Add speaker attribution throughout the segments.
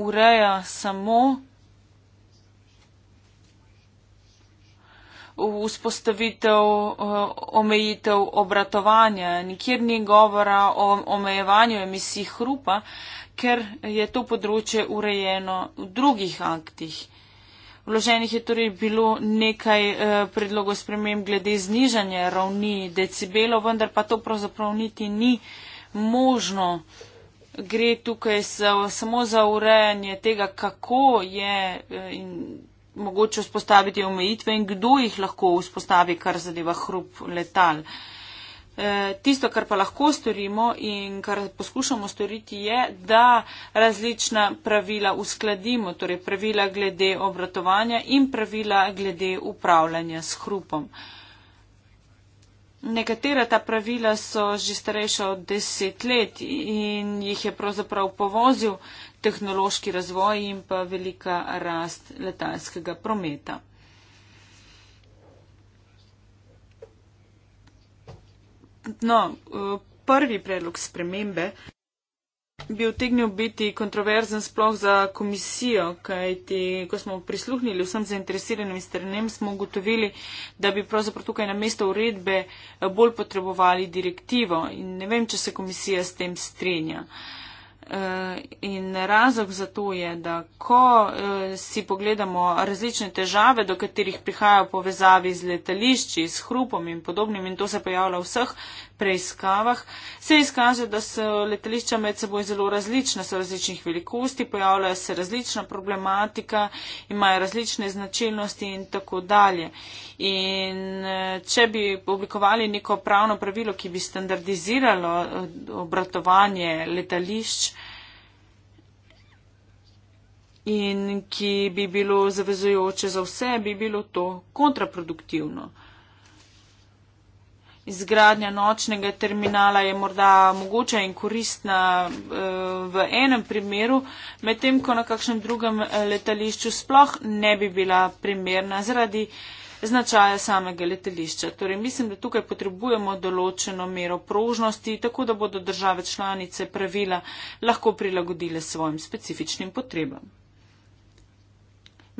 Speaker 1: ureja samo vzpostavitev eh, omejitev obratovanja. Nikjer ni govora o omejevanju emisij hrupa, ker je to področje urejeno v drugih aktih. Vloženih je torej bilo nekaj eh, predlogov sprememb glede znižanja ravni decibelov, vendar pa to pravzaprav niti ni možno gre tukaj samo za urejanje tega, kako je eh, in mogoče vzpostaviti omejitve in kdo jih lahko vzpostavi, kar zadeva hrup letal. Eh, tisto, kar pa lahko storimo in kar poskušamo storiti, je, da različna pravila uskladimo, torej pravila glede obratovanja in pravila glede upravljanja s hrupom. Nekatera ta pravila so že starejša od deset let in jih je pravzaprav povozil tehnološki razvoj in pa velika rast letalskega prometa. No, eh, prvi predlog spremembe bi utegnil biti kontroverzen sploh za komisijo, kajti ko smo prisluhnili vsem zainteresiranim stranem, smo ugotovili, da bi pravzaprav tukaj na mesto uredbe eh, bolj potrebovali direktivo in ne vem, če se komisija s tem strinja. Eh, in razlog za to je, da ko eh, si pogledamo različne težave, do katerih prihajajo povezavi z letališči, s hrupom in podobnim, in to se pojavlja v vseh preiskavah se izkaže, da so letališča med seboj zelo različna, so različnih velikosti, pojavljajo se različna problematika, imajo različne značilnosti in tako dalje. In eh, če bi oblikovali neko pravno pravilo, ki bi standardiziralo eh, obratovanje letališč, In ki bi bilo zavezujoče za vse, bi bilo to kontraproduktivno izgradnja nočnega terminala je morda mogoča in koristna eh, v enem primeru, medtem ko na kakšnem drugem eh, letališču sploh ne bi bila primerna zaradi značaja samega letališča. Torej mislim, da tukaj potrebujemo določeno mero prožnosti, tako da bodo države članice pravila lahko prilagodile svojim specifičnim potrebam.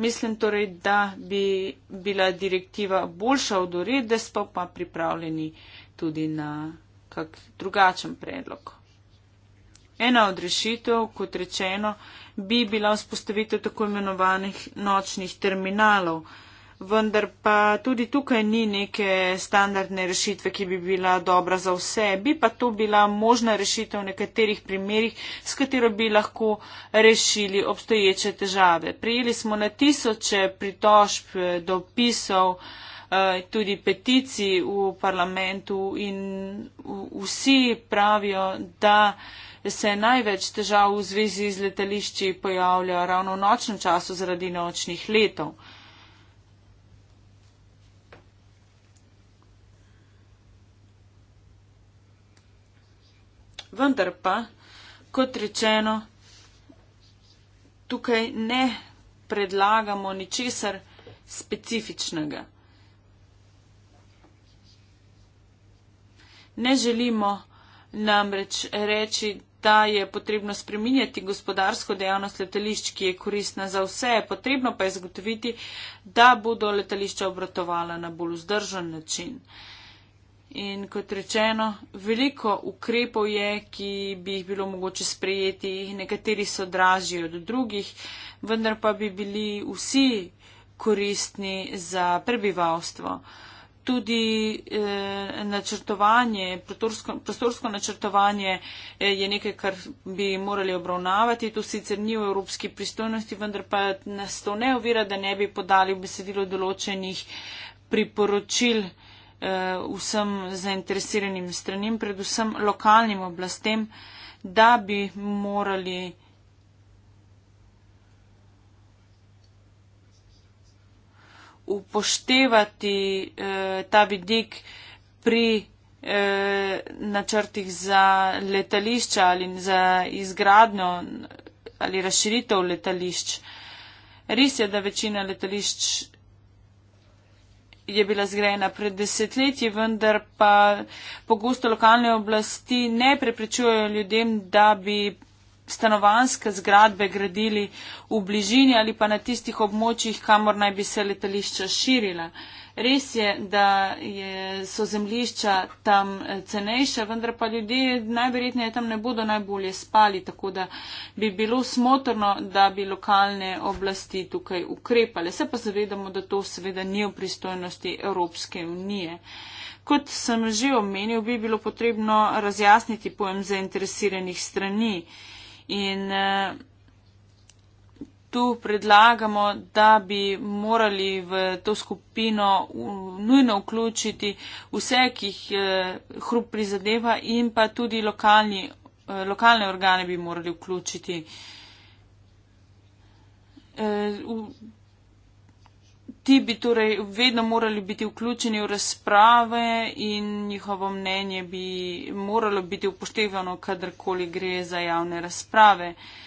Speaker 1: Mislim torej, da bi bila direktiva boljša od urede, smo pa pripravljeni tudi na kak drugačen predlog. Ena od rešitev, kot rečeno, bi bila vzpostavitev tako imenovanih nočnih terminalov, vendar pa tudi tukaj ni neke standardne rešitve, ki bi bila dobra za vse. Bi pa to bila možna rešitev v nekaterih primerjih, s katero bi lahko rešili obstoječe težave. Prijeli smo na tisoče pritožb, dopisov, eh, tudi peticij v parlamentu in vsi pravijo, da se največ težav v zvezi z letališči pojavlja ravno v nočnem času zaradi nočnih letov. vendar pa, kot rečeno, tukaj ne predlagamo ničesar specifičnega. Ne želimo namreč reči, da je potrebno spreminjati gospodarsko dejavnost letališč, ki je koristna za vse, potrebno pa je zagotoviti, da bodo letališča obratovala na bolj vzdržen način. In kot rečeno, veliko ukrepov je, ki bi jih bilo mogoče sprejeti, nekateri so dražji od drugih, vendar pa bi bili vsi koristni za prebivalstvo. Tudi eh, načrtovanje, prostorsko, prostorsko načrtovanje eh, je nekaj, kar bi morali obravnavati. To sicer ni v evropski pristojnosti, vendar pa nas to ne ovira, da ne bi podali besedilo določenih priporočil. Eh, vsem zainteresiranim stranim, predvsem lokalnim oblastem, da bi morali upoštevati eh, ta vidik pri eh, načrtih za letališča ali za izgradnjo ali razširitev letališč. Res je, da večina letališč je bila zgrajena pred desetletji, vendar pa pogosto lokalne oblasti ne preprečujejo ljudem, da bi stanovanske zgradbe gradili v bližini ali pa na tistih območjih, kamor naj bi se letališča širila. Res je, da je, so zemljišča tam eh, cenejša, vendar pa ljudje najverjetneje tam ne bodo najbolje spali, tako da bi bilo smotrno, da bi lokalne oblasti tukaj ukrepale. Se pa zavedamo, da to seveda ni v pristojnosti Evropske unije. Kot sem že omenil, bi bilo potrebno razjasniti pojem zainteresiranih strani. In, eh, tu predlagamo, da bi morali v to skupino nujno vključiti vse, ki jih eh, hrup prizadeva in pa tudi lokalni, eh, lokalne organe bi morali vključiti. Eh, ti bi torej vedno morali biti vključeni v razprave in njihovo mnenje bi moralo biti upoštevano, kadarkoli gre za javne razprave. Uh,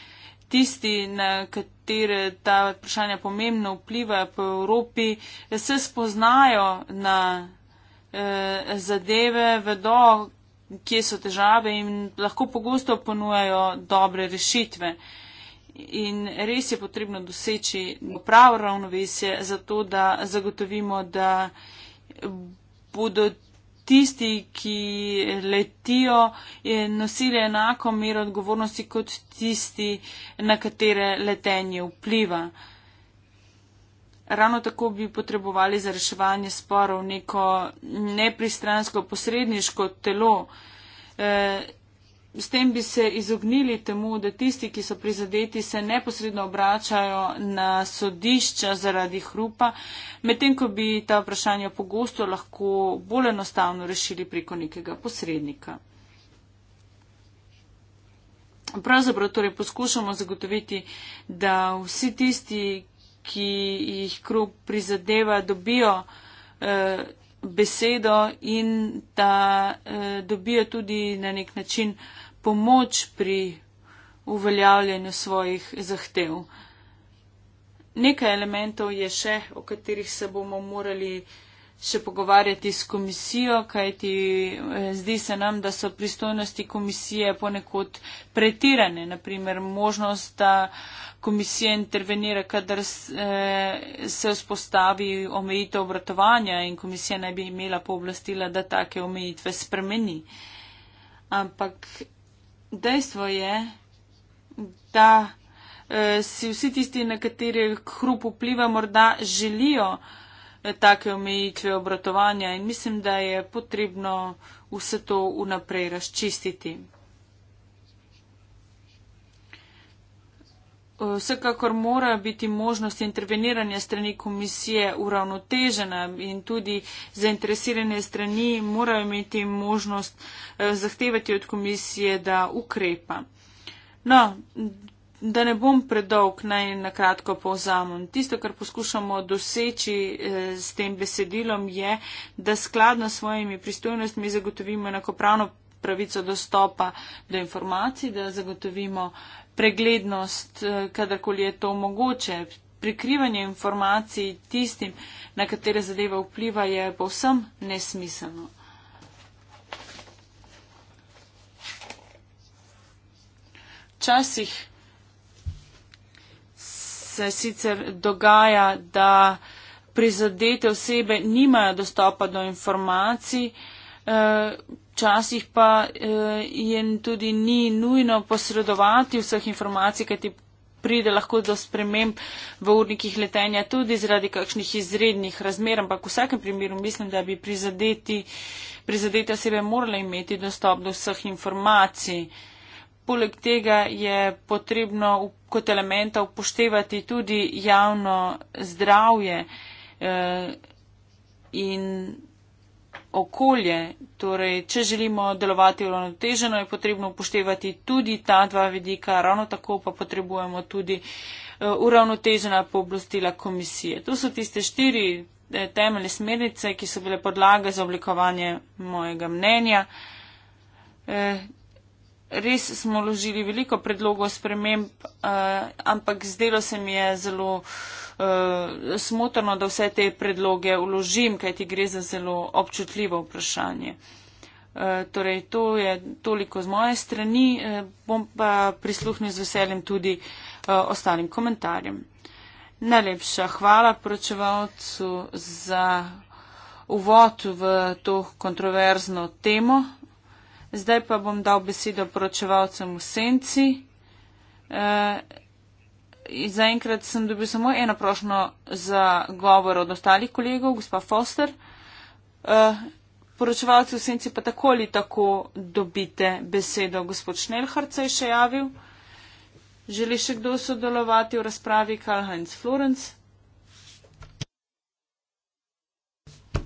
Speaker 1: tisti, na katere ta vprašanja pomembno vplivajo po Evropi, se spoznajo na eh, zadeve, vedo, kje so težave in lahko pogosto ponujajo dobre rešitve. In res je potrebno doseči pravo ravnovesje, zato da zagotovimo, da bodo tisti, ki letijo, nosili enako mero odgovornosti kot tisti, na katere letenje vpliva. Ravno tako bi potrebovali za reševanje sporov neko nepristransko posredniško telo. E, S tem bi se izognili temu, da tisti, ki so prizadeti, se neposredno obračajo na sodišča zaradi hrupa, medtem ko bi ta vprašanja pogosto lahko bolj enostavno rešili preko nekega posrednika. Pravzaprav torej poskušamo zagotoviti, da vsi tisti, ki jih hrup prizadeva, dobijo eh, besedo in da eh, dobijo tudi na nek način eh, pomoč pri uveljavljanju svojih zahtev. Nekaj elementov je še, o katerih se bomo morali še pogovarjati s komisijo, kajti eh, zdi se nam, da so pristojnosti komisije ponekod pretirane. Naprimer, možnost, da komisija intervenira, kadar eh, se vzpostavi omejitev obratovanja in komisija naj bi imela pooblastila, da take omejitve spremeni. Ampak dejstvo je, da eh, si vsi tisti, na katere hrup vpliva, morda želijo eh, take omejitve obratovanja in mislim, da je potrebno vse to vnaprej razčistiti. Vsekakor mora biti možnost interveniranja strani komisije uravnotežena in tudi zainteresirane strani morajo imeti možnost eh, zahtevati od komisije, da ukrepa. No, da ne bom predolg, naj na kratko povzamem. Tisto, kar poskušamo doseči eh, s tem besedilom, je, da skladno s svojimi pristojnostmi zagotovimo enakopravno pravico dostopa do informacij, da zagotovimo preglednost, eh, kadarkoli je to mogoče. Prikrivanje informacij tistim, na katere zadeva vpliva, je povsem nesmiselno. Včasih se sicer dogaja, da prizadete osebe nimajo dostopa do informacij, eh, včasih pa eh, je tudi ni nujno posredovati vseh informacij, kaj ti pride lahko do sprememb v urnikih letenja tudi zaradi kakšnih izrednih razmer, ampak v vsakem primeru mislim, da bi prizadeti, prizadete osebe morale imeti dostop do vseh informacij. Poleg tega je potrebno kot elementa upoštevati tudi javno zdravje eh, in okolje. Torej, če želimo delovati uravnoteženo, je potrebno upoštevati tudi ta dva vidika, ravno tako pa potrebujemo tudi eh, uravnotežena pooblastila komisije. To so tiste štiri eh, temeljne smernice, ki so bile podlage za oblikovanje mojega mnenja. Eh, res smo vložili veliko predlogov sprememb, ampak zdelo se mi je zelo uh, smotrno, da vse te predloge uložim, kaj ti gre za zelo občutljivo vprašanje. Uh, torej, to je toliko z moje strani, uh, bom pa prisluhnil z veseljem tudi uh, ostalim komentarjem. Najlepša hvala poročevalcu za uvod v to kontroverzno temo. Zdaj pa bom dal besedo poročevalcem v senci. Uh, zaenkrat sem dobil samo eno prošljo za govor od ostalih kolegov, gospa Foster. Uh, poročevalci v senci pa tako ali tako dobite besedo. Gospod Šnelhard se je še javil. Želi še kdo sodelovati v razpravi? Karl Heinz Florence.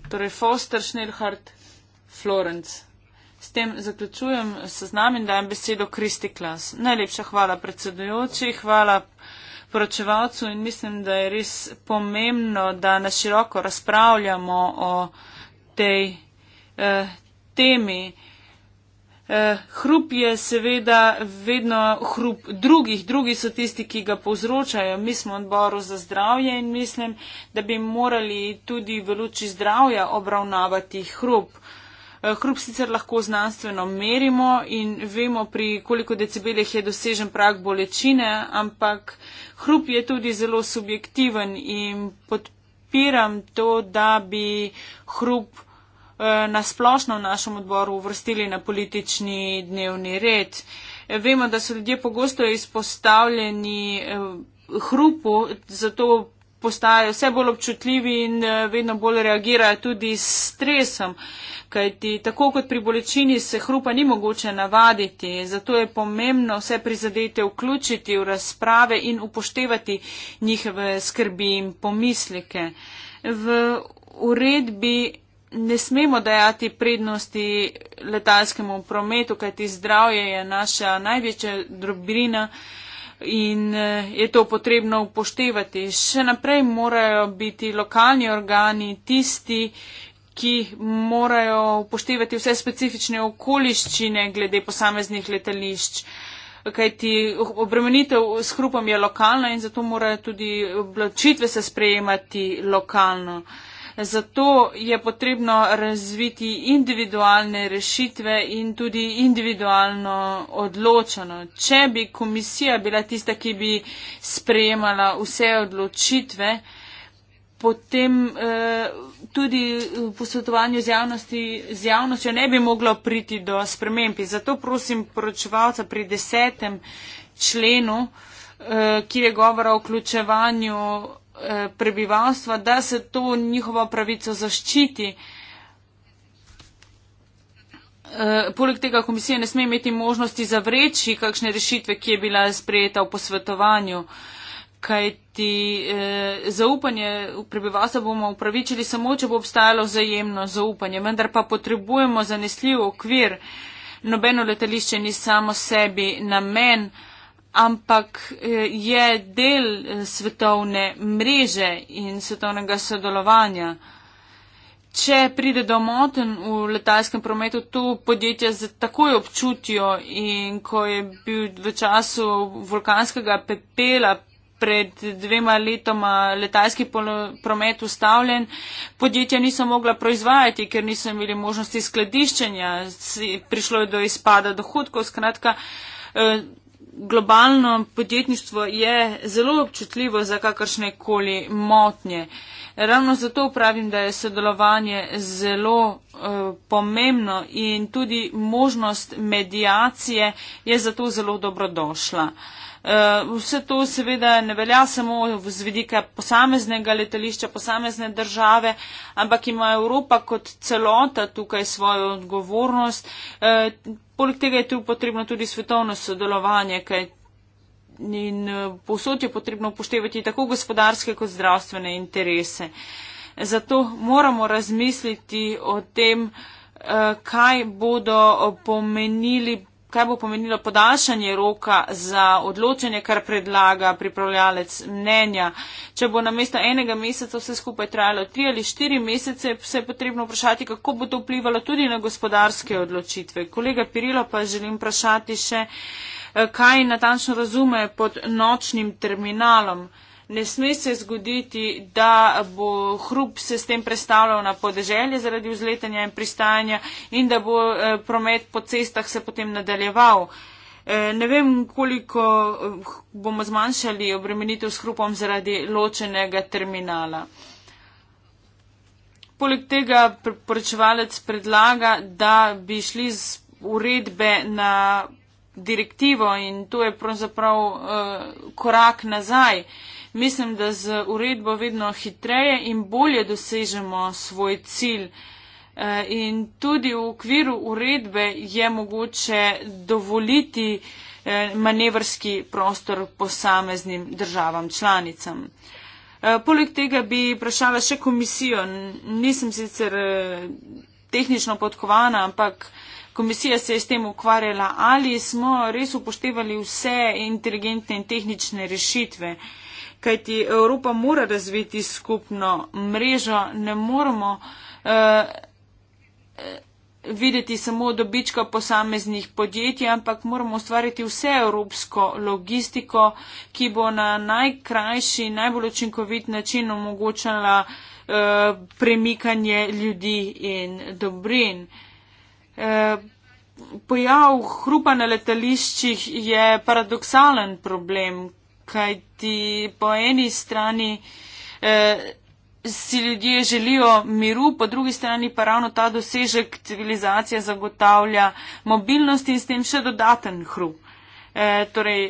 Speaker 1: Torej Foster, Šnelhard, Florence. S tem zaključujem seznam in dajem besedo Kristi Klas. Najlepša hvala predsedujoči, hvala poročevalcu in mislim, da je res pomembno, da na široko razpravljamo o tej eh, temi. Eh, hrup je seveda vedno hrup drugih, drugi so tisti, ki ga povzročajo. Mi smo odboru za zdravje in mislim, da bi morali tudi v luči zdravja obravnavati hrup. Eh, Eh, hrup sicer lahko znanstveno merimo in vemo, pri koliko decibeljih je dosežen prag bolečine, ampak hrup je tudi zelo subjektiven in podpiram to, da bi hrup eh, na splošno v našem odboru uvrstili na politični dnevni red. Eh, vemo, da so ljudje pogosto izpostavljeni hrupu, zato postajajo vse bolj občutljivi in eh, vedno bolj reagirajo tudi s stresom, kajti tako kot pri bolečini se hrupa ni mogoče navaditi, zato je pomembno vse prizadete vključiti v razprave in upoštevati njihove skrbi in pomislike. V uredbi ne smemo dajati prednosti letalskemu prometu, kajti zdravje je naša največja drobrina in eh, je to potrebno upoštevati. Še naprej morajo biti lokalni organi tisti, ki morajo upoštevati vse specifične okoliščine glede posameznih letališč. Kajti obremenitev s hrupom je lokalna in zato morajo tudi oblačitve se sprejemati lokalno. Uh, Zato je potrebno razviti individualne rešitve in tudi individualno odločeno. Če bi komisija bila tista, ki bi sprejemala vse odločitve, potem eh, tudi v posvetovanju z, z javnostjo ne bi moglo priti do sprememb. Zato prosim poročevalca pri desetem členu, eh, ki je govora o vključevanju Eh, prebivalstva, da se to njihovo pravico zaščiti. Eh, poleg tega komisija ne sme imeti možnosti zavreči kakšne rešitve, ki je bila sprejeta v posvetovanju, kajti eh, zaupanje v prebivalstvo bomo upravičili samo, če bo obstajalo vzajemno zaupanje, vendar pa potrebujemo zanesljiv okvir. Nobeno letališče ni samo sebi namen ampak eh, je del eh, svetovne mreže in svetovnega sodelovanja. Če pride do moten v letalskem prometu, to podjetja takoj občutijo in ko je bil v času vulkanskega pepela pred dvema letoma letalski promet ustavljen, podjetja niso mogla proizvajati, ker niso imeli možnosti skladiščenja, prišlo je do izpada dohodkov, skratka, eh, globalno podjetništvo je zelo občutljivo za kakršne koli motnje. Ravno zato pravim, da je sodelovanje zelo uh, pomembno in tudi možnost medijacije je zato zelo dobrodošla. Uh, vse to seveda ne velja samo z vidika posameznega letališča, posamezne države, ampak ima Evropa kot celota tukaj svojo odgovornost. Uh, Poleg tega je tu potrebno tudi svetovno sodelovanje, kaj in eh, posod je potrebno upoštevati tako gospodarske kot zdravstvene interese. Zato moramo razmisliti o tem, eh, kaj bodo eh, pomenili kaj bo pomenilo podaljšanje roka za odločanje, kar predlaga pripravljalec mnenja. Če bo na mesto enega meseca vse skupaj trajalo tri ali štiri mesece, se je potrebno vprašati, kako bo to vplivalo tudi na gospodarske odločitve. Kolega Pirilo pa želim vprašati še, eh, kaj natančno razume pod nočnim terminalom ne sme se zgoditi, da bo hrup se s tem predstavljal na podeželje zaradi vzletanja in pristajanja in da bo eh, promet po cestah se potem nadaljeval. Eh, ne vem, koliko eh, bomo zmanjšali obremenitev s hrupom zaradi ločenega terminala. Poleg tega poročevalec predlaga, da bi šli z uredbe na direktivo in to je pravzaprav uh, korak nazaj. Uh, Mislim, da z uredbo vedno hitreje in bolje dosežemo svoj cilj. Eh, in tudi v okviru uredbe je mogoče dovoliti eh, manevrski prostor posameznim državam članicam. Eh, poleg tega bi vprašala še komisijo. Nisem sicer tehnično podkovana, ampak komisija se je s tem ukvarjala, ali smo res upoštevali vse inteligentne in tehnične rešitve kajti Evropa mora razviti skupno mrežo, ne moramo uh, eh, eh, videti samo dobička posameznih podjetij, ampak moramo ustvariti vse evropsko logistiko, ki bo na najkrajši, najbolj učinkovit način omogočala uh, premikanje ljudi in dobrin. Uh, Pojav hrupa na letališčih je paradoksalen problem, kaj ti po eni strani eh, si ljudje želijo miru, po drugi strani pa ravno ta dosežek civilizacije zagotavlja mobilnost in s tem še dodaten hrup. Eh, torej,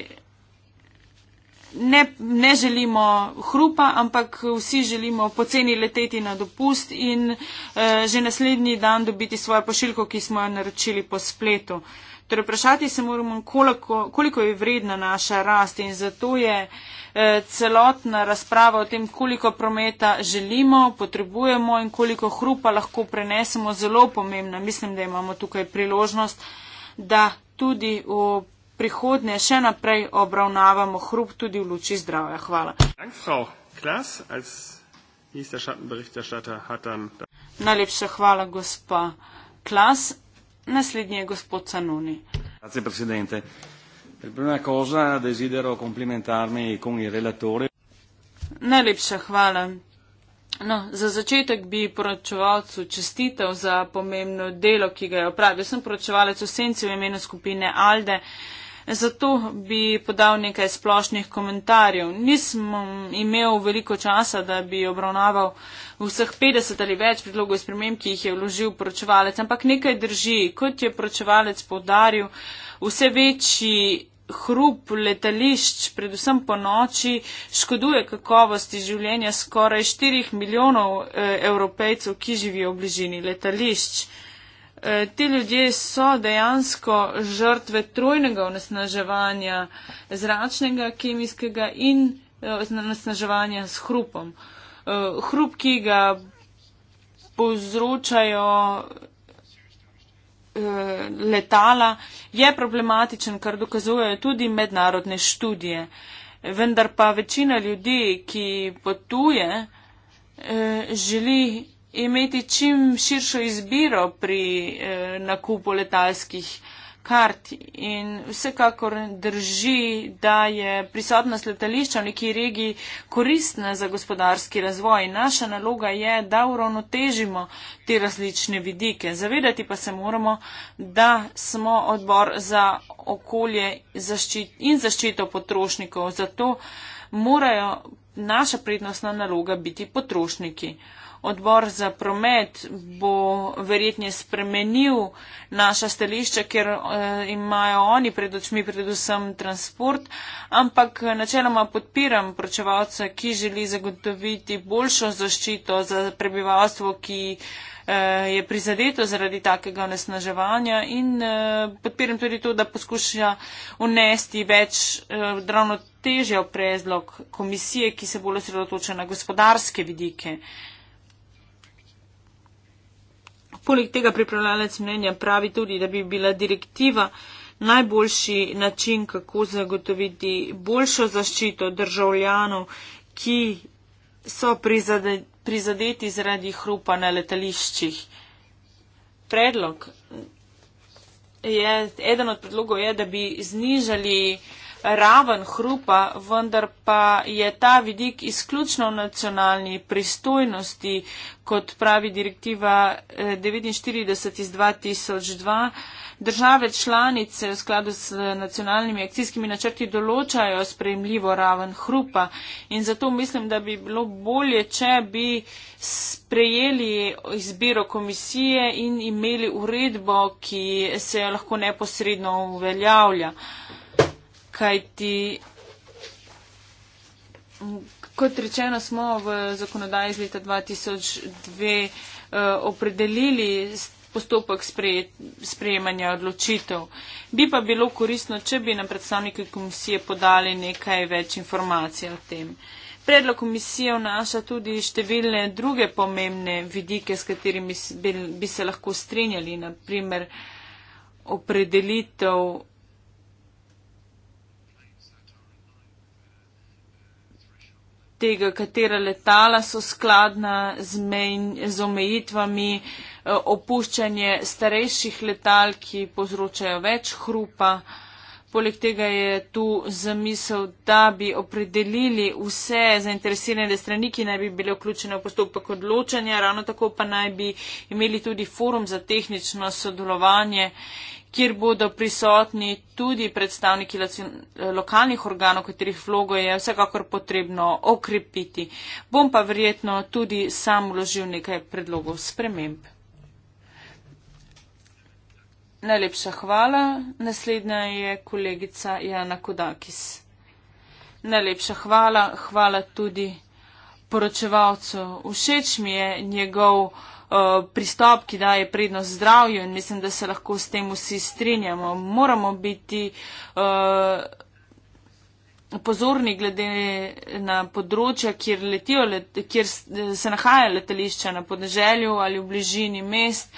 Speaker 1: ne, ne želimo hrupa, ampak vsi želimo poceni leteti na dopust in eh, že naslednji dan dobiti svojo pošiljko, ki smo jo naročili po spletu. Eh, Torej, vprašati se moramo, koliko, koliko je vredna naša rast in zato je eh, celotna razprava o tem, koliko prometa želimo, potrebujemo in koliko hrupa lahko prenesemo, zelo pomembna. Mislim, da imamo tukaj priložnost, da tudi v prihodnje še naprej obravnavamo hrup tudi v luči zdravja. Hvala. Najlepša hvala, gospa Klas. Naslednji je gospod Canoni.
Speaker 2: Grazie, presidente. Per prima cosa desidero complimentarmi con il relatore.
Speaker 1: Najlepša hvala. No, za začetek bi poročevalcu čestitev za pomembno delo, ki ga je opravil. Sem poročevalec v senci v imenu skupine Alde. Uh, Zato bi podal nekaj splošnih komentarjev. Nisem imel veliko časa, da bi obravnaval vseh 50 ali več predlogov iz premem, ki jih je vložil poročevalec, ampak nekaj drži. Kot je poročevalec podaril, vse večji hrup letališč, predvsem po noči, škoduje kakovosti življenja skoraj 4 milijonov eh, evropejcev, ki živijo v bližini letališč. Eh, ti ljudje so dejansko žrtve trojnega onesnaževanja zračnega, kemijskega in eh, onesnaževanja s hrupom. Eh, hrup, ki ga povzročajo letala, je problematičen, kar dokazujejo tudi mednarodne študije. Vendar pa večina ljudi, ki potuje, želi imeti čim širšo izbiro pri eh, nakupu letalskih kart. In vsekakor drži, da je prisotnost letališča v neki regiji koristna za gospodarski razvoj. Naša naloga je, da uravnotežimo te različne vidike. Zavedati pa se moramo, da smo odbor za okolje in zaščito potrošnikov. Zato morajo naša prednostna naloga biti potrošniki odbor za promet bo verjetno spremenil naša stališča, ker eh, imajo oni pred očmi predvsem transport, ampak eh, načeloma podpiram pročevalca, ki želi zagotoviti boljšo zaščito za prebivalstvo, ki eh, je prizadeto zaradi takega onesnaževanja in eh, podpiram tudi to, da poskuša unesti več eh, ravno težjo prezlog komisije, ki se bolj osredotoča na gospodarske vidike. Poleg tega pripravljalec mnenja pravi tudi, da bi bila direktiva najboljši način, kako zagotoviti boljšo zaščito državljanov, ki so prizadeti zaradi hrupa na letališčih. Predlog je, eden od predlogov je, da bi znižali raven hrupa, vendar pa je ta vidik izključno v nacionalni pristojnosti, kot pravi direktiva 49 eh, iz 2002. Države članice v skladu s nacionalnimi akcijskimi načrti določajo sprejemljivo raven hrupa in zato mislim, da bi bilo bolje, če bi sprejeli izbiro komisije in imeli uredbo, ki se jo lahko neposredno uveljavlja. Uh, kaj ti, kot rečeno, smo v zakonodaji iz leta 2002 uh, eh, opredelili postopek sprejemanja odločitev. Bi pa bilo koristno, če bi nam predstavniki komisije podali nekaj več informacij o tem. Predlog komisije vnaša tudi številne druge pomembne vidike, s katerimi bi se lahko strinjali, naprimer opredelitev tega, katera letala so skladna z, mejn, z omejitvami, eh, opuščanje starejših letal, ki povzročajo več hrupa. Poleg tega je tu zamisel, da bi opredelili vse zainteresirane strani, ki naj bi bile vključene v postopek odločanja, ravno tako pa naj bi imeli tudi forum za tehnično sodelovanje kjer bodo prisotni tudi predstavniki lokalnih organov, katerih vlogo je vsekakor potrebno okrepiti. Bom pa verjetno tudi sam vložil nekaj predlogov sprememb. Najlepša hvala. Naslednja je kolegica Jana Kodakis. Najlepša hvala. Hvala tudi poročevalcu. Všeč mi je njegov. Eh, pristop, ki daje prednost zdravju in mislim, da se lahko s tem vsi strinjamo. Moramo biti eh, pozorni glede na področja, kjer, letijo, kjer eh, se nahajajo letališča na podneželju ali v bližini mest.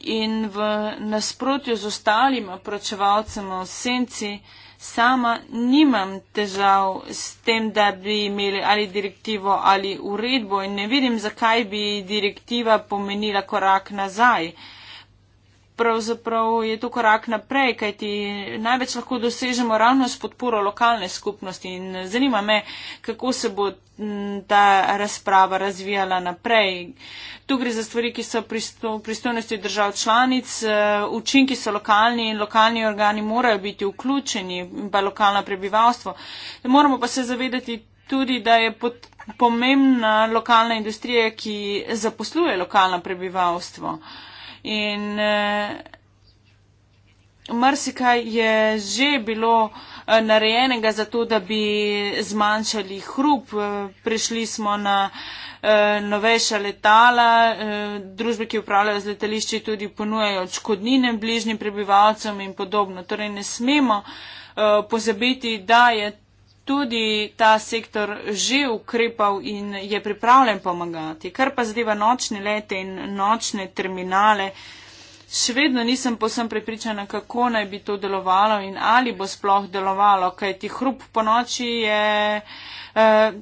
Speaker 1: In v nasprotju z ostalima pročevalcema v senci, uh, sama nimam težav s tem, da bi imeli ali direktivo ali uredbo in ne vidim, zakaj bi direktiva pomenila korak nazaj. Uh, pravzaprav je to korak naprej, kajti največ lahko dosežemo ravno s podporo lokalne skupnosti in zanima me, kako se bo ta razprava razvijala naprej. Tu gre za stvari, ki so v pristojnosti držav članic, e, učinki so lokalni in lokalni organi morajo biti vključeni, pa lokalno prebivalstvo. Moramo pa se zavedati tudi, da je pot, pomembna lokalna industrija, ki zaposluje lokalno prebivalstvo. Uh, in uh, marsikaj je že bilo uh, narejenega za to, da bi zmanjšali hrup. Uh, prišli smo na uh, novejša letala, uh, družbe, ki upravljajo z letališči, tudi ponujajo škodnine bližnjim prebivalcem in podobno. Torej ne smemo uh, pozabiti, da je tudi ta sektor že ukrepal in je pripravljen pomagati. Kar pa zadeva nočne lete in nočne terminale, še vedno nisem posem prepričana, kako naj bi to delovalo in ali bo sploh delovalo, kajti hrup po noči je. Eh,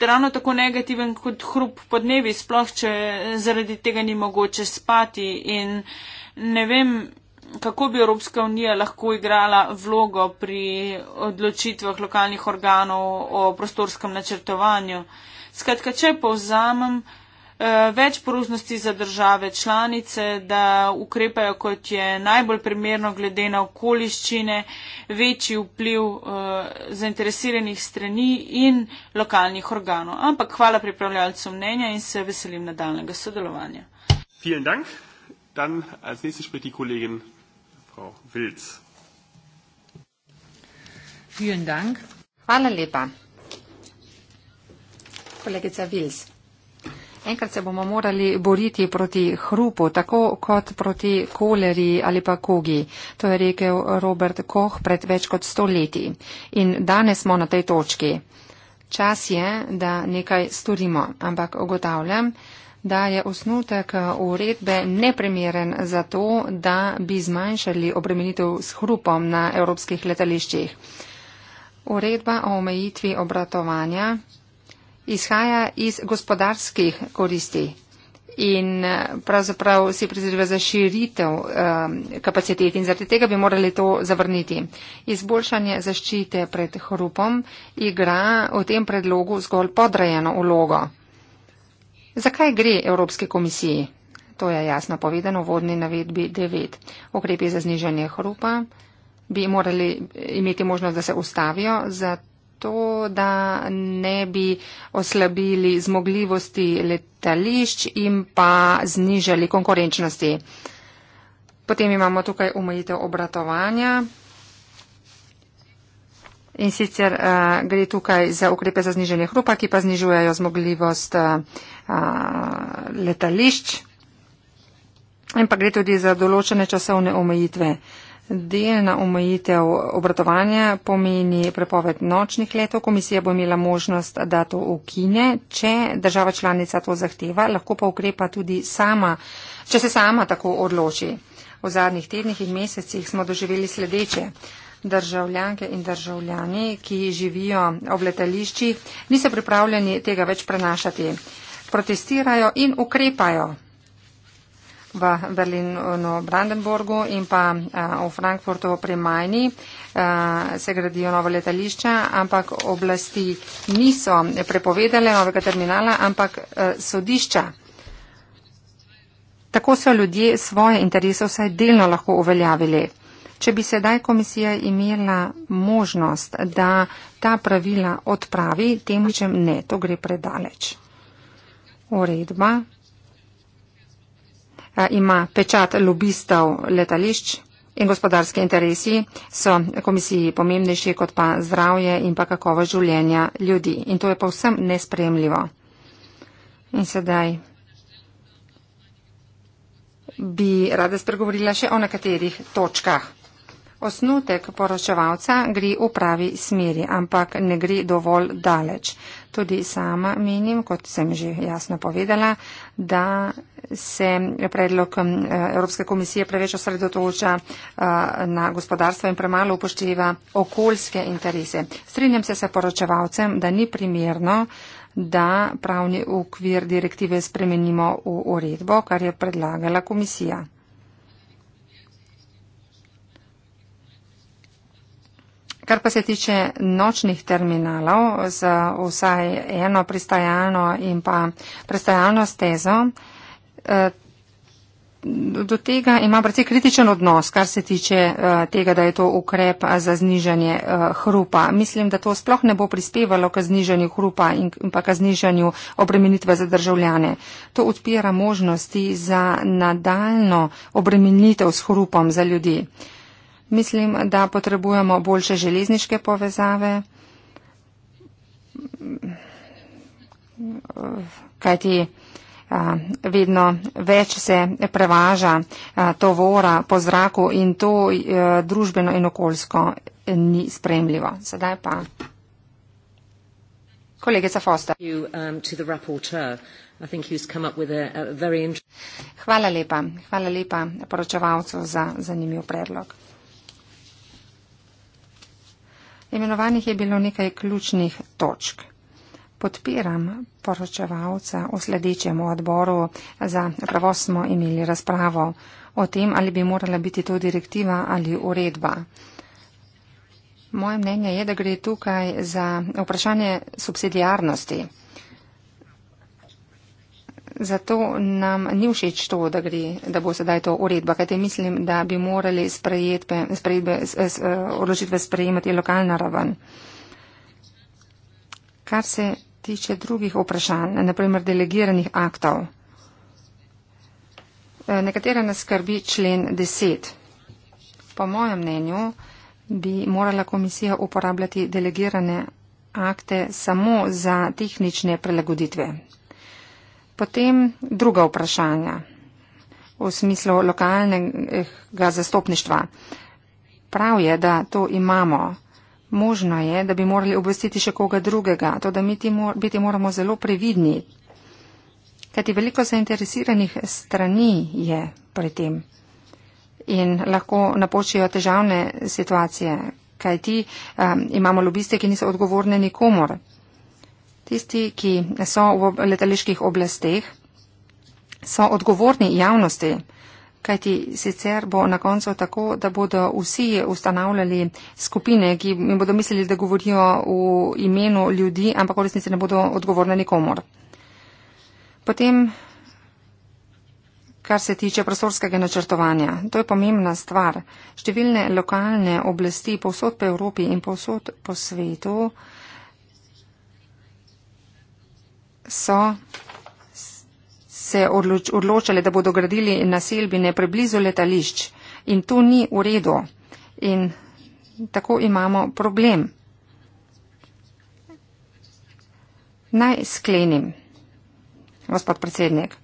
Speaker 1: Ravno tako negativen kot hrup podnevi, sploh če zaradi tega ni mogoče spati. In ne vem, kako bi Evropska unija lahko igrala vlogo pri odločitvah lokalnih organov o prostorskem načrtovanju. Skratka, če povzamem, eh, več poroznosti za države članice, da ukrepajo kot je najbolj primerno glede na okoliščine, večji vpliv eh, zainteresiranih strani in lokalnih organov. Ampak hvala pripravljalcem mnenja in se veselim nadaljnega sodelovanja.
Speaker 3: Vielen Dank. Dann als nächstes spricht die Kollegin Frau Wilz.
Speaker 4: Vielen Dank. Hvala lepa. Kolegica Wilz. Enkrat se bomo morali boriti proti hrupu, tako kot proti koleri ali pa kugi. To je rekel Robert Koch pred več kot stoletji. In danes smo na tej točki. Čas je, da nekaj storimo, ampak ugotavljam, da je osnutek eh, uredbe nepremeren za to, da bi zmanjšali obremenitev s hrupom na evropskih letališčih. Uredba o omejitvi obratovanja izhaja iz gospodarskih koristi in eh, pravzaprav si prizadeva za širitev um, kapacitet in zaradi tega bi morali to zavrniti. Izboljšanje zaščite pred hrupom igra v tem predlogu zgolj podrejeno vlogo. Zakaj gre Evropske komisiji? To je jasno povedano v vodni navedbi 9. Okrepi za znižanje hrupa bi morali imeti možnost, da se ustavijo, zato da ne bi oslabili zmogljivosti letališč in pa znižali konkurenčnosti. Potem imamo tukaj omejitev obratovanja. In sicer uh, gre tukaj za ukrepe za znižanje hrupa, ki pa znižujejo zmogljivost uh, letališč, ampak gre tudi za določene časovne omejitve. Delna omejitev obratovanja pomeni prepoved nočnih letov. Komisija bo imela možnost, da to ukine. Če država članica to zahteva, lahko pa ukrepa tudi sama, če se sama tako odloči. V zadnjih tednih in mesecih smo doživeli sledeče. Državljanke in državljani, ki živijo ob letališči, niso pripravljeni tega več prenašati protestirajo in ukrepajo v Berlinu, Brandenburgu in pa v Frankfurtu pri Majni se gradijo novo letališče, ampak oblasti niso prepovedale novega terminala, ampak sodišča. Tako so ljudje svoje interese vsaj delno lahko uveljavili. Če bi sedaj komisija imela možnost, da ta pravila odpravi, tem rečem ne, to gre predaleč uredba eh, ima pečat lobistov letališč in gospodarske interesi so komisiji pomembnejši kot pa zdravje in pa kakovo življenja ljudi. In to je povsem nespremljivo. In sedaj bi rada spregovorila še o nekaterih točkah. Osnutek poročevalca gre v pravi smeri, ampak ne gre dovolj daleč. Tudi sama menim, kot sem že jasno povedala, da se predlog eh, Evropske komisije preveč osredotoča eh, na gospodarstvo in premalo upošteva okoljske interese. Strinjam se s poročevalcem, da ni primerno, da pravni ukvir direktive spremenimo v uredbo, kar je predlagala komisija. Kar pa se tiče nočnih terminalov z vsaj eno pristajalno in pa pristajalno stezo, eh, do tega imam precej kritičen odnos, kar se tiče eh, tega, da je to ukrep za znižanje eh, hrupa. Mislim, da to sploh ne bo prispevalo k znižanju hrupa in pa k znižanju obremenitve za državljane. To odpira možnosti za nadaljno obremenitev s hrupom za ljudi. Mislim, da potrebujemo boljše železniške povezave, kajti vedno več se prevaža tovora po zraku in to e, družbeno in okoljsko ni spremljivo. Sedaj pa. Kolegica Foster. Um, hvala lepa, hvala lepa poročevalcu za zanimiv predlog. Imenovanih je bilo nekaj ključnih točk. Podpiram poročevalca o sledečem v odboru za pravo smo imeli razpravo o tem, ali bi morala biti to direktiva ali uredba. Moje mnenje je, da gre tukaj za vprašanje subsidijarnosti. Zato nam ni všeč to, da, gre, da bo sedaj to uredba, kajte mislim, da bi morali odločitve sprejemati lokalna raven. Kar se tiče drugih vprašanj, naprimer delegiranih aktov, e, nekatera nas skrbi člen 10. Po mojem mnenju bi morala komisija uporabljati delegirane akte samo za tehnične prilagoditve. Potem druga vprašanja v smislu lokalnega zastopništva. Prav je, da to imamo. Možno je, da bi morali obvestiti še koga drugega, to da mi mor biti moramo zelo previdni. Kajti veliko zainteresiranih strani je pri tem in lahko napočijo težavne situacije, kajti um, imamo lobiste, ki niso odgovorne nikomor. Tisti, ki so v letaliških oblasteh, so odgovorni javnosti, kajti sicer bo na koncu tako, da bodo vsi ustanavljali skupine, ki jim bodo mislili, da govorijo v imenu ljudi, ampak v resnici ne bodo odgovorni nikomor. Potem, kar se tiče prostorskega načrtovanja, to je pomembna stvar. Številne lokalne oblasti povsod po Evropi in povsod po svetu so se odloč, odločali, da bodo gradili naselbine preblizu letališč in to ni v redu. In tako imamo problem. Naj sklenim, gospod predsednik.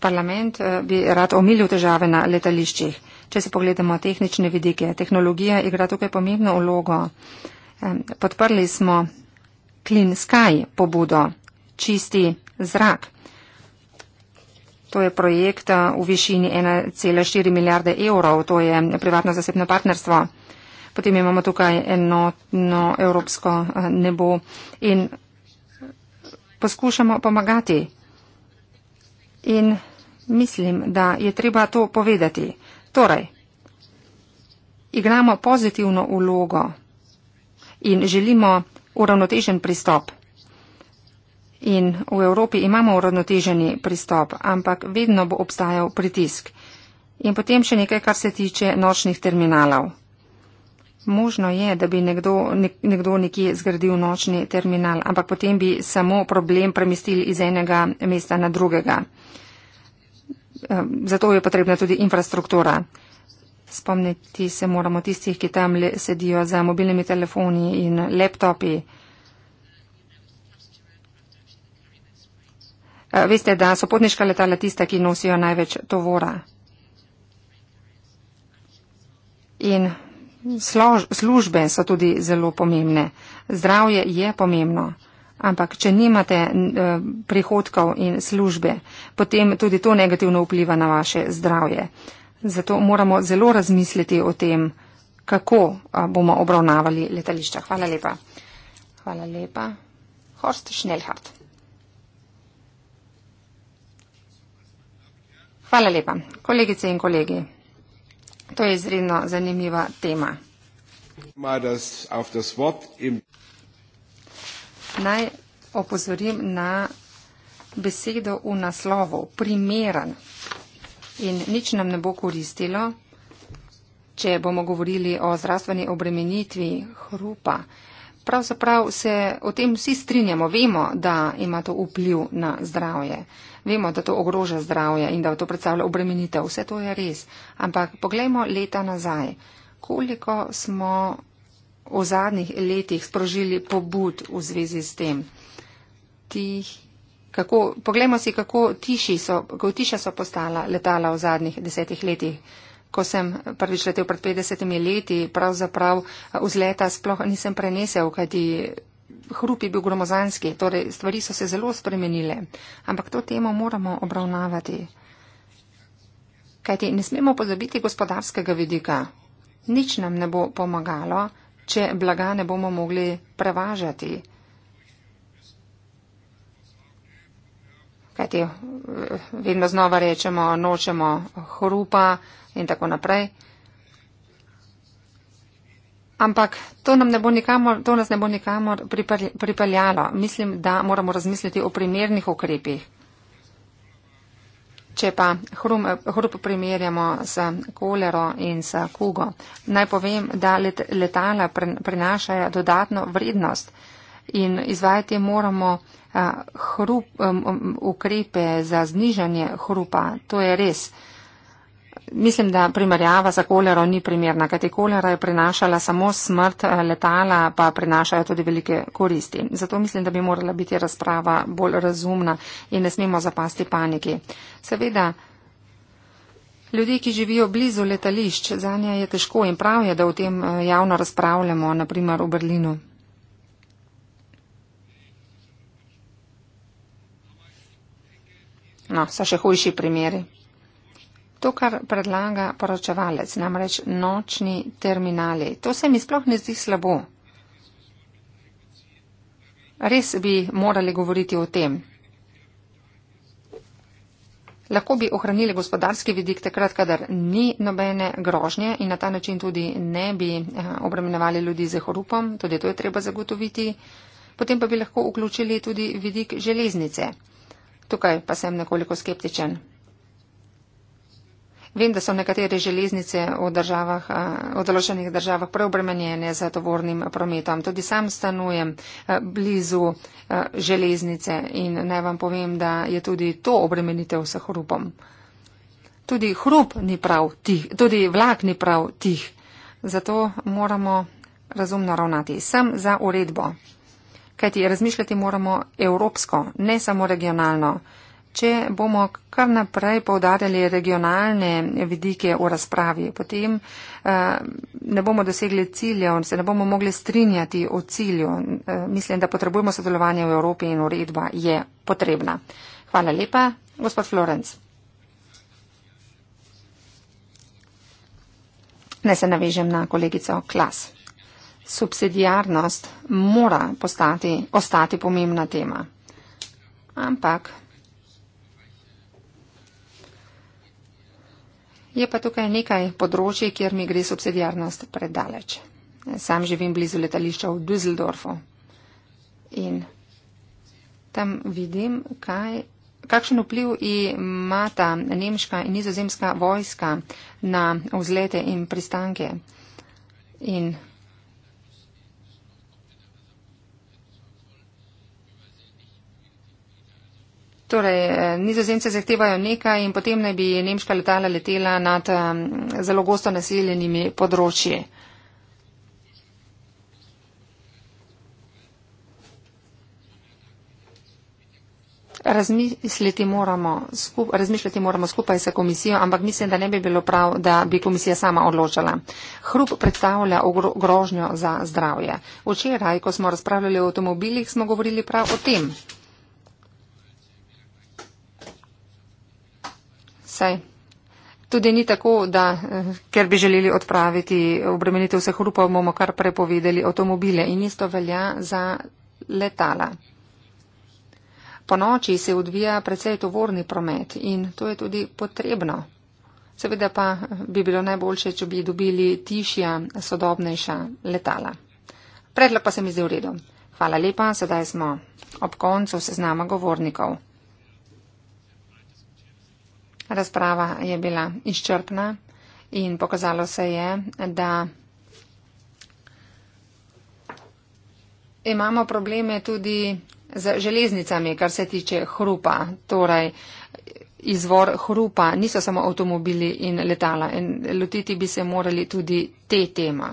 Speaker 4: Parlament eh, bi rad omilil težave na letališčih. Če se pogledamo tehnične vidike, tehnologija igra tukaj pomembno vlogo. Podprli smo Clean Sky pobudo, čisti zrak. To je projekt eh, v višini 1,4 milijarde evrov, to je privatno zasebno partnerstvo. Potem imamo tukaj enotno evropsko eh, nebo in poskušamo pomagati. In mislim, da je treba to povedati. Torej, igramo pozitivno vlogo in želimo uravnotežen pristop. In v Evropi imamo uravnoteženi pristop, ampak vedno bo obstajal pritisk. In potem še nekaj, kar se tiče nočnih terminalov. Možno je, da bi nekdo, nekdo nekje zgradil nočni terminal, ampak potem bi samo problem premestili iz enega mesta na drugega. Ehm, zato je potrebna tudi infrastruktura spomniti se moramo tistih, ki tam sedijo za mobilnimi telefoni in laptopi. Veste, da so potniška letala tiste, ki nosijo največ tovora. In službe so tudi zelo pomembne. Zdravje je pomembno. Ampak, če nimate e, prihodkov in službe, potem tudi to negativno vpliva na vaše zdravje. Zato moramo zelo razmisliti o tem, kako bomo obravnavali letališča. Hvala lepa. Hvala lepa. Horst Schnellhardt. Hvala lepa. Kolegice in kolegi, to je izredno zanimiva tema. Naj opozorim na besedo v naslovu, primeren in nič nam ne bo koristilo, če bomo govorili o zdravstveni obremenitvi hrupa. Pravzaprav se o tem vsi strinjamo, vemo, da ima to vpliv na zdravje, vemo, da to ogroža zdravje in da to predstavlja obremenitev, vse to je res. Ampak poglejmo leta nazaj, koliko smo v zadnjih letih sprožili pobud v zvezi s tem. Tih kako, poglejmo si, kako, so, kako tiše so postala letala v zadnjih desetih letih. Ko sem prvič letel pred 50 leti, pravzaprav eh, vzleta sploh nisem prenesel, kajti hrup je bil gromozanski, torej stvari so se zelo spremenile. Ampak to temo moramo obravnavati. Kajti ne smemo pozabiti gospodarskega vidika. Nič nam ne bo pomagalo, če blaga ne bomo mogli prevažati. kajti eh, vedno znova rečemo, nočemo hrupa in tako naprej. Ampak to, ne nikamor, to nas ne bo nikamor pripeljalo. Mislim, da moramo razmisliti o primernih ukrepih. Če pa hrum, hrup primerjamo s kolero in s kugo, naj povem, da let, letala prenašajo dodatno vrednost. Uh, in izvajati moramo uh, hrup, um, ukrepe za znižanje hrupa. To je res. Mislim, da primerjava za kolero ni primerna, kaj te kolera je prinašala samo smrt letala, pa prinašajo tudi velike koristi. Zato mislim, da bi morala biti razprava bolj razumna in ne smemo zapasti paniki. Seveda, ljudi, ki živijo blizu letališč, za nje je težko in prav je, da o tem eh, javno razpravljamo, naprimer v Berlinu. No, so še hujši primeri. To, kar predlaga poročevalec, namreč nočni terminali, to se mi sploh ne zdi slabo. Res bi morali govoriti o tem. Lahko bi ohranili gospodarski vidik takrat, kadar ni nobene grožnje in na ta način tudi ne bi eh, obremenovali ljudi z horupom, tudi to je treba zagotoviti. Potem pa bi lahko vključili tudi vidik železnice. Tukaj pa sem nekoliko skeptičen. Vem, da so nekatere železnice v, državah, v določenih državah preobremenjene z tovornim prometom. Tudi sam stanujem blizu železnice in naj vam povem, da je tudi to obremenitev s hrupom. Tudi hrup ni prav tih, tudi vlak ni prav tih. Zato moramo razumno ravnati. Sem za uredbo kajti razmišljati moramo evropsko, ne samo regionalno. Če bomo kar naprej povdarjali regionalne vidike v razpravi, potem eh, ne bomo dosegli ciljev, se ne bomo mogli strinjati o cilju. Eh, mislim, da potrebujemo sodelovanje v Evropi in uredba je potrebna. Hvala lepa, gospod Florenc. Ne se navežem na kolegico Klas subsidijarnost mora postati, ostati pomembna tema. Ampak je pa tukaj nekaj področji, kjer mi gre subsidijarnost predaleč. Sam živim blizu letališča v Düsseldorfu in tam vidim, kaj, kakšen vpliv ima ta nemška in nizozemska vojska na vzlete in pristanke. In Torej, eh, nizozemce zahtevajo nekaj in potem naj bi nemška letala letela nad zelo gosto naseljenimi področji. Razmisliti moramo, skup, razmišljati moramo skupaj s komisijo, ampak mislim, da ne bi bilo prav, da bi komisija sama odločala. Hrup predstavlja grožnjo za zdravje. Včeraj, ko smo razpravljali o avtomobilih, smo govorili prav o tem. Saj. Tudi ni tako, da eh, ker bi želeli odpraviti obremenitev vseh rupov, bomo kar prepovedali avtomobile in isto velja za letala. Po noči se odvija precej tovorni promet in to je tudi potrebno. Seveda pa eh, bi bilo najboljše, če bi dobili tišja, sodobnejša letala. Predlog pa se mi zdi v redu. Hvala lepa, sedaj smo ob koncu seznama govornikov. Razprava je bila izčrpna in pokazalo se je, da imamo probleme tudi z železnicami, kar se tiče hrupa. Torej, izvor hrupa niso samo avtomobili in letala in lotiti bi se morali tudi te tema.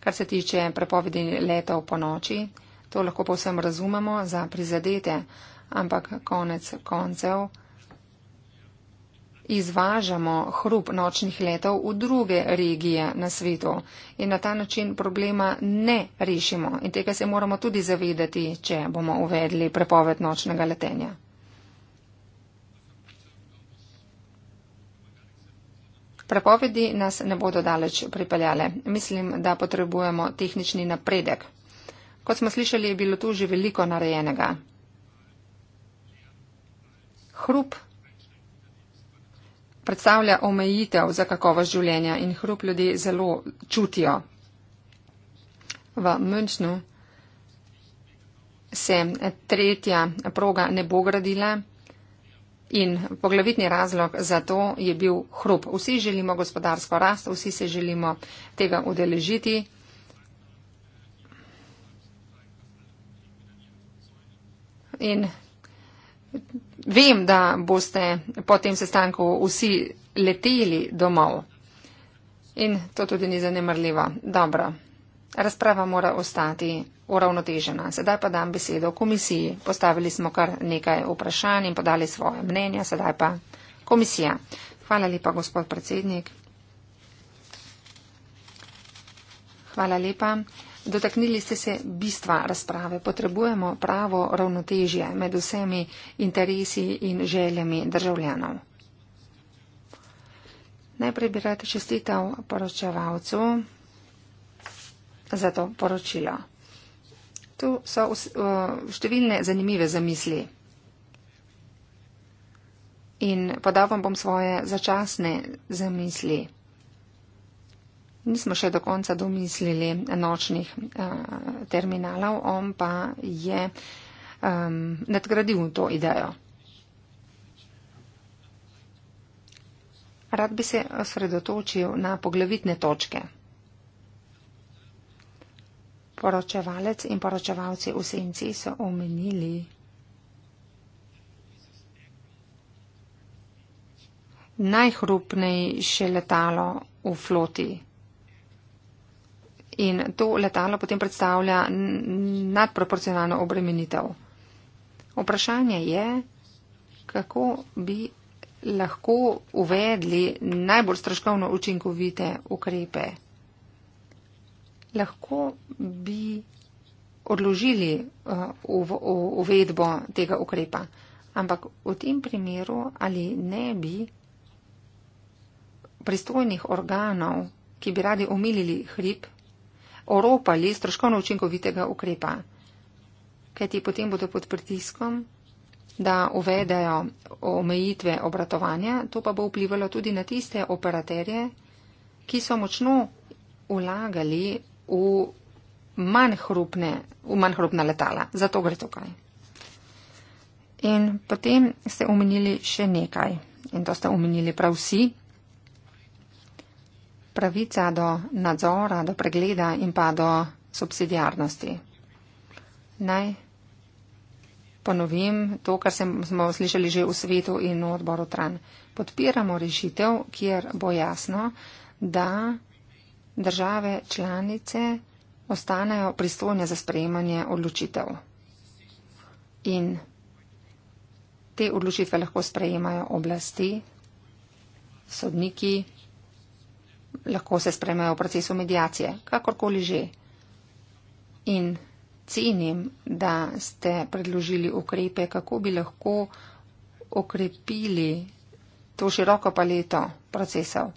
Speaker 4: Kar se tiče prepovedi letov po noči, to lahko povsem razumemo za prizadete, ampak konec koncev izvažamo hrup nočnih letov v druge regije na svetu in na ta način problema ne rešimo. In tega se moramo tudi zavedati, če bomo uvedli prepoved nočnega letenja. Prepovedi nas ne bodo daleč pripeljale. Mislim, da potrebujemo tehnični napredek. Kot smo slišali, je bilo tu že veliko narejenega. Hrup predstavlja omejitev za kakovost življenja in hrup ljudi zelo čutijo. V Münchnu se tretja proga ne bo gradila in poglavitni razlog za to je bil hrup. Vsi želimo gospodarsko rast, vsi se želimo tega udeležiti. In Vem, da boste po tem sestanku vsi leteli domov. In to tudi ni zanemrljivo. Dobro. Razprava mora ostati uravnotežena. Sedaj pa dam besedo komisiji. Postavili smo kar nekaj vprašanj in podali svoje mnenja. Sedaj pa komisija. Hvala lepa, gospod predsednik. Hvala lepa. Dotaknili ste se bistva razprave. Potrebujemo pravo ravnotežje med vsemi interesi in željami državljanov. Najprej bi rad čestitev poročevalcu za to poročilo. Tu so eh, številne zanimive zamisli. In podal vam bom svoje začasne zamisli nismo še do konca domislili nočnih uh, terminalov, on pa je um, nadgradil to idejo. Rad bi se osredotočil na poglavitne točke. Poročevalec in poročevalci v senci so omenili najhrupnejše letalo v floti in to letalo potem predstavlja nadproporcionalno obremenitev. Vprašanje je, kako bi lahko uvedli najbolj stroškovno učinkovite ukrepe. Lahko bi odložili uh, uvedbo tega ukrepa, ampak v tem primeru ali ne bi pristojnih organov, ki bi radi omilili hrib, oropali stroškovno učinkovitega ukrepa. Ker ti potem bodo pod pritiskom, da uvedajo omejitve obratovanja, to pa bo vplivalo tudi na tiste operaterje, ki so močno ulagali v manj, hrupne, v manj hrupna letala. Zato gre tukaj. In potem ste omenili še nekaj, in to ste omenili prav vsi, pravica do nadzora, do pregleda in pa do subsidijarnosti. Naj ponovim to, kar sem, smo slišali že v svetu in v odboru Tran. Podpiramo rešitev, kjer bo jasno, da države članice ostanejo pristojne za sprejemanje odločitev. In te odločitve lahko sprejemajo oblasti, sodniki, lahko se spremejo v procesu medijacije, kakorkoli že. In cenim, da ste predložili ukrepe, kako bi lahko okrepili to široko paleto procesov.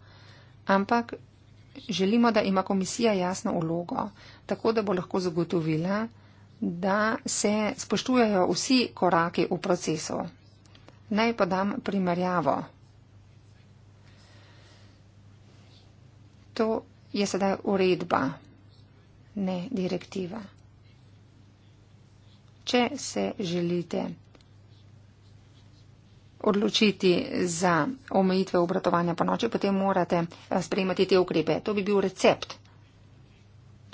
Speaker 4: Ampak želimo, da ima komisija jasno ulogo, tako da bo lahko zagotovila, da se spoštujajo vsi koraki v procesu. Naj podam primerjavo. to je sedaj uredba, ne direktiva. Če se želite odločiti za omejitve obratovanja po noči, potem morate eh, sprejemati te ukrepe. To bi bil recept.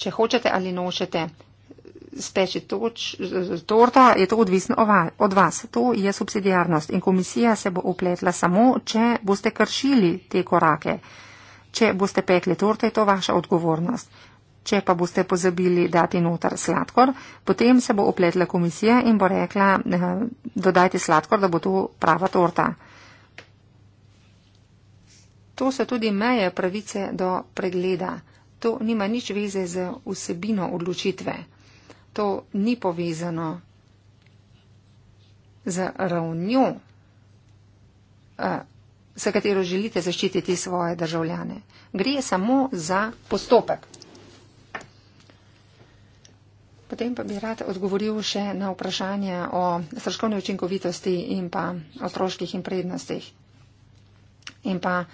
Speaker 4: Če hočete ali nočete eh, speči toč, eh, torta, je to odvisno od vas. To je subsidijarnost in komisija se bo upletla samo, če boste kršili te korake. Če boste pekli torte, je to vaša odgovornost. Če pa boste pozabili dati notar sladkor, potem se bo opletla komisija in bo rekla, eh, dodajte sladkor, da bo to prava torta. To so tudi meje pravice do pregleda. To nima nič veze z vsebino odločitve. To ni povezano z ravnjo eh, s katero želite zaščititi svoje državljane. Gre samo za postopek. Potem pa bi rad odgovoril še na vprašanje o stroškovni učinkovitosti in pa o stroških in prednostih. In pa uh,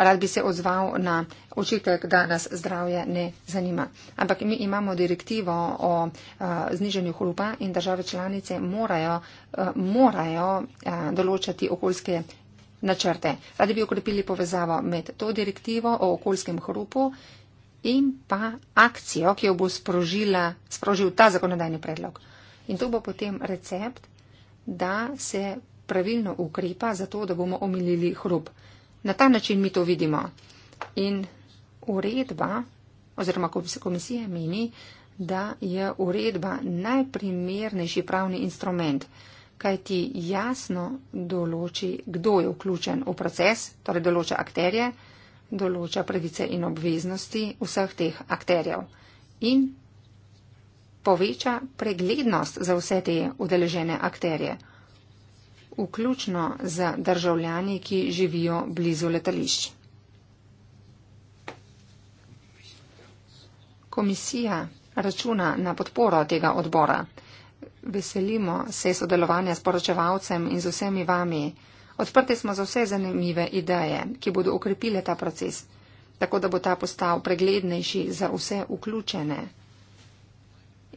Speaker 4: rad bi se odzval na očitek, da nas zdravje ne zanima. Ampak mi imamo direktivo o uh, zniženju hrupa in države članice morajo, uh, morajo uh, določati okoljske načrte. Radi bi okrepili povezavo med to direktivo o okoljskem hrupu in pa akcijo, ki jo bo sprožila, sprožil ta zakonodajni predlog. In to bo potem recept, da se pravilno ukrepa za to, da bomo omilili hrup. Na ta način mi to vidimo. In uredba oziroma komisija meni, da je uredba najprimernejši pravni instrument kaj ti jasno določi, kdo je vključen v proces, torej določa akterje, določa pravice in obveznosti vseh teh akterjev in poveča preglednost za vse te udeležene akterje, vključno za državljani, ki živijo blizu letališč. Komisija računa na podporo tega odbora veselimo se sodelovanja s poročevalcem in z vsemi vami. Odprti smo za vse zanimive ideje, ki bodo ukrepile ta proces, tako da bo ta postal preglednejši za vse vključene.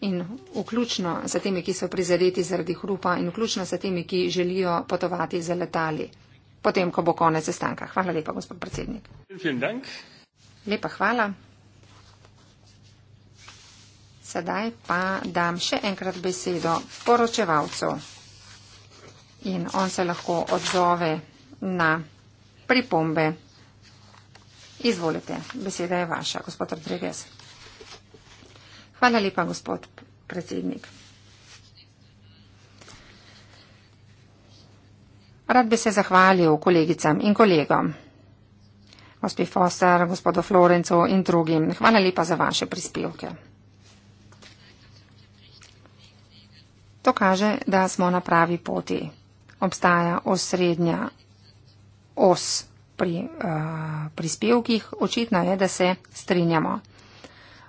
Speaker 4: In vključno sa temi, ki so prizadeti zaradi hrupa in vključno sa temi, ki želijo potovati za letali. Potem, ko bo konec sestanka. Hvala lepa, gospod predsednik. Lepa hvala. Sedaj pa dam še enkrat besedo poročevalcu in on se lahko odzove na pripombe. Izvolite, beseda je vaša, gospod Rodriguez. Hvala lepa, gospod predsednik. Rad bi se zahvalil kolegicam in kolegom, gospod Foster, gospodu Florencu in drugim. Hvala lepa za vaše prispevke. To kaže, da smo na pravi poti. Obstaja osrednja os pri uh, prispevkih, očitno je, da se strinjamo.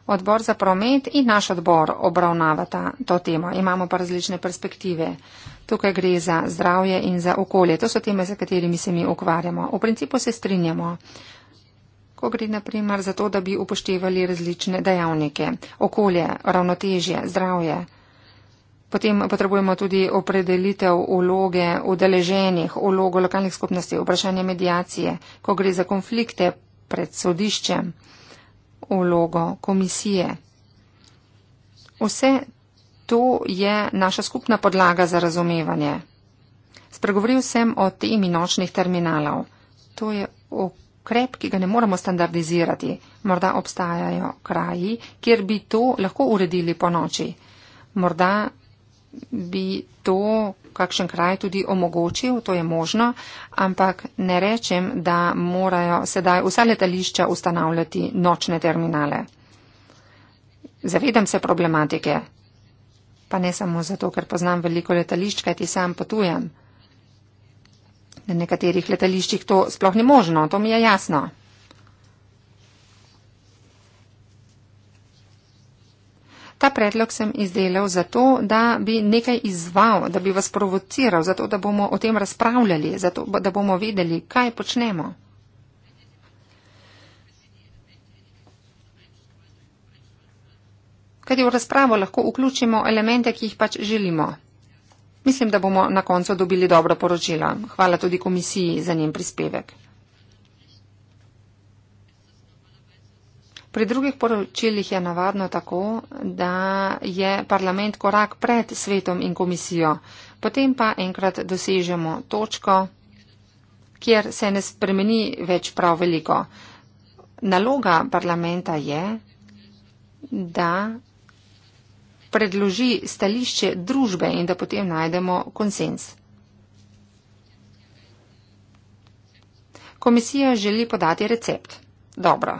Speaker 4: Odbor za promet in naš odbor obravnavata to temo. Imamo pa različne perspektive. Tukaj gre za zdravje in za okolje. To so teme, za katerimi se mi ukvarjamo. V principu se strinjamo. Ko gre naprimer za to, da bi upoštevali različne dejavnike. Okolje, ravnotežje, zdravje. Potem potrebujemo tudi opredelitev vloge udeleženih, vlogo lokalnih skupnosti, vprašanje medijacije, ko gre za konflikte pred sodiščem, vlogo komisije. Vse to je naša skupna podlaga za razumevanje. Spregovoril sem o temi nočnih terminalov. To je okrep, ki ga ne moremo standardizirati. Morda obstajajo kraji, kjer bi to lahko uredili po noči. Morda bi to kakšen kraj tudi omogočil, to je možno, ampak ne rečem, da morajo sedaj vsa letališča ustanavljati nočne terminale. Zavedam se problematike, pa ne samo zato, ker poznam veliko letališč, kaj ti sam potujem. Na nekaterih letališčih to sploh ni možno, to mi je jasno. Ta predlog sem izdelal zato, da bi nekaj izval, da bi vas provociral, zato, da bomo o tem razpravljali, zato, da bomo vedeli, kaj počnemo. Kaj v razpravo lahko vključimo elemente, ki jih pač želimo. Mislim, da bomo na koncu dobili dobro poročilo. Hvala tudi komisiji za njen prispevek. Pri drugih poročilih je navadno tako, da je parlament korak pred svetom in komisijo, potem pa enkrat dosežemo točko, kjer se ne spremeni več prav veliko. Naloga parlamenta je, da predloži stališče družbe in da potem najdemo konsens. Komisija želi podati recept. Dobro,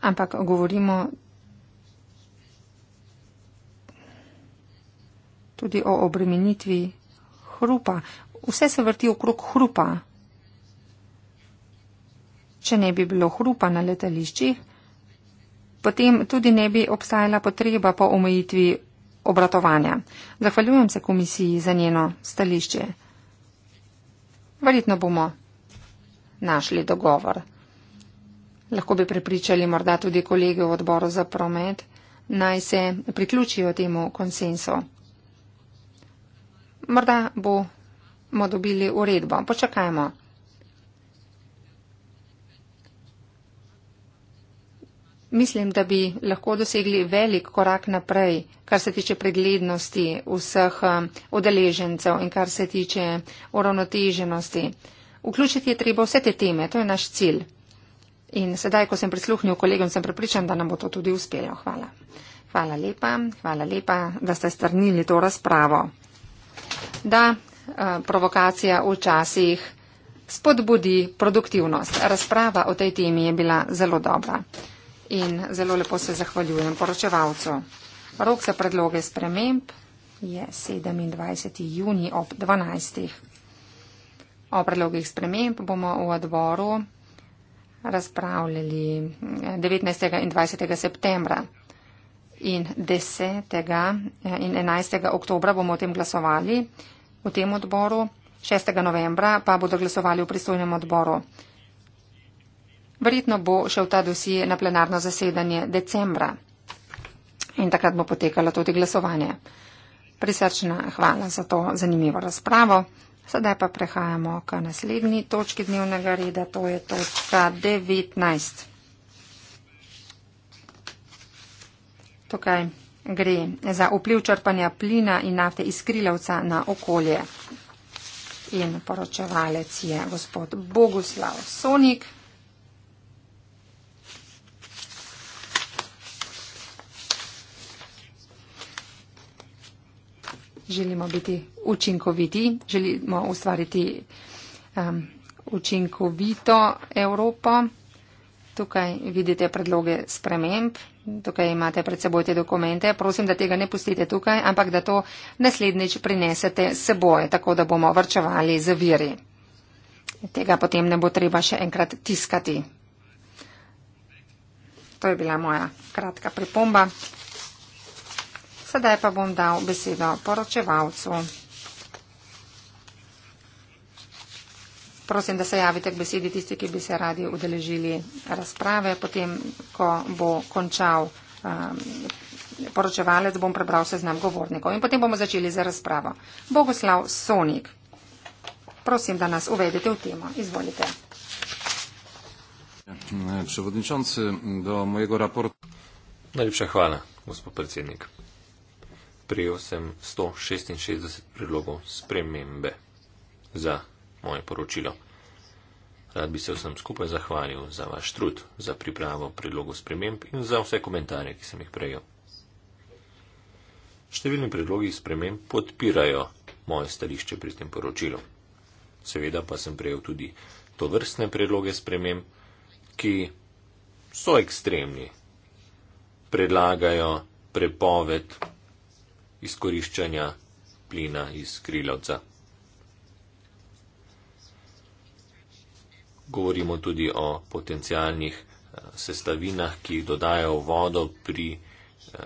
Speaker 4: ampak govorimo tudi o obremenitvi hrupa. Vse se vrti okrog hrupa. Če ne bi bilo hrupa na letališčih, potem tudi ne bi obstajala potreba po omejitvi obratovanja. Zahvaljujem se komisiji za njeno stališče. Verjetno bomo našli dogovor lahko bi prepričali morda tudi kolege v odboru za promet, naj se priključijo temu konsensu. Morda bomo dobili uredbo, počakajmo. Mislim, da bi lahko dosegli velik korak naprej, kar se tiče preglednosti vseh odeležencev um, in kar se tiče uravnoteženosti. Vključiti je treba vse te teme, to je naš cilj. In sedaj, ko sem prisluhnil kolegom, sem prepričan, da nam bo to tudi uspelo. Hvala. Hvala lepa, hvala lepa, da ste strnili to razpravo. Da, eh, provokacija včasih spodbudi produktivnost. Razprava o tej temi je bila zelo dobra. In zelo lepo se zahvaljujem poročevalcu. Rok za predloge sprememb je 27. juni ob 12. O predlogih sprememb bomo v odboru razpravljali 19. Eh, in 20. septembra. In 10. Eh, in 11. oktobra bomo o tem glasovali v tem odboru, 6. novembra pa bodo glasovali v pristojnem odboru. Verjetno bo šel ta dosi na plenarno zasedanje decembra in takrat bo potekalo tudi glasovanje. Prisrčna hvala za to zanimivo razpravo. Sedaj pa prehajamo k naslednji točki dnevnega reda, to je točka 19. Tukaj gre za vpliv črpanja plina in nafte iz krilovca na okolje. In poročevalec je gospod Boguslav Sonik. želimo biti učinkoviti, želimo ustvariti um, učinkovito Evropo. Tukaj vidite predloge sprememb, tukaj imate pred seboj te dokumente. Prosim, da tega ne pustite tukaj, ampak da to naslednjič prinesete seboj, tako da bomo vrčevali z viri. Tega potem ne bo treba še enkrat tiskati. To je bila moja kratka pripomba. Sedaj pa bom dal besedo poročevalcu. Prosim, da se javite k besedi tisti, ki bi se radi udeležili razprave. Potem, ko bo končal um, poročevalec, bom prebral seznam govornikov in potem bomo začeli za razpravo. Bogoslav Sonik, prosim, da nas uvedete v temo. Izvolite.
Speaker 2: Ja, eh, Najlepša hvala, gospod predsednik prijel sem 166 predlogov spremembe za moje poročilo. Rad bi se vsem skupaj zahvalil za vaš trud, za pripravo predlogov sprememb in za vse komentarje, ki sem jih prejel. Številni predlogi sprememb podpirajo moje stališče pri tem poročilu. Seveda pa sem prejel tudi to vrstne predloge sprememb, ki so ekstremni. Predlagajo prepoved izkoriščanja plina iz krilovca. Govorimo tudi o potencijalnih eh, sestavinah, ki jih dodajo vodo pri eh,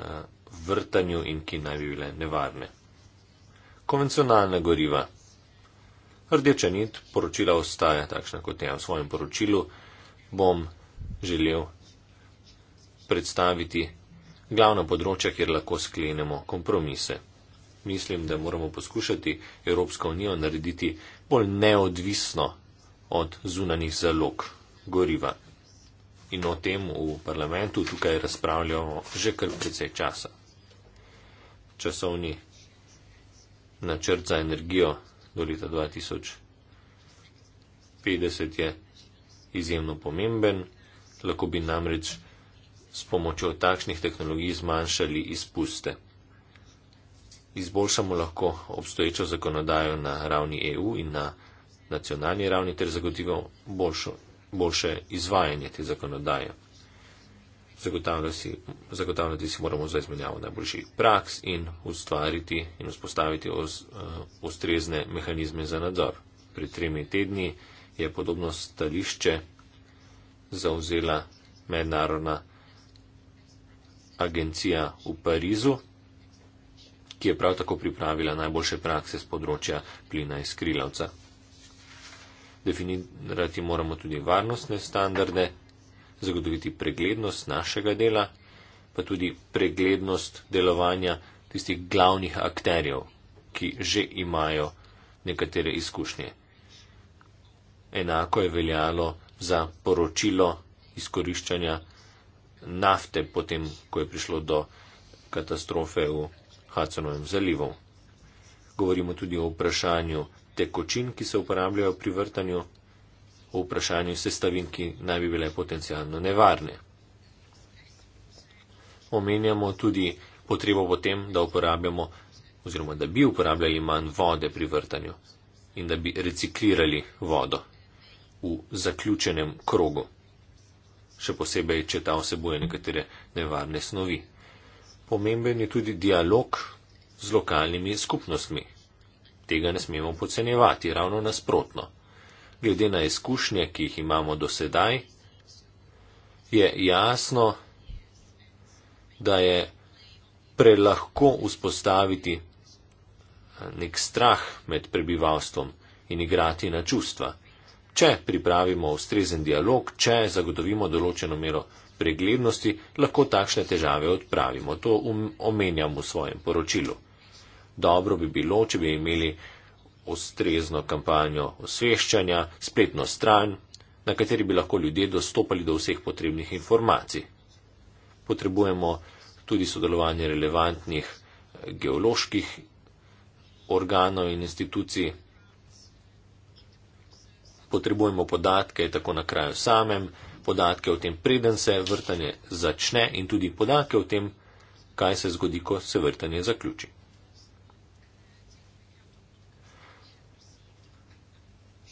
Speaker 2: vrtanju in ki naj bi bile nevarne. Konvencionalna goriva. Rdeča nit poročila ostaja takšna, kot je v svojem poročilu. Bom želel predstaviti glavna področja, kjer lahko sklenemo kompromise. Mislim, da moramo poskušati Evropsko unijo narediti bolj neodvisno od zunanih zalog goriva. In o tem v parlamentu tukaj razpravljamo že kar precej časa. Časovni načrt za energijo do leta 2050 je izjemno pomemben. Lahko bi namreč s pomočjo takšnih tehnologij zmanjšali izpuste. Izboljšamo lahko obstoječo zakonodajo na ravni EU in na nacionalni ravni ter zagotovimo boljšo, boljše izvajanje te zakonodaje. Si, zagotavljati si moramo za izmenjavo najboljših praks in ustvariti in vzpostaviti oz, uh, ustrezne mehanizme za nadzor. Pred tremi tedni je podobno stališče zauzela mednarodna agencija v Parizu, ki je prav tako pripravila najboljše prakse z področja plina iz krilavca. Definirati moramo tudi varnostne standarde, zagotoviti preglednost našega dela, pa tudi preglednost delovanja tistih glavnih akterjev, ki že imajo nekatere izkušnje. Enako je veljalo za poročilo izkoriščanja nafte, potem ko je prišlo do katastrofe v Hudsonovem zalivu. Govorimo tudi o vprašanju tekočin, ki se uporabljajo pri vrtanju, o vprašanju sestavin, ki naj bi bile potencialno nevarne. Omenjamo tudi potrebo potem, da uporabljamo oziroma da bi uporabljali manj vode pri vrtanju in da bi reciklirali vodo v zaključenem krogu še posebej, če ta vsebuje nekatere nevarne snovi. Pomemben je tudi dialog z lokalnimi skupnostmi. Tega ne smemo pocenjevati, ravno nasprotno. Glede na izkušnje, ki jih imamo do sedaj, je jasno, da je prelahko vzpostaviti eh, nek strah med prebivalstvom in igrati na čustva. Če pripravimo ustrezen dialog, če zagotovimo določeno mero preglednosti, lahko takšne težave odpravimo. To um, omenjam v svojem poročilu. Dobro bi bilo, če bi imeli ustrezno kampanjo osveščanja, spletno stran, na kateri bi lahko ljudje dostopali do vseh potrebnih informacij. Potrebujemo tudi sodelovanje relevantnih eh, geoloških organov in institucij potrebujemo podatke tako na kraju samem, podatke o tem, preden se vrtanje začne in tudi podatke o tem, kaj se zgodi, ko se vrtanje zaključi.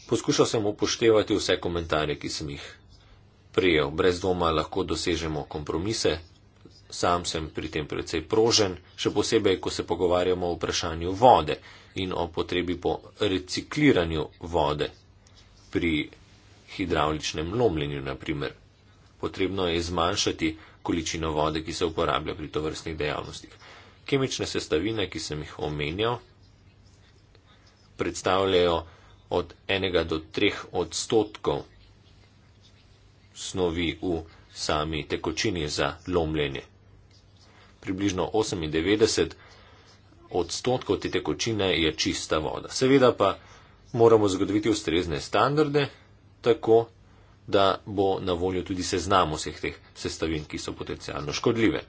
Speaker 2: Poskušal sem upoštevati vse komentarje, ki sem jih prijel. Brez dvoma lahko dosežemo kompromise. Sam sem pri tem precej prožen, še posebej, ko se pogovarjamo o vprašanju vode in o potrebi po recikliranju vode, pri hidravličnem lomljenju, naprimer. Potrebno je zmanjšati količino vode, ki se uporablja pri tovrstnih dejavnostih. Kemične sestavine, ki sem jih omenjal, predstavljajo od 1 do 3 odstotkov snovi v sami tekočini za lomljenje. Približno 98 odstotkov te tekočine je čista voda. Seveda pa moramo zagotoviti ustrezne standarde, tako da bo na voljo tudi seznam vseh teh sestavin, ki so potencialno škodljive.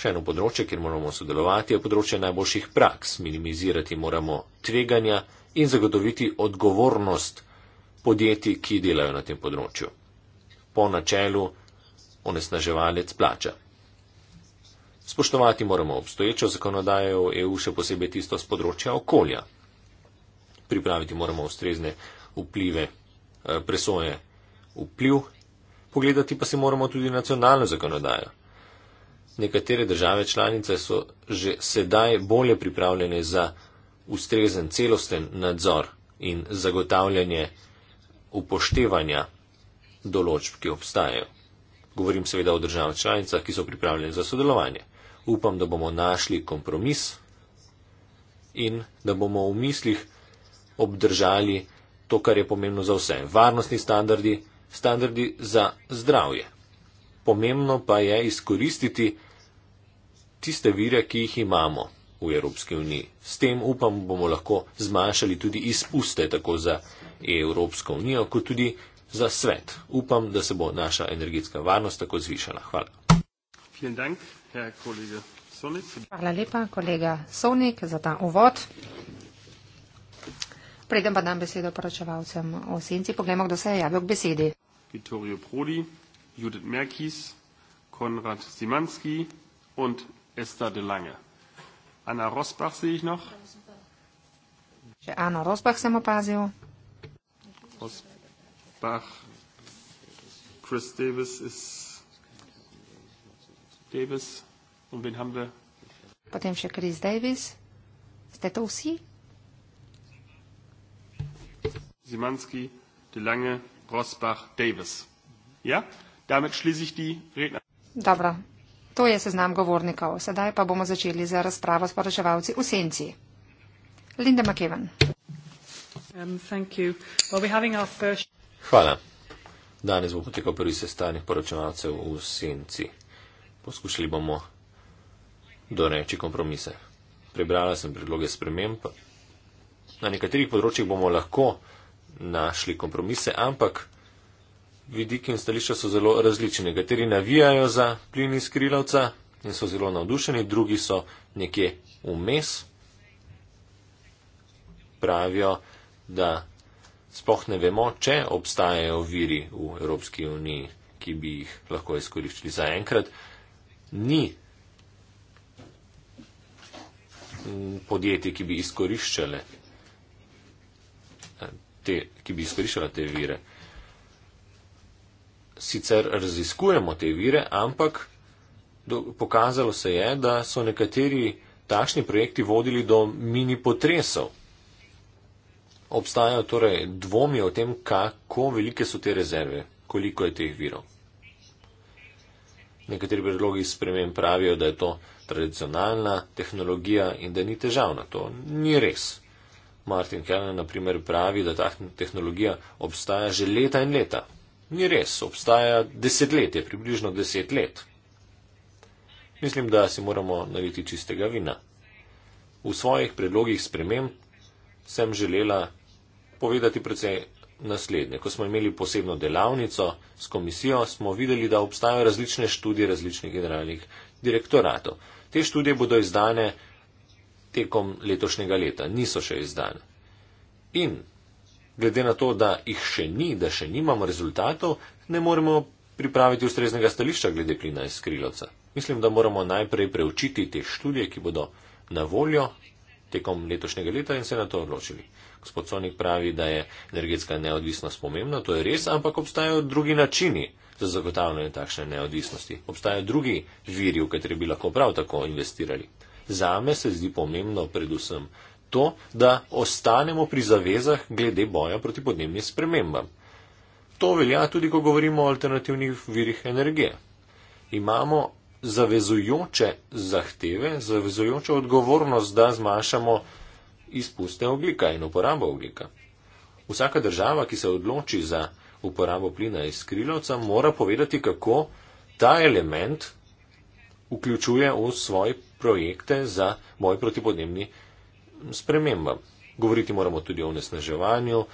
Speaker 2: Še eno področje, kjer moramo sodelovati, je področje najboljših praks. Minimizirati moramo tveganja in zagotoviti odgovornost podjetij, ki delajo na tem področju. Po načelu onesnaževalec plača. Spoštovati moramo obstoječo zakonodajo EU, še posebej tisto z področja okolja pripraviti moramo ustrezne vplive, eh, presoje vpliv, pogledati pa si moramo tudi nacionalno zakonodajo. Nekatere države članice so že sedaj bolje pripravljene za ustrezen celosten nadzor in zagotavljanje upoštevanja določb, ki obstajajo. Govorim seveda o državah članicah, ki so pripravljene za sodelovanje. Upam, da bomo našli kompromis in da bomo v mislih obdržali to, kar je pomembno za vse. Varnostni standardi, standardi za zdravje. Pomembno pa je izkoristiti tiste vire, ki jih imamo v Evropski uniji. S tem upam, bomo lahko zmanjšali tudi izpuste tako za Evropsko unijo, kot tudi za svet. Upam, da se bo naša energetska varnost tako zvišala. Hvala.
Speaker 4: Hvala lepa, kolega Sovnik, za ta uvod. Preden pa dam besedo poročevalcem o senci, poglejmo, kdo se je javil k besedi.
Speaker 3: Vittorio Prodi, Judith Merkis, Konrad Simanski in Ester de Lange. Ana Rosbach se jih noh.
Speaker 4: Še Ana Rosbach sem opazil.
Speaker 3: Rosbach, Chris Davis is Davis.
Speaker 4: Potem še Chris Davis. Ste to vsi?
Speaker 3: Simanski, De Lange, Rosbach, Davis. Ja, damit schließe ich die Redner.
Speaker 4: Dobro. To je seznam govornikov. Sedaj pa bomo začeli z razpravo s poročevalci v senci. Linda McKeven.
Speaker 3: Um, thank you. Well, we're having our first...
Speaker 2: Hvala. Danes bo potekal prvi sestanek poročevalcev v senci. Poskušali bomo doreči kompromise. Prebrala sem predloge sprememb. Na nekaterih področjih bomo lahko našli kompromise, ampak vidiki in stališča so zelo različni. Nekateri navijajo za plin iz krilovca in so zelo navdušeni, drugi so nekje vmes. Pravijo, da spoh ne vemo, če obstajajo viri v Evropski uniji, ki bi jih lahko izkoriščili zaenkrat. Ni podjetij, ki bi izkoriščale te, ki bi izkoriščala te vire. Sicer raziskujemo te vire, ampak do, pokazalo se je, da so nekateri takšni projekti vodili do mini potresov. Obstajajo torej dvomi o tem, kako velike so te rezerve, koliko je teh virov. Nekateri predlogi sprememb pravijo, da je to tradicionalna tehnologija in da ni težavna. To ni res. Martin Kellner, na primer, pravi, da ta tehnologija obstaja že leta in leta. Ni res, obstaja desetletje, približno deset let. Mislim, da si moramo naliti čistega vina. V svojih predlogih sprememb sem želela povedati predvsej naslednje. Ko smo imeli posebno delavnico s komisijo, smo videli, da obstajajo različne študije različnih generalnih direktoratov. Te študije bodo izdane tekom letošnjega leta, niso še izdane. In glede na to, da jih še ni, da še nimamo rezultatov, ne moremo pripraviti ustreznega stališča glede plina iz skrilovca. Mislim, da moramo najprej preučiti te študije, ki bodo na voljo tekom letošnjega leta in se na to odločili. Gospod Sonik pravi, da je energetska neodvisnost pomembna, to je res, ampak obstajajo drugi načini za zagotavljanje takšne neodvisnosti. Obstajajo drugi viri, v kateri bi lahko prav tako investirali. Zame se zdi pomembno predvsem to, da ostanemo pri zavezah glede boja proti podnebnim spremembam. To velja tudi, ko govorimo o alternativnih virih energije. Imamo zavezujoče zahteve, zavezujočo odgovornost, da zmanjšamo izpuste oglika in uporabo oglika. Vsaka država, ki se odloči za uporabo plina iz krilovca, mora povedati, kako ta element vključuje v svoj projekte za boj proti podnebni spremembam. Govoriti moramo tudi o nesnaževanju,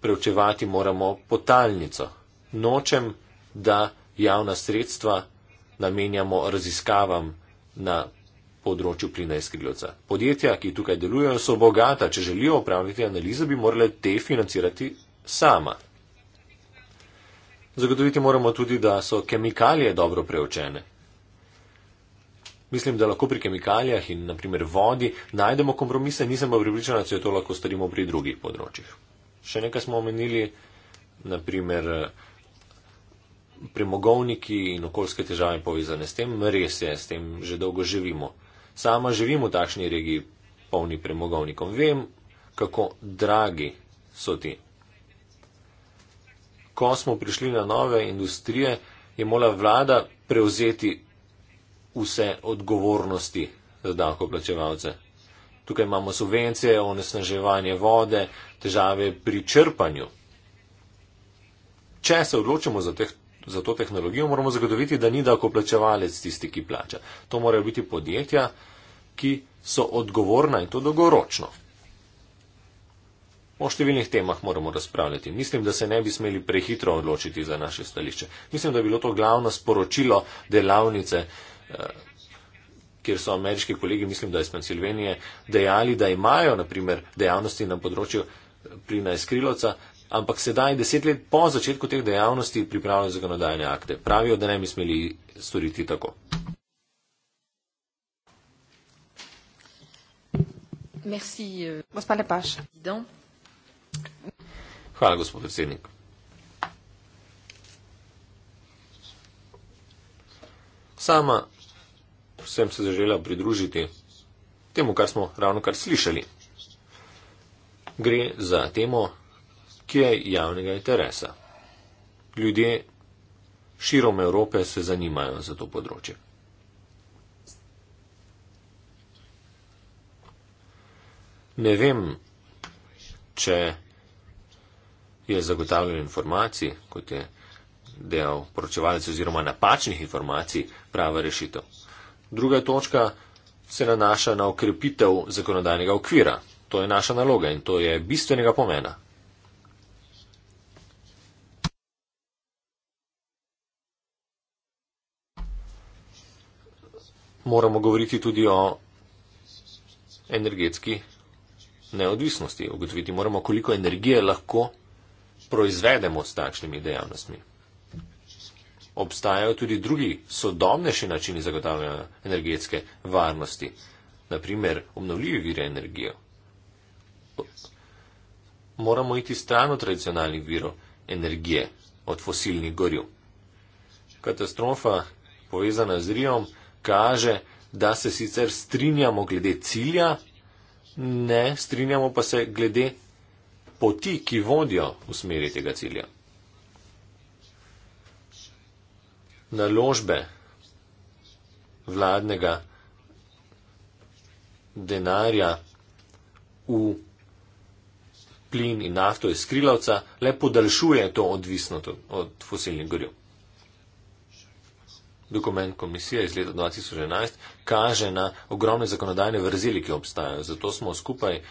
Speaker 2: preučevati moramo potalnico. Nočem, da javna sredstva namenjamo raziskavam na področju plina iz krilca. Podjetja, ki tukaj delujejo, so bogata. Če želijo upravljati analize, bi morale te financirati sama. Zagotoviti moramo tudi, da so kemikalije dobro preučene. Mislim, da lahko pri kemikalijah in naprimer vodi najdemo kompromise, nisem pa pripričana, da se to lahko storimo pri drugih področjih. Še nekaj smo omenili, naprimer premogovniki in okoljske težave povezane s tem, res je, s tem že dolgo živimo. Sama živim v takšni regiji polni premogovnikom. Vem, kako dragi so ti. Ko smo prišli na nove industrije, je mola vlada prevzeti vse odgovornosti za davkoplačevalce. Tukaj imamo subvencije, onesnaževanje vode, težave pri črpanju. Če se odločimo za, teh, za to tehnologijo, moramo zagotoviti, da ni davkoplačevalec tisti, ki plača. To morajo biti podjetja, ki so odgovorna in to dolgoročno. O številnih temah moramo razpravljati. Mislim, da se ne bi smeli prehitro odločiti za naše stališče. Mislim, da je bilo to glavno sporočilo delavnice. Eh, kjer so ameriški kolegi, mislim, da iz Pensilvenije, dejali, da imajo naprimer dejavnosti na področju plina iz Kriloca, ampak sedaj, deset let po začetku teh dejavnosti, pripravljajo zakonodajne akte. Pravijo, da ne bi smeli storiti tako.
Speaker 4: Merci, uh,
Speaker 2: Hvala, gospod predsednik. Sama vsem se zažela pridružiti temu, kar smo ravno kar slišali. Gre za temo, ki je javnega interesa. Ljudje širom Evrope se zanimajo za to področje. Ne vem, če je zagotavljanje informacij, kot je dejal poročevalec, oziroma napačnih informacij prava rešitev. Druga točka se nanaša na okrepitev zakonodajnega okvira. To je naša naloga in to je bistvenega pomena. Moramo govoriti tudi o energetski neodvisnosti. Ugotoviti moramo, koliko energije lahko proizvedemo s takšnimi dejavnostmi obstajajo tudi drugi sodobnejši načini zagotavljanja energetske varnosti, naprimer obnovljivi vire energije. Moramo iti stran od tradicionalnih virov energije, od fosilnih goril. Katastrofa, povezana z Rijom, kaže, da se sicer strinjamo glede cilja, ne strinjamo pa se glede poti, ki vodijo v smeri tega cilja. naložbe vladnega denarja v plin in nafto iz krilavca, le podaljšuje to odvisnost od fosilnih goril. Dokument komisije iz leta 2011 kaže na ogromne zakonodajne vrzeli, ki obstajajo. Zato smo skupaj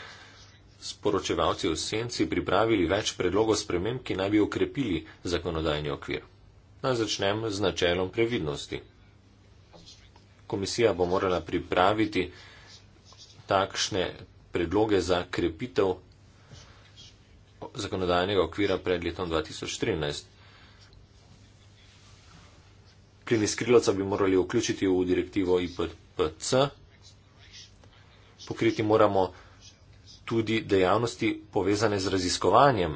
Speaker 2: s poročevalci v senci pripravili več predlogov sprememb, ki naj bi okrepili zakonodajni okvir. Naj začnem z načelom previdnosti. Komisija bo morala pripraviti takšne predloge za krepitev zakonodajnega okvira pred letom 2013. Plini skrilovca bi morali vključiti v direktivo IPPC. Pokriti moramo tudi dejavnosti povezane z raziskovanjem,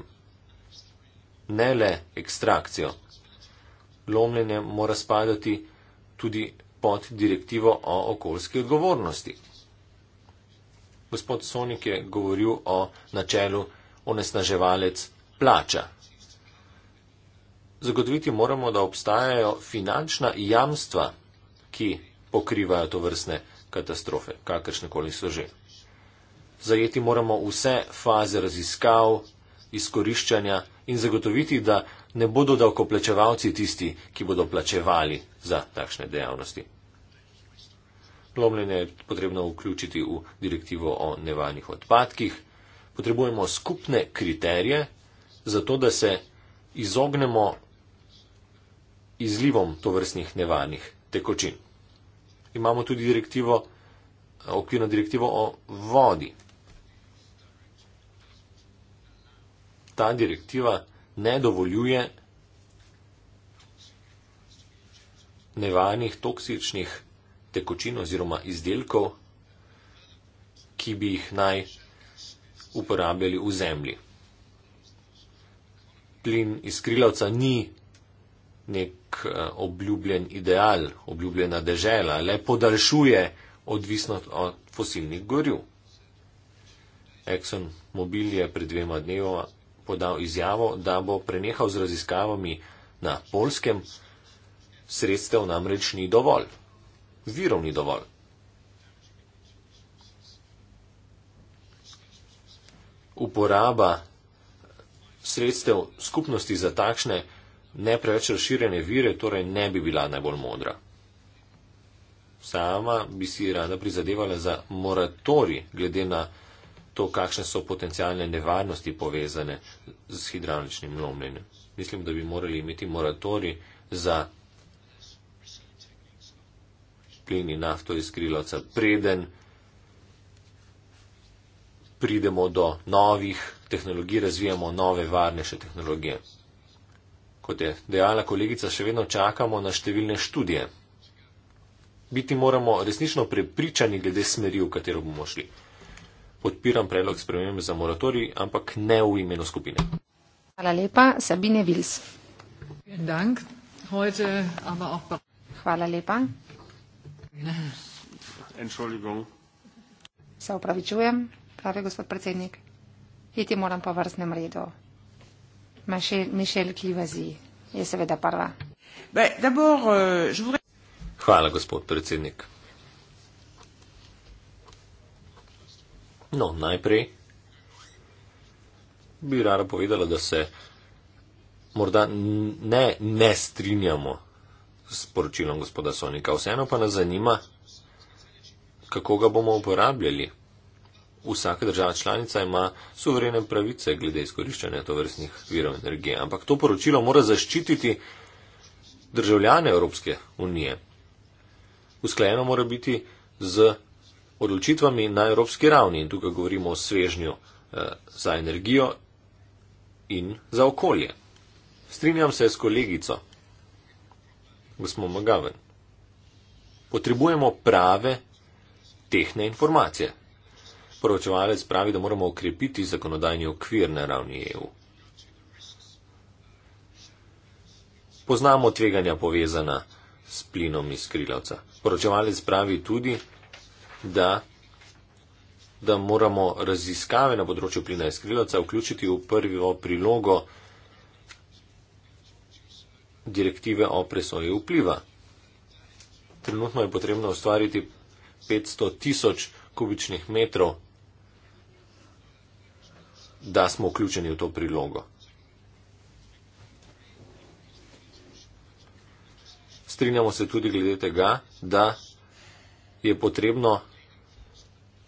Speaker 2: ne le ekstrakcijo lomljenje mora spadati tudi pod direktivo o okoljski odgovornosti. Gospod Sonik je govoril o načelu onesnaževalec plača. Zagotoviti moramo, da obstajajo finančna jamstva, ki pokrivajo to vrstne katastrofe, kakršnekoli so že. Zajeti moramo vse faze raziskav, izkoriščanja in zagotoviti, da ne bodo davkoplačevalci tisti, ki bodo plačevali za takšne dejavnosti. Plomljenje je potrebno vključiti v direktivo o nevarnih odpadkih. Potrebujemo skupne kriterije, zato da se izognemo izlivom tovrstnih nevarnih tekočin. Imamo tudi direktivo, okvirno direktivo o vodi. Ta direktiva ne dovoljuje nevarnih toksičnih tekočin oziroma izdelkov, ki bi jih naj uporabljali v zemlji. Plin iz krilavca ni nek eh, obljubljen ideal, obljubljena dežela, le podaljšuje odvisnost od fosilnih goril. Exxon Mobil je pred dvema dnevoma podal izjavo, da bo prenehal z raziskavami na polskem, sredstev namreč ni dovolj, virov ni dovolj. Uporaba sredstev skupnosti za takšne ne preveč razširjene vire torej ne bi bila najbolj modra. Sama bi si rada prizadevala za moratori glede na to, kakšne so potencijalne nevarnosti povezane z hidravličnim lomljenjem. Mislim, da bi morali imeti moratori za plin in nafto iz krilovca, preden pridemo do novih tehnologij, razvijamo nove, varnejše tehnologije. Kot je dejala kolegica, še vedno čakamo na številne študije. Biti moramo resnično prepričani glede smeri, v katero bomo šli podpiram predlog spremem za moratorij, ampak ne v imenu skupine.
Speaker 4: Hvala lepa, Sabine Vils. Hvala lepa. Se opravičujem, pravi gospod predsednik. Iti moram po vrstnem redu. Mišel Kivazi je seveda prva.
Speaker 2: Euh, Hvala, gospod predsednik. No, najprej bi rada povedala, da se morda ne, ne strinjamo s poročilom gospoda Sonika. Vseeno pa nas zanima, kako ga bomo uporabljali. Vsaka država članica ima suverene pravice glede izkoriščanja to vrstnih virov energije, ampak to poročilo mora zaščititi državljane Evropske unije. Usklajeno mora biti z odločitvami na evropski ravni. In tukaj govorimo o svežnju eh, za energijo in za okolje. Strinjam se s kolegico, gospod Magaven. Potrebujemo prave tehne informacije. Poročevalec pravi, da moramo okrepiti zakonodajni okvir na ravni EU. Poznamo tveganja povezana s plinom iz krilavca. Poročevalec pravi tudi, da, da moramo raziskave na področju plina iz krilovca vključiti v prvo prilogo direktive o presoji vpliva. Trenutno je potrebno ustvariti 500 tisoč kubičnih metrov, da smo vključeni v to prilogo. Strinjamo se tudi glede tega, da je potrebno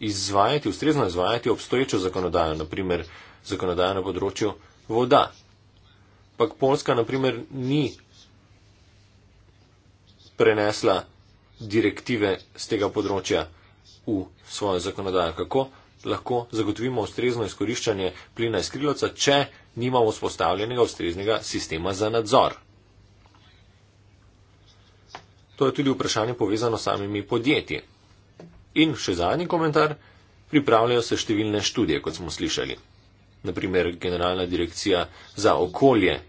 Speaker 2: izvajati, ustrezno izvajati obstoječo zakonodajo, naprimer zakonodajo na področju voda. Pak Polska, naprimer, ni prenesla direktive z tega področja v svojo zakonodajo. Kako lahko zagotovimo ustrezno izkoriščanje plina iz krilca, če nimamo spostavljenega ustreznega sistema za nadzor? To je tudi vprašanje povezano s samimi podjetji. In še zadnji komentar. Pripravljajo se številne študije, kot smo slišali. Naprimer, Generalna direkcija za okolje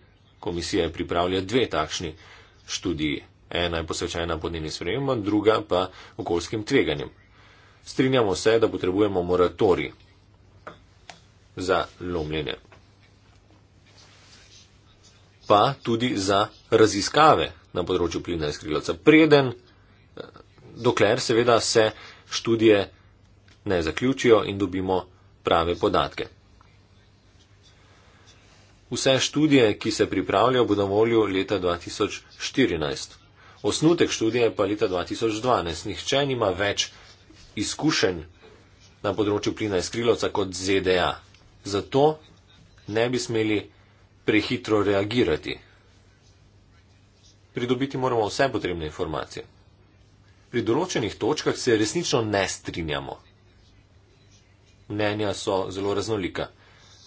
Speaker 2: komisije pripravlja dve takšni študiji. Ena je posvečena podnebnim spremembam, druga pa okoljskim tveganjem. Strinjamo se, da potrebujemo moratori za lomljenje. Pa tudi za raziskave na področju plina iz krilca. Preden, eh, dokler seveda se študije ne zaključijo in dobimo prave podatke. Vse študije, ki se pripravljajo, bodo na voljo leta 2014. Osnutek študije pa leta 2012. Nihče nima več izkušenj na področju plina iz krilovca kot ZDA. Zato ne bi smeli prehitro reagirati. Pridobiti moramo vse potrebne informacije pri določenih točkah se resnično ne strinjamo. Mnenja so zelo raznolika.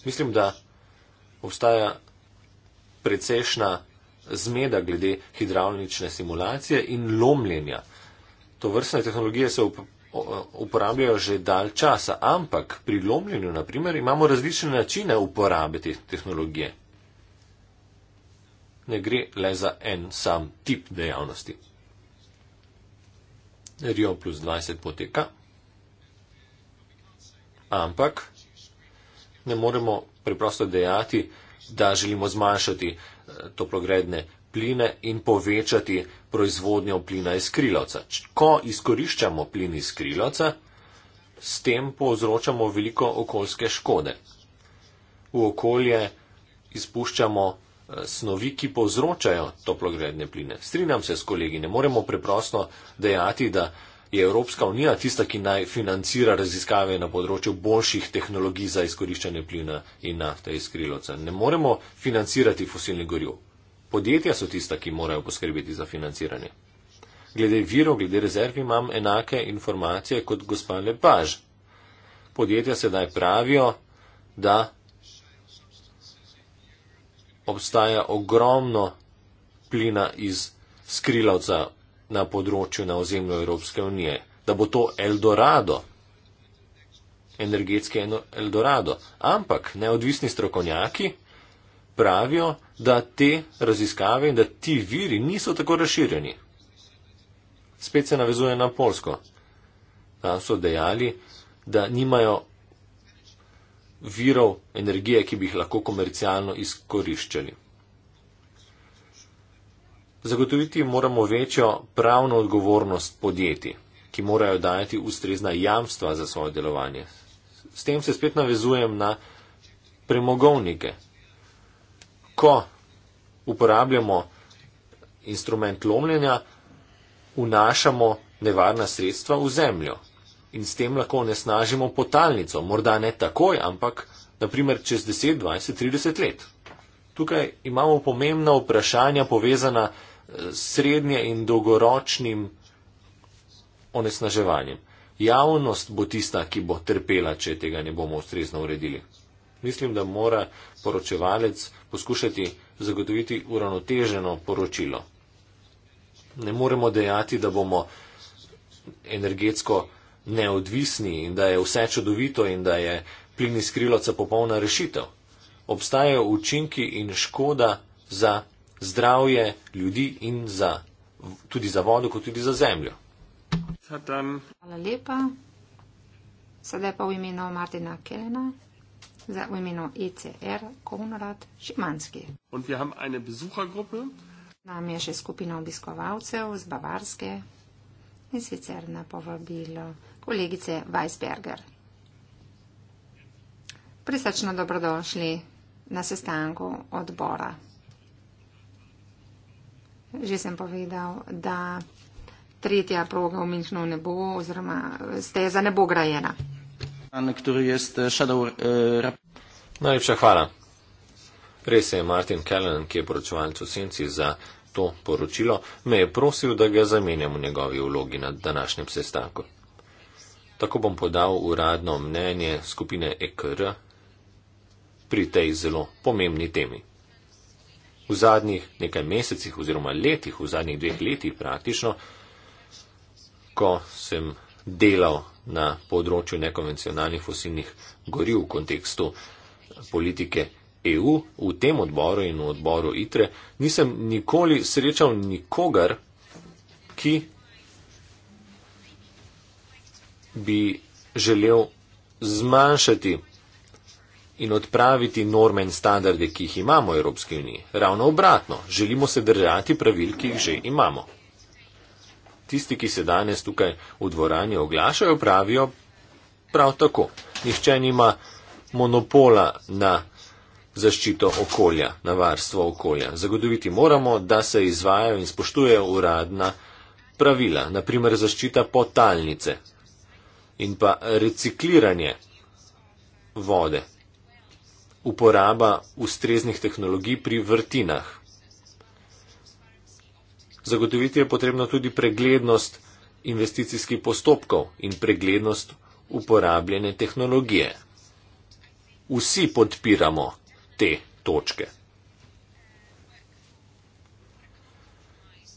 Speaker 2: Mislim, da obstaja precejšna zmeda glede hidravlične simulacije in lomljenja. To vrstne tehnologije se uporabljajo že dalj časa, ampak pri lomljenju, naprimer, imamo različne načine uporabe te tehnologije. Ne gre le za en sam tip dejavnosti. Rio plus 20 poteka, ampak ne moremo preprosto dejati, da želimo zmanjšati eh, toplogredne pline in povečati proizvodnjo plina iz krilovca. Ko izkoriščamo plin iz krilovca, s tem povzročamo veliko okoljske škode. V okolje izpuščamo snovi, ki povzročajo toplogredne pline. Strinjam se s kolegi, ne moremo preprosto dejati, da je Evropska unija tista, ki naj financira raziskave na področju boljših tehnologij za izkoriščanje plina in nafte iz kriloca. Ne moremo financirati fosilnih goriv. Podjetja so tista, ki morajo poskrbeti za financiranje. Glede virov, glede rezerv imam enake informacije kot gospa Lepaž. Podjetja sedaj pravijo, da obstaja ogromno plina iz skrilavca na področju na ozemlju Evropske unije, da bo to Eldorado, energetski Eldorado. Ampak neodvisni strokovnjaki pravijo, da te raziskave in da ti viri niso tako razširjeni. Spet se navezuje na Polsko. Tam so dejali, da nimajo virov energije, ki bi jih lahko komercialno izkoriščali. Zagotoviti moramo večjo pravno odgovornost podjetij, ki morajo dajati ustrezna jamstva za svoje delovanje. S tem se spet navezujem na premogovnike. Ko uporabljamo instrument lomljenja, vnašamo nevarna sredstva v zemljo in s tem lahko onesnažimo potalnico. Morda ne takoj, ampak naprimer čez 10, 20, 30 let. Tukaj imamo pomembna vprašanja povezana eh, s srednje in dolgoročnim onesnaževanjem. Javnost bo tista, ki bo trpela, če tega ne bomo ustrezno uredili. Mislim, da mora poročevalec poskušati zagotoviti uravnoteženo poročilo. Ne moremo dejati, da bomo energetsko neodvisni in da je vse čudovito in da je plin iz krilca popolna rešitev. Obstajajo učinki in škoda za zdravje ljudi in za, tudi za vodo, kot tudi za zemljo.
Speaker 3: Hvala
Speaker 4: lepa. Sedaj pa v imenu Martina Kelena, za v imenu ECR Konrad Šimanski.
Speaker 3: In vi imamo eno besuhagrupe.
Speaker 4: Nam je še skupina obiskovalcev z Bavarske in sicer na povabilo kolegice Weisberger. Prisrčno dobrodošli na sestanku odbora. Že sem povedal, da tretja proga v Minšnu ne bo oziroma steza ne bo grajena.
Speaker 2: Eh, eh, Najlepša hvala. Res je Martin Kellen, ki je poročevalec v Senci za to poročilo, me je prosil, da ga zamenjam v njegovi vlogi na današnjem sestanku. Tako bom podal uradno mnenje skupine EKR pri tej zelo pomembni temi. V zadnjih nekaj mesecih oziroma letih, v zadnjih dveh letih praktično, ko sem delal na področju nekonvencionalnih fosilnih goriv v kontekstu politike EU v tem odboru in v odboru ITRE, nisem nikoli srečal nikogar, ki bi želel zmanjšati in odpraviti norme in standarde, ki jih imamo v Evropski uniji. Ravno obratno, želimo se držati pravil, ki jih že imamo. Tisti, ki se danes tukaj v dvorani oglašajo, pravijo prav tako. Nihče nima monopola na zaščito okolja, na varstvo okolja. Zagotoviti moramo, da se izvajajo in spoštujejo uradna pravila, naprimer zaščita potalnice in pa recikliranje vode. Uporaba ustreznih tehnologij pri vrtinah. Zagotoviti je potrebno tudi preglednost investicijskih postopkov in preglednost uporabljene tehnologije. Vsi podpiramo te točke.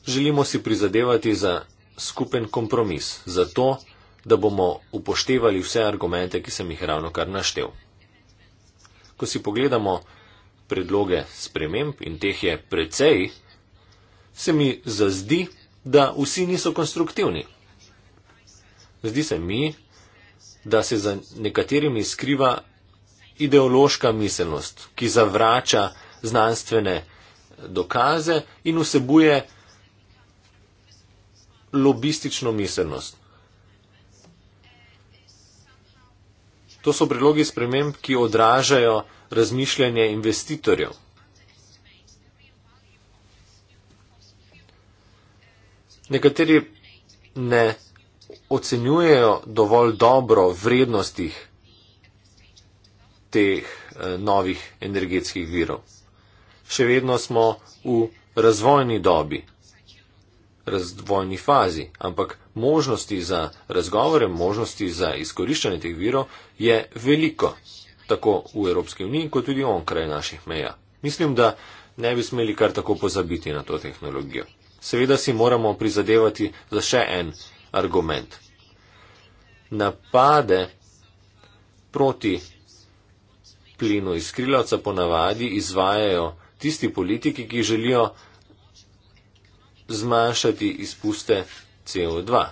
Speaker 2: Želimo si prizadevati za skupen kompromis, zato da bomo upoštevali vse argumente, ki sem jih ravno kar naštel. Ko si pogledamo predloge sprememb in teh je precej, se mi zazdi, da vsi niso konstruktivni. Zdi se mi, da se za nekaterimi skriva ideološka miselnost, ki zavrača znanstvene dokaze in vsebuje lobistično miselnost. To so predlogi sprememb, ki odražajo razmišljanje investitorjev. Nekateri ne ocenjujejo dovolj dobro vrednosti teh eh, novih energetskih virov. Še vedno smo v razvojni dobi razvojni fazi, ampak možnosti za razgovore, možnosti za izkoriščanje teh virov je veliko, tako v Evropski uniji, kot tudi onkraj naših meja. Mislim, da ne bi smeli kar tako pozabiti na to tehnologijo. Seveda si moramo prizadevati za še en argument. Napade proti plinu iz krilavca ponavadi izvajajo tisti politiki, ki želijo zmanjšati izpuste CO2.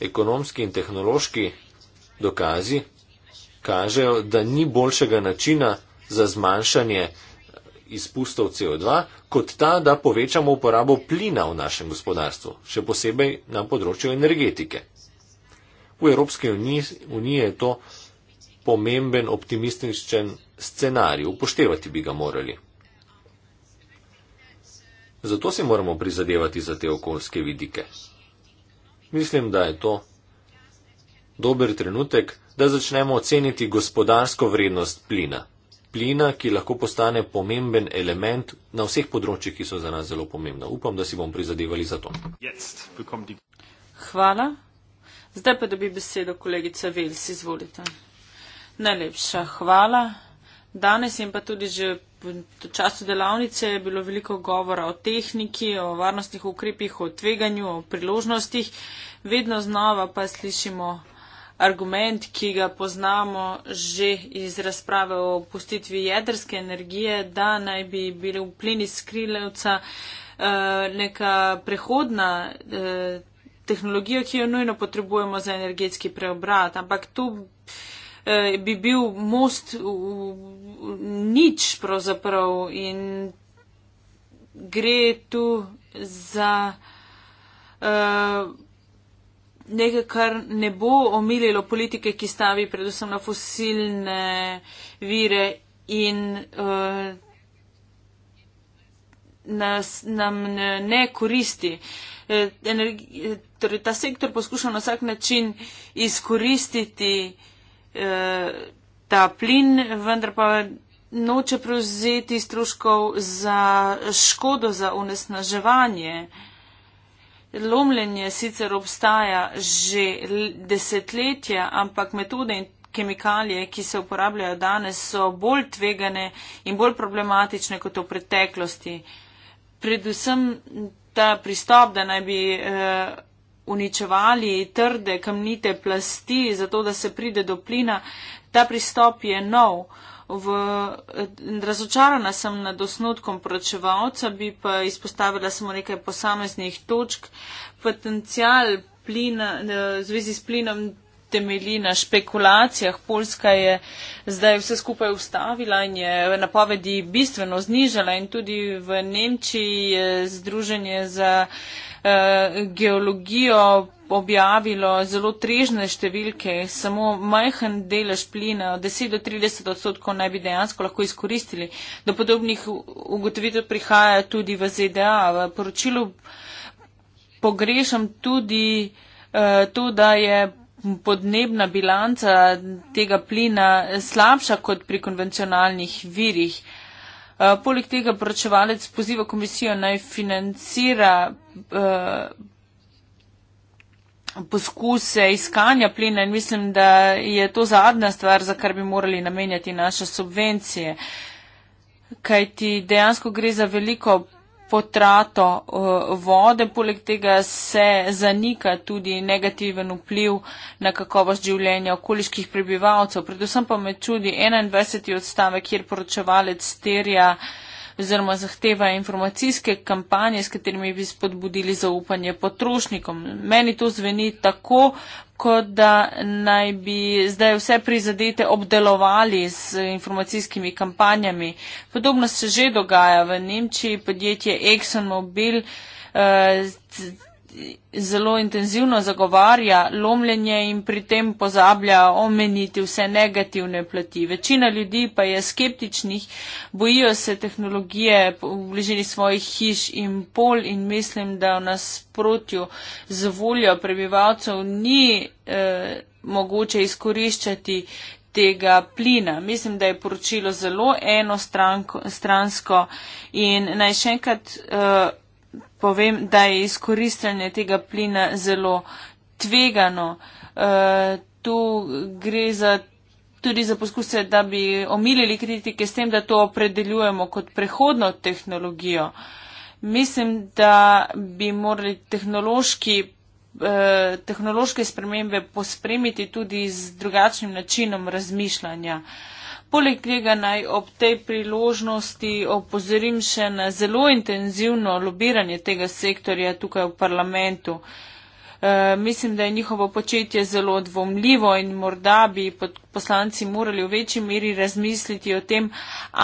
Speaker 2: Ekonomski in tehnološki dokazi kažejo, da ni boljšega načina za zmanjšanje izpustov CO2, kot ta, da povečamo uporabo plina v našem gospodarstvu, še posebej na področju energetike. V Evropski uniji, uniji je to pomemben optimističen scenarij, upoštevati bi ga morali. Zato si moramo prizadevati za te okoljske vidike. Mislim, da je to dober trenutek, da začnemo oceniti gospodarsko vrednost plina. Plina, ki lahko postane pomemben element na vseh področjih, ki so za nas zelo pomembna. Upam, da si bom prizadevali za to.
Speaker 1: Hvala. Zdaj pa dobi besedo kolegica Vels, izvolite. Najlepša hvala. Danes in pa tudi že v času delavnice je bilo veliko govora o tehniki, o varnostnih ukrepih, o tveganju, o priložnostih. Vedno znova pa slišimo argument, ki ga poznamo že iz razprave o opustitvi jedrske energije, da naj bi bili v plini skrilevca eh, neka prehodna eh, tehnologija, ki jo nujno potrebujemo za energetski preobrat. Ampak tu Eh, bi bil most v nič pravzaprav in gre tu za uh, nekaj, kar ne bo omililo politike, ki stavi predvsem na fosilne vire in uh, nas, nam ne, ne koristi. Energi, torej, ta sektor poskuša na vsak način izkoristiti eh, ta plin, vendar pa noče prevzeti stroškov za škodo, za onesnaževanje. Lomljenje sicer obstaja že desetletja, ampak metode in kemikalije, ki se uporabljajo danes, so bolj tvegane in bolj problematične kot v preteklosti. Predvsem ta pristop, da naj bi. Eh, uničevali trde kamnite plasti, zato da se pride do plina. Ta pristop je nov. V, razočarana sem nad osnutkom poročevalca, bi pa izpostavila samo nekaj posameznih točk. Potencial plina, eh, v zvezi s plinom temelji na špekulacijah. Polska je zdaj vse skupaj ustavila in je napovedi bistveno znižala in tudi v Nemčiji je združenje za. Eh, geologijo objavilo zelo trežne številke, samo majhen delež plina, od 10 do 30 odstotkov naj bi dejansko lahko izkoristili. Do podobnih ugotovitev prihaja tudi v ZDA. V poročilu pogrešam tudi eh, to, da je podnebna bilanca tega plina slabša kot pri konvencionalnih virih. Eh, poleg tega poročevalec poziva komisijo naj financira eh, poskuse iskanja plina in mislim, da je to zadnja stvar, za kar bi morali namenjati naše subvencije. Kajti dejansko gre za veliko potrato eh, vode, poleg tega se zanika tudi negativen vpliv na kakovost življenja okoliških prebivalcev. Predvsem pa me čudi 21. odstavek, kjer poročevalec terja oziroma zahteva informacijske kampanje, s katerimi bi spodbudili zaupanje potrošnikom. Meni to zveni tako kot da naj bi zdaj vse prizadete obdelovali z informacijskimi kampanjami. Podobno se že dogaja v Nemčiji, podjetje ExxonMobil. Uh, eh, zelo intenzivno zagovarja lomljenje in pri tem pozablja omeniti vse negativne plati. Večina ljudi pa je skeptičnih, bojijo se tehnologije v bližini svojih hiš in pol in mislim, da v nasprotju z voljo prebivalcev ni eh, mogoče izkoriščati tega plina. Mislim, da je poročilo zelo enostransko in naj še enkrat. Eh, povem, da je izkoristanje tega plina zelo tvegano. E, tu gre za, tudi za poskuse, da bi omilili kritike s tem, da to opredeljujemo kot prehodno tehnologijo. Mislim, da bi morali tehnološki eh, tehnološke spremembe pospremiti tudi z drugačnim načinom razmišljanja. Uh, Poleg tega naj ob tej priložnosti opozorim še na zelo intenzivno lobiranje tega sektorja tukaj v parlamentu. E, mislim, da je njihovo početje zelo dvomljivo in morda bi poslanci morali v večji meri razmisliti o tem,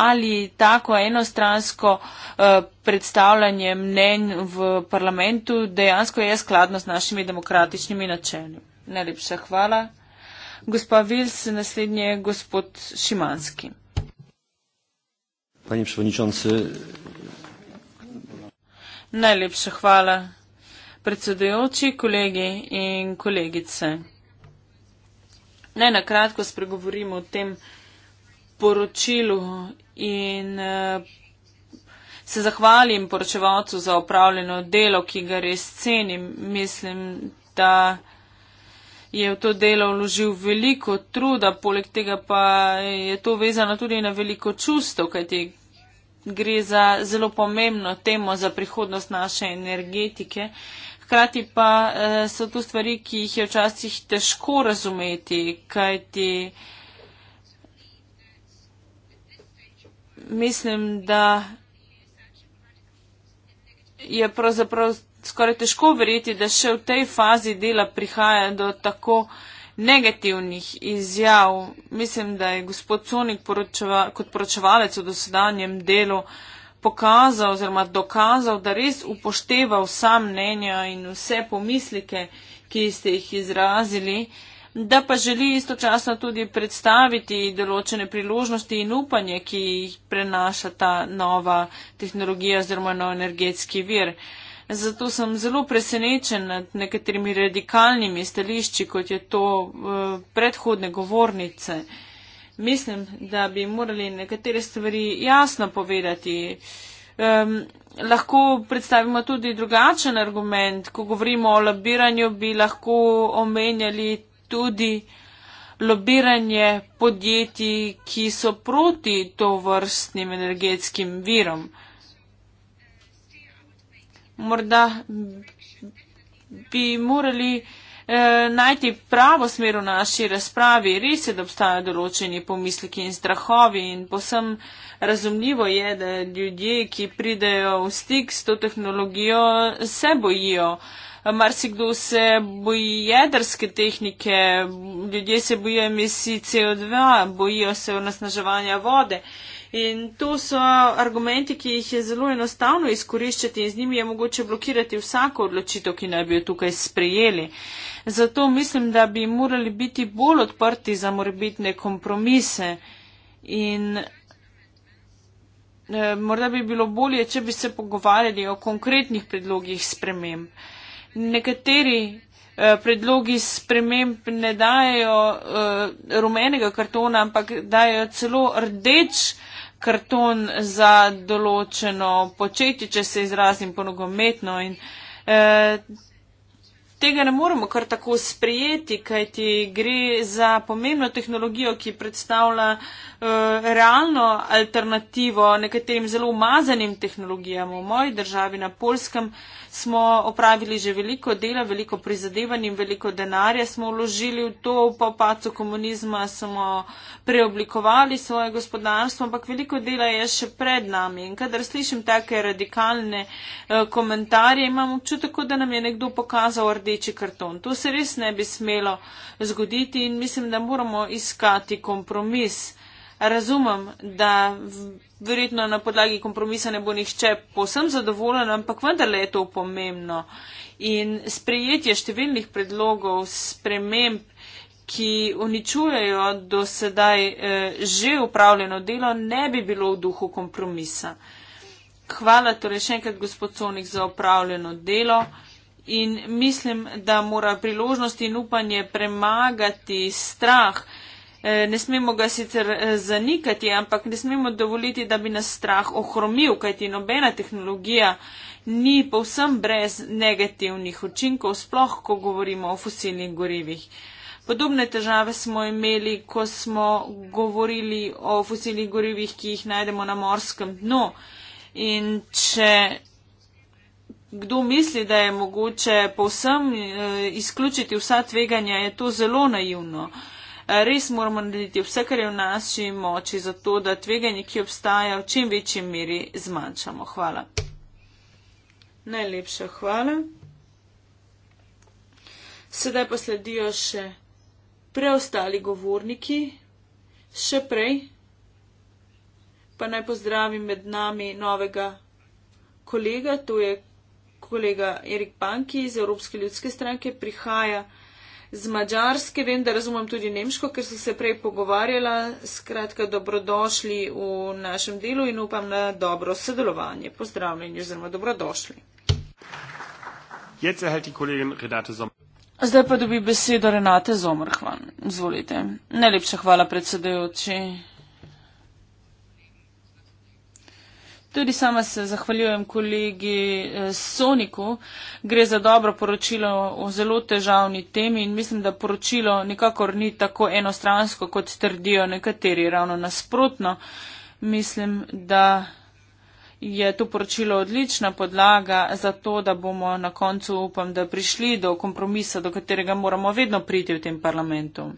Speaker 1: ali tako enostransko e, predstavljanje mnen v parlamentu dejansko je skladno z našimi demokratičnimi načeli. Najlepša hvala. Gospa Vils, naslednje gospod Šimanski.
Speaker 4: Panie przewodniczący.
Speaker 1: Najlepša hvala, predsedujoči, kolegi in kolegice. Naj na kratko spregovorimo o tem poročilu in eh, se zahvalim poročevalcu za opravljeno delo, ki ga res cenim. Mislim, da je v to delo vložil veliko truda, poleg tega pa je to vezano tudi na veliko čustev, kajti gre za zelo pomembno temo za prihodnost naše energetike. Hkrati pa eh, so to stvari, ki jih je včasih težko razumeti, kajti mislim, da je pravzaprav skoraj težko verjeti, da še v tej fazi dela prihaja do tako negativnih izjav. Mislim, da je gospod Sonik poročeva, kot poročevalec v dosedanjem delu pokazal oziroma dokazal, da res upošteva vsa mnenja in vse pomislike, ki ste jih izrazili, da pa želi istočasno tudi predstaviti določene priložnosti in upanje, ki jih prenaša ta nova tehnologija oziroma nov energetski vir. Uh, Zato sem zelo presenečen nad nekaterimi radikalnimi stališči, kot je to eh, predhodne govornice. Mislim, da bi morali nekatere stvari jasno povedati. Um, lahko predstavimo tudi drugačen argument. Ko govorimo o lobiranju, bi lahko omenjali tudi lobiranje podjetij, ki so proti tovrstnim energetskim virom morda bi morali eh, najti pravo smer v naši razpravi. Res je, da obstajajo določeni pomisliki in strahovi in posem razumljivo je, da ljudje, ki pridejo v stik s to tehnologijo, se bojijo. Marsikdo se boji jedrske tehnike, ljudje se bojijo emisij CO2, bojijo se onesnaževanja vode. Eh, In to so argumenti, ki jih je zelo enostavno izkoriščati in z njimi je mogoče blokirati vsako odločitev, ki naj bi jo tukaj sprejeli. Zato mislim, da bi morali biti bolj odprti za morebitne kompromise in eh, morda bi bilo bolje, če bi se pogovarjali o konkretnih predlogih sprememb. Nekateri eh, predlogi sprememb ne dajo uh, eh, rumenega kartona, ampak dajo celo rdeč uh, karton za določeno početje, če se izrazim ponogometno. In, eh, tega ne moremo kar tako sprijeti, kajti gre za pomembno tehnologijo, ki predstavlja eh, realno alternativo nekaterim zelo umazanim tehnologijam. V moji državi na Polskem smo opravili že veliko dela, veliko prizadevanj in veliko denarja smo vložili v to, po pacu komunizma smo preoblikovali svoje gospodarstvo, ampak veliko dela je še pred nami. In kadar slišim take radikalne eh, komentarje, imam občutek, da nam je nekdo pokazal rdeči karton. To se res ne bi smelo zgoditi in mislim, da moramo iskati kompromis. Razumem, da. V, verjetno na podlagi kompromisa ne bo nihče posem zadovoljen, ampak vendarle je to pomembno. In sprejetje številnih predlogov, sprememb, ki uničujejo do sedaj eh, že upravljeno delo, ne bi bilo v duhu kompromisa. Hvala torej še enkrat, gospod Sonik, za upravljeno delo. In mislim, da mora priložnost in upanje premagati strah. Eh, ne smemo ga sicer eh, zanikati, ampak ne smemo dovoliti, da bi nas strah ohromil, kajti nobena tehnologija ni povsem brez negativnih učinkov, sploh ko govorimo o fosilnih gorivih. Podobne težave smo imeli, ko smo govorili o fosilnih gorivih, ki jih najdemo na morskem dnu. In če kdo misli, da je mogoče povsem eh, izključiti vsa tveganja, je to zelo naivno. Uh, res moramo narediti vse, kar je v naši moči, zato da tveganje, ki obstaja, v čim večji meri zmanjšamo. Hvala. Najlepša hvala. Sedaj pa sledijo še preostali govorniki. Še prej pa naj pozdravim med nami novega kolega, to je kolega Erik Banki iz Evropske ljudske stranke, prihaja z mačarske, vem, da razumem tudi nemško, ker so se prej pogovarjala. Skratka, dobrodošli v našem delu in upam na dobro sodelovanje. Pozdravljeni oziroma dobrodošli. Zdaj pa dobi besedo Renate Zomrhvan. Zvolite. Najlepša hvala predsedujoči. Tudi sama se zahvaljujem kolegi eh, Soniku. Gre za dobro poročilo o zelo težavni temi in mislim, da poročilo nikakor ni tako enostransko, kot trdijo nekateri, ravno nasprotno. Mislim, da je to poročilo odlična podlaga za to, da bomo na koncu, upam, da prišli do kompromisa, do katerega moramo vedno priti v tem parlamentu.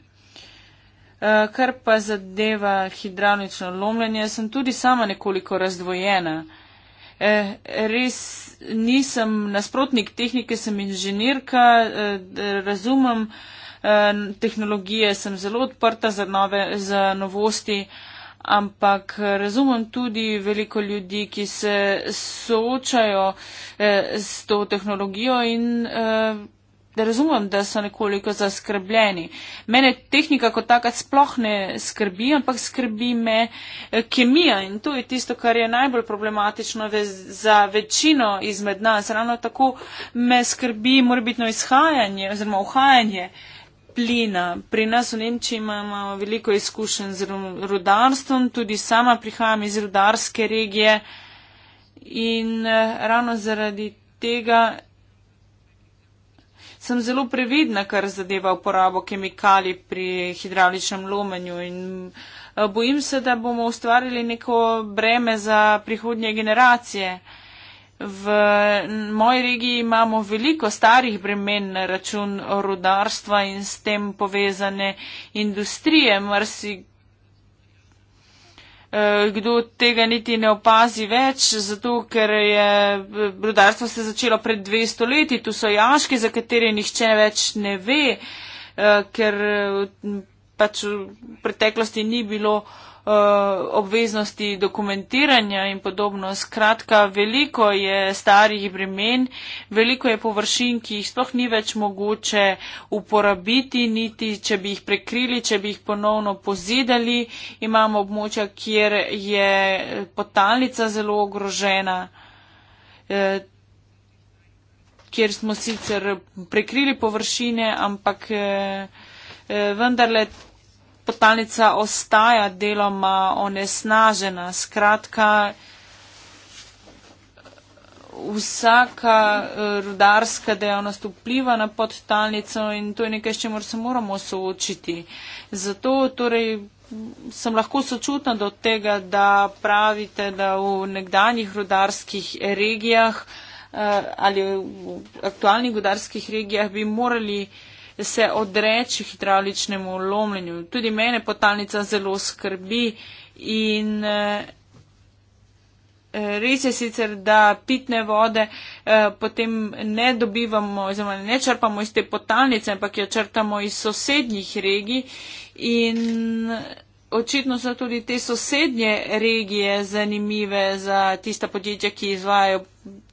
Speaker 1: Eh, kar pa zadeva hidravlično lomljenje, sem tudi sama nekoliko razdvojena. Eh, res nisem nasprotnik tehnike, sem inženirka, eh, razumem tehnologije, sem zelo odprta za, nove, za novosti, ampak razumem tudi veliko ljudi, ki se soočajo s to tehnologijo in da razumem, da so nekoliko zaskrbljeni. Mene tehnika kot takrat sploh ne skrbi, ampak skrbi me eh, kemija in to je tisto, kar je najbolj problematično za večino izmed nas. Ravno tako me skrbi morbitno izhajanje oziroma uhajanje. Plina. Pri nas v Nemčiji imamo veliko izkušenj z rudarstvom, tudi sama prihajam iz rudarske regije in eh, ravno zaradi tega sem zelo previdna, kar zadeva uporabo kemikalij pri hidravličnem lomenju in eh, bojim se, da bomo ustvarili neko breme za prihodnje generacije. V moji regiji imamo veliko starih bremen na račun rodarstva in s tem povezane industrije. Mrsi, Eh, kdo tega niti ne opazi več, zato ker je eh, rudarstvo se začelo pred 200 leti, tu so jaški, za katere nihče več ne ve, eh, ker pač v preteklosti ni bilo uh, Eh, obveznosti dokumentiranja in podobno. Skratka, veliko je starih bremen, veliko je površin, ki jih sploh ni več mogoče uporabiti, niti če bi jih prekrili, če bi jih ponovno pozidali. Imamo območja, kjer je potalnica zelo ogrožena. Eh, Ker smo sicer prekrili površine, ampak eh, eh vendarle podtalnica ostaja deloma onesnažena. Skratka, vsaka eh, rudarska dejavnost vpliva na podtalnico in to je nekaj, s čemer se moramo soočiti. Zato torej, sem lahko sočutna do tega, da pravite, da v nekdanjih rudarskih regijah eh, ali v aktualnih rudarskih regijah bi morali uh, se odreči hidravličnemu lomljenju. Tudi mene potalnica zelo skrbi in eh, res je sicer, da pitne vode eh, potem ne dobivamo, oziroma ne črpamo iz te potalnice, ampak jo črpamo iz sosednjih regij in očitno so tudi te sosednje regije zanimive za tista podjetja, ki izvajajo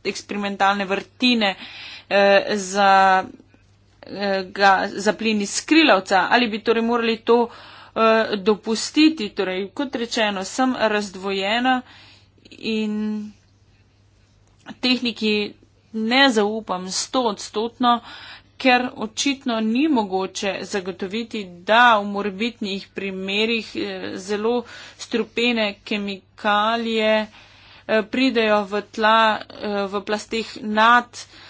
Speaker 1: eksperimentalne vrtine eh, za ga zaplini skrilavca, ali bi torej morali to eh, dopustiti. Torej, kot rečeno, sem razdvojena in tehniki ne zaupam stotstotno, ker očitno ni mogoče zagotoviti, da v morbitnih primerjih eh, zelo strupene kemikalije eh, pridejo v tla, eh, v plasteh nad eh,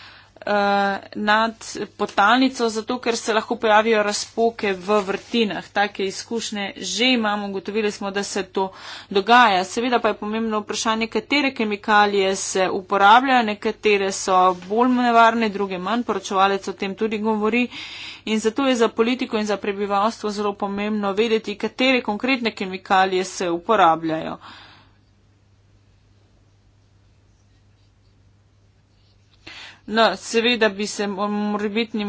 Speaker 1: uh, nad potalnico, zato ker se lahko pojavijo razpoke v vrtinah. Take izkušnje že imamo, ugotovili smo, da se to dogaja. Seveda pa je pomembno vprašanje, katere kemikalije se uporabljajo, nekatere so bolj nevarne, druge manj, poročevalec o tem tudi govori. In zato je za politiko in za prebivalstvo zelo pomembno vedeti, katere konkretne kemikalije se uporabljajo. No, seveda bi se morebitni,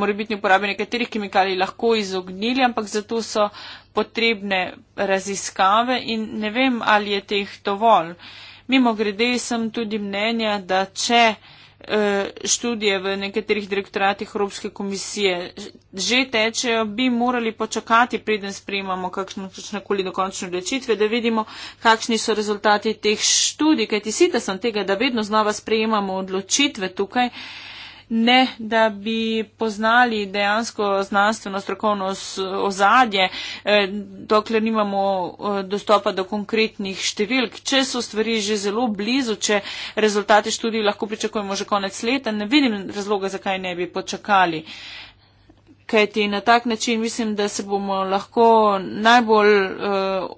Speaker 1: morebitni uporabi nekaterih kemikalij lahko izognili, ampak zato so potrebne raziskave in ne vem, ali je teh dovolj. Mimo grede sem tudi mnenja, da če. Eh, študije v nekaterih direktoratih Evropske komisije. Že tečejo, bi morali počakati, preden sprejemamo kakšne koli dokončne odločitve, da vidimo, kakšni so rezultati teh študij, kajti sita sem tega, da vedno znova sprejemamo odločitve tukaj. Uh, ne da bi poznali dejansko znanstveno strokovno ozadje, eh, dokler nimamo eh, dostopa do konkretnih številk. Če so stvari že zelo blizu, če rezultate študij lahko pričakujemo že konec leta, ne vidim razloga, zakaj ne bi počakali. Kajti na tak način mislim, da se bomo lahko najbolj uh,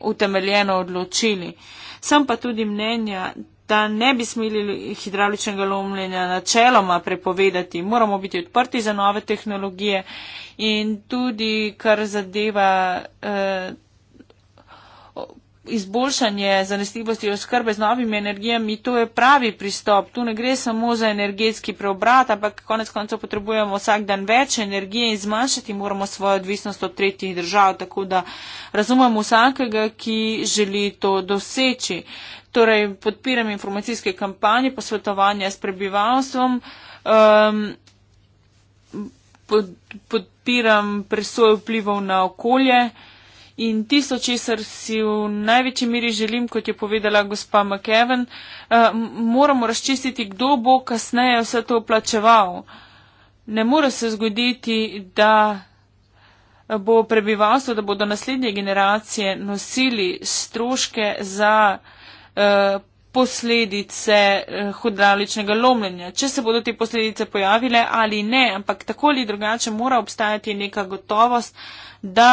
Speaker 1: utemeljeno odločili. Sem pa tudi mnenja, da ne bi smeli hidravličnega lomljenja načeloma prepovedati. Moramo biti odprti za nove tehnologije in tudi, kar zadeva. Eh, izboljšanje zanesljivosti oskrbe z novimi energijami, to je pravi pristop. Tu ne gre samo za energetski preobrat, ampak konec koncev potrebujemo vsak dan več energije in zmanjšati moramo svojo odvisnost od tretjih držav, tako da razumemo vsakega, ki želi to doseči. Torej, podpiram informacijske kampanje, posvetovanja s prebivalstvom. Um, pod, podpiram presojo vplivov na okolje in tisto, česar si v največji meri želim, kot je povedala gospa McKeven, eh, moramo razčistiti, kdo bo kasneje vse to plačeval. Ne more se zgoditi, da eh, bo prebivalstvo, da bodo naslednje generacije nosili stroške za eh, posledice hudraličnega lomljenja. Če se bodo te posledice pojavile ali ne, ampak tako ali drugače mora obstajati neka gotovost, da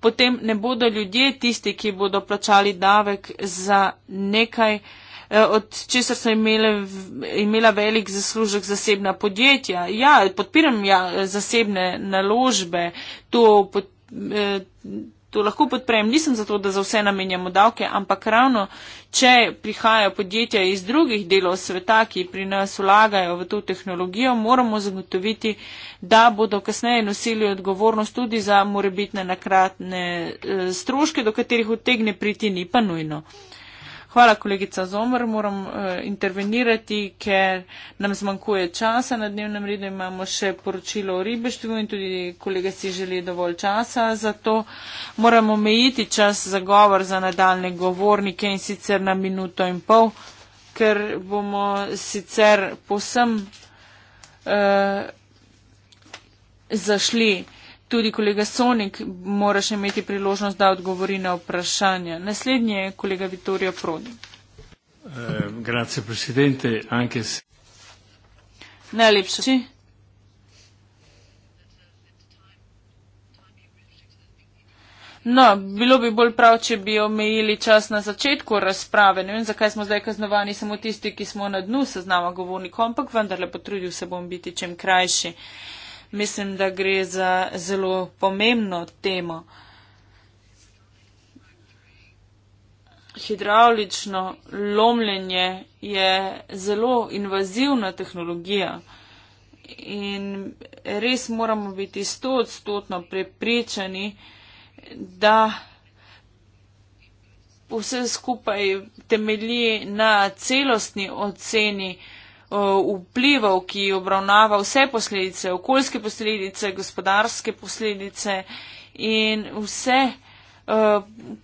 Speaker 1: potem ne bodo ljudje tisti, ki bodo plačali davek za nekaj, eh, od česar so imele, imela velik zaslužek zasebna podjetja. Ja, podpiram ja, zasebne naložbe, to pot, eh, to lahko podprem, nisem zato, da za vse namenjamo davke, ampak ravno, če prihajajo podjetja iz drugih delov sveta, ki pri nas vlagajo v to tehnologijo, moramo zagotoviti, da bodo kasneje nosili odgovornost tudi za morebitne nakratne eh, stroške, do katerih utegne priti, ni pa nujno. Uh, Hvala, kolegica Zomer. Moram uh, intervenirati, ker nam zmanjkuje časa na dnevnem redu. Imamo še poročilo o ribištvu in tudi kolega si želi dovolj časa. Zato moramo omejiti čas za govor za nadaljne govornike in sicer na minuto in pol, ker bomo sicer posem uh, eh, zašli. Tudi kolega Sonik mora še imeti priložnost, da odgovori na vprašanje. Naslednji je kolega Vittorio Prodi.
Speaker 2: Eh,
Speaker 1: Najlepša. No, bilo bi bolj prav, če bi omejili čas na začetku razprave. Ne vem, zakaj smo zdaj kaznovani samo tisti, ki smo na dnu seznama govornikov, ampak vendarle potrudil se bom biti čim krajši. Uh, mislim, da gre za zelo pomembno temo. Hidravlično lomljenje je zelo invazivna tehnologija in res moramo biti stotstotno prepričani, da vse skupaj temelji na celostni oceni, vplivov, ki obravnava vse posledice, okoljske posledice, gospodarske posledice in vse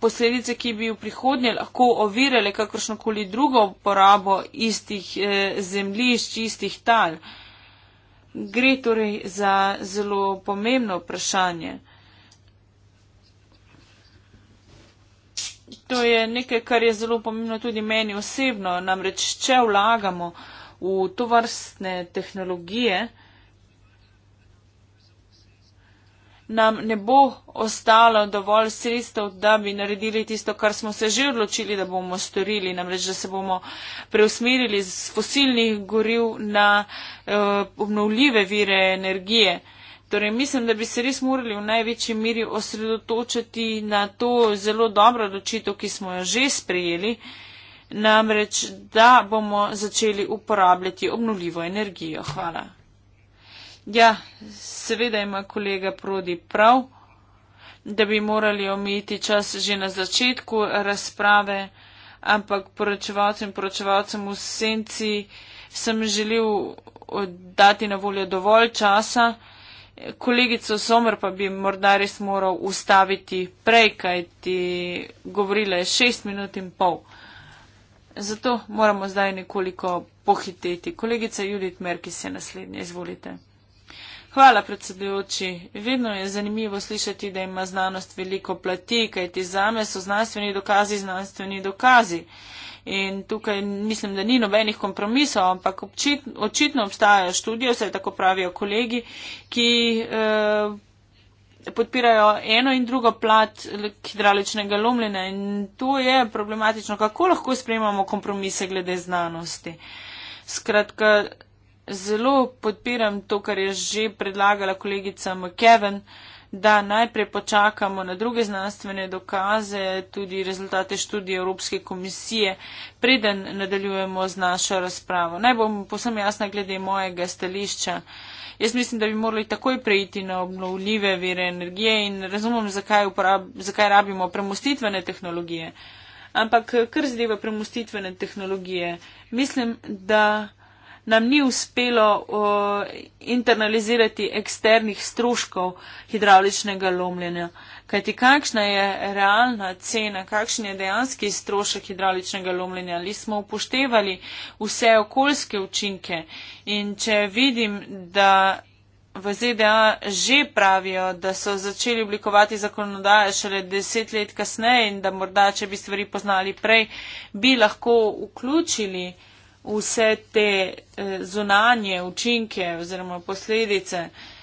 Speaker 1: posledice, ki bi v prihodnje lahko ovirale kakršnokoli drugo uporabo istih e, zemljišč, istih tal. Gre torej za zelo pomembno vprašanje. To je nekaj, kar je zelo pomembno tudi meni osebno, namreč če vlagamo v tovrstne tehnologije, nam ne bo ostalo dovolj sredstev, da bi naredili tisto, kar smo se že odločili, da bomo storili, namreč, da se bomo preusmerili z fosilnih goril na eh, obnovljive vire energije. Torej, mislim, da bi se res morali v največji meri osredotočiti na to zelo dobro odločitev, ki smo jo že sprejeli, eh, namreč, da bomo začeli uporabljati obnuljivo energijo. Hvala. Ja, seveda ima kolega Prodi prav, da bi morali omejiti čas že na začetku razprave, ampak poročevalcem in poročevalcem v senci sem želel dati na voljo dovolj časa. Kolegico Somr pa bi morda res moral ustaviti prej, kajti govorila je šest minut in pol. Zato moramo zdaj nekoliko pohiteti. Kolegica Judith Merkis je naslednja. Izvolite. Hvala, predsedujoči. Vedno je zanimivo slišati, da ima znanost veliko plati, kajti zame so znanstveni dokazi znanstveni dokazi. In tukaj mislim, da ni nobenih kompromisov, ampak občit, očitno obstajajo študije, vse tako pravijo kolegi, ki. Eh, podpirajo eno in drugo plat hidraličnega lomljenja in to je problematično. Kako lahko sprejemamo kompromise glede znanosti? Skratka, zelo podpiram to, kar je že predlagala kolegica McKeven, da najprej počakamo na druge znanstvene dokaze, tudi rezultate študije Evropske komisije, preden nadaljujemo z našo razpravo. Naj bom posem jasna glede mojega stališča. Jaz mislim, da bi morali takoj preiti na obnovljive vire energije in razumem, zakaj, uporab, zakaj rabimo premustitvene tehnologije. Ampak kar zadeva premustitvene tehnologije, mislim, da nam ni uspelo uh, internalizirati eksternih stroškov hidravličnega lomljenja. Uh, Kajti kakšna je realna cena, kakšen je dejanski strošek hidravličnega lomljenja, ali smo upoštevali vse okoljske učinke. In če vidim, da v ZDA že pravijo, da so začeli oblikovati zakonodaje šele deset let kasneje in da morda, če bi stvari poznali prej, bi lahko vključili vse te eh, zunanje učinke oziroma posledice eh,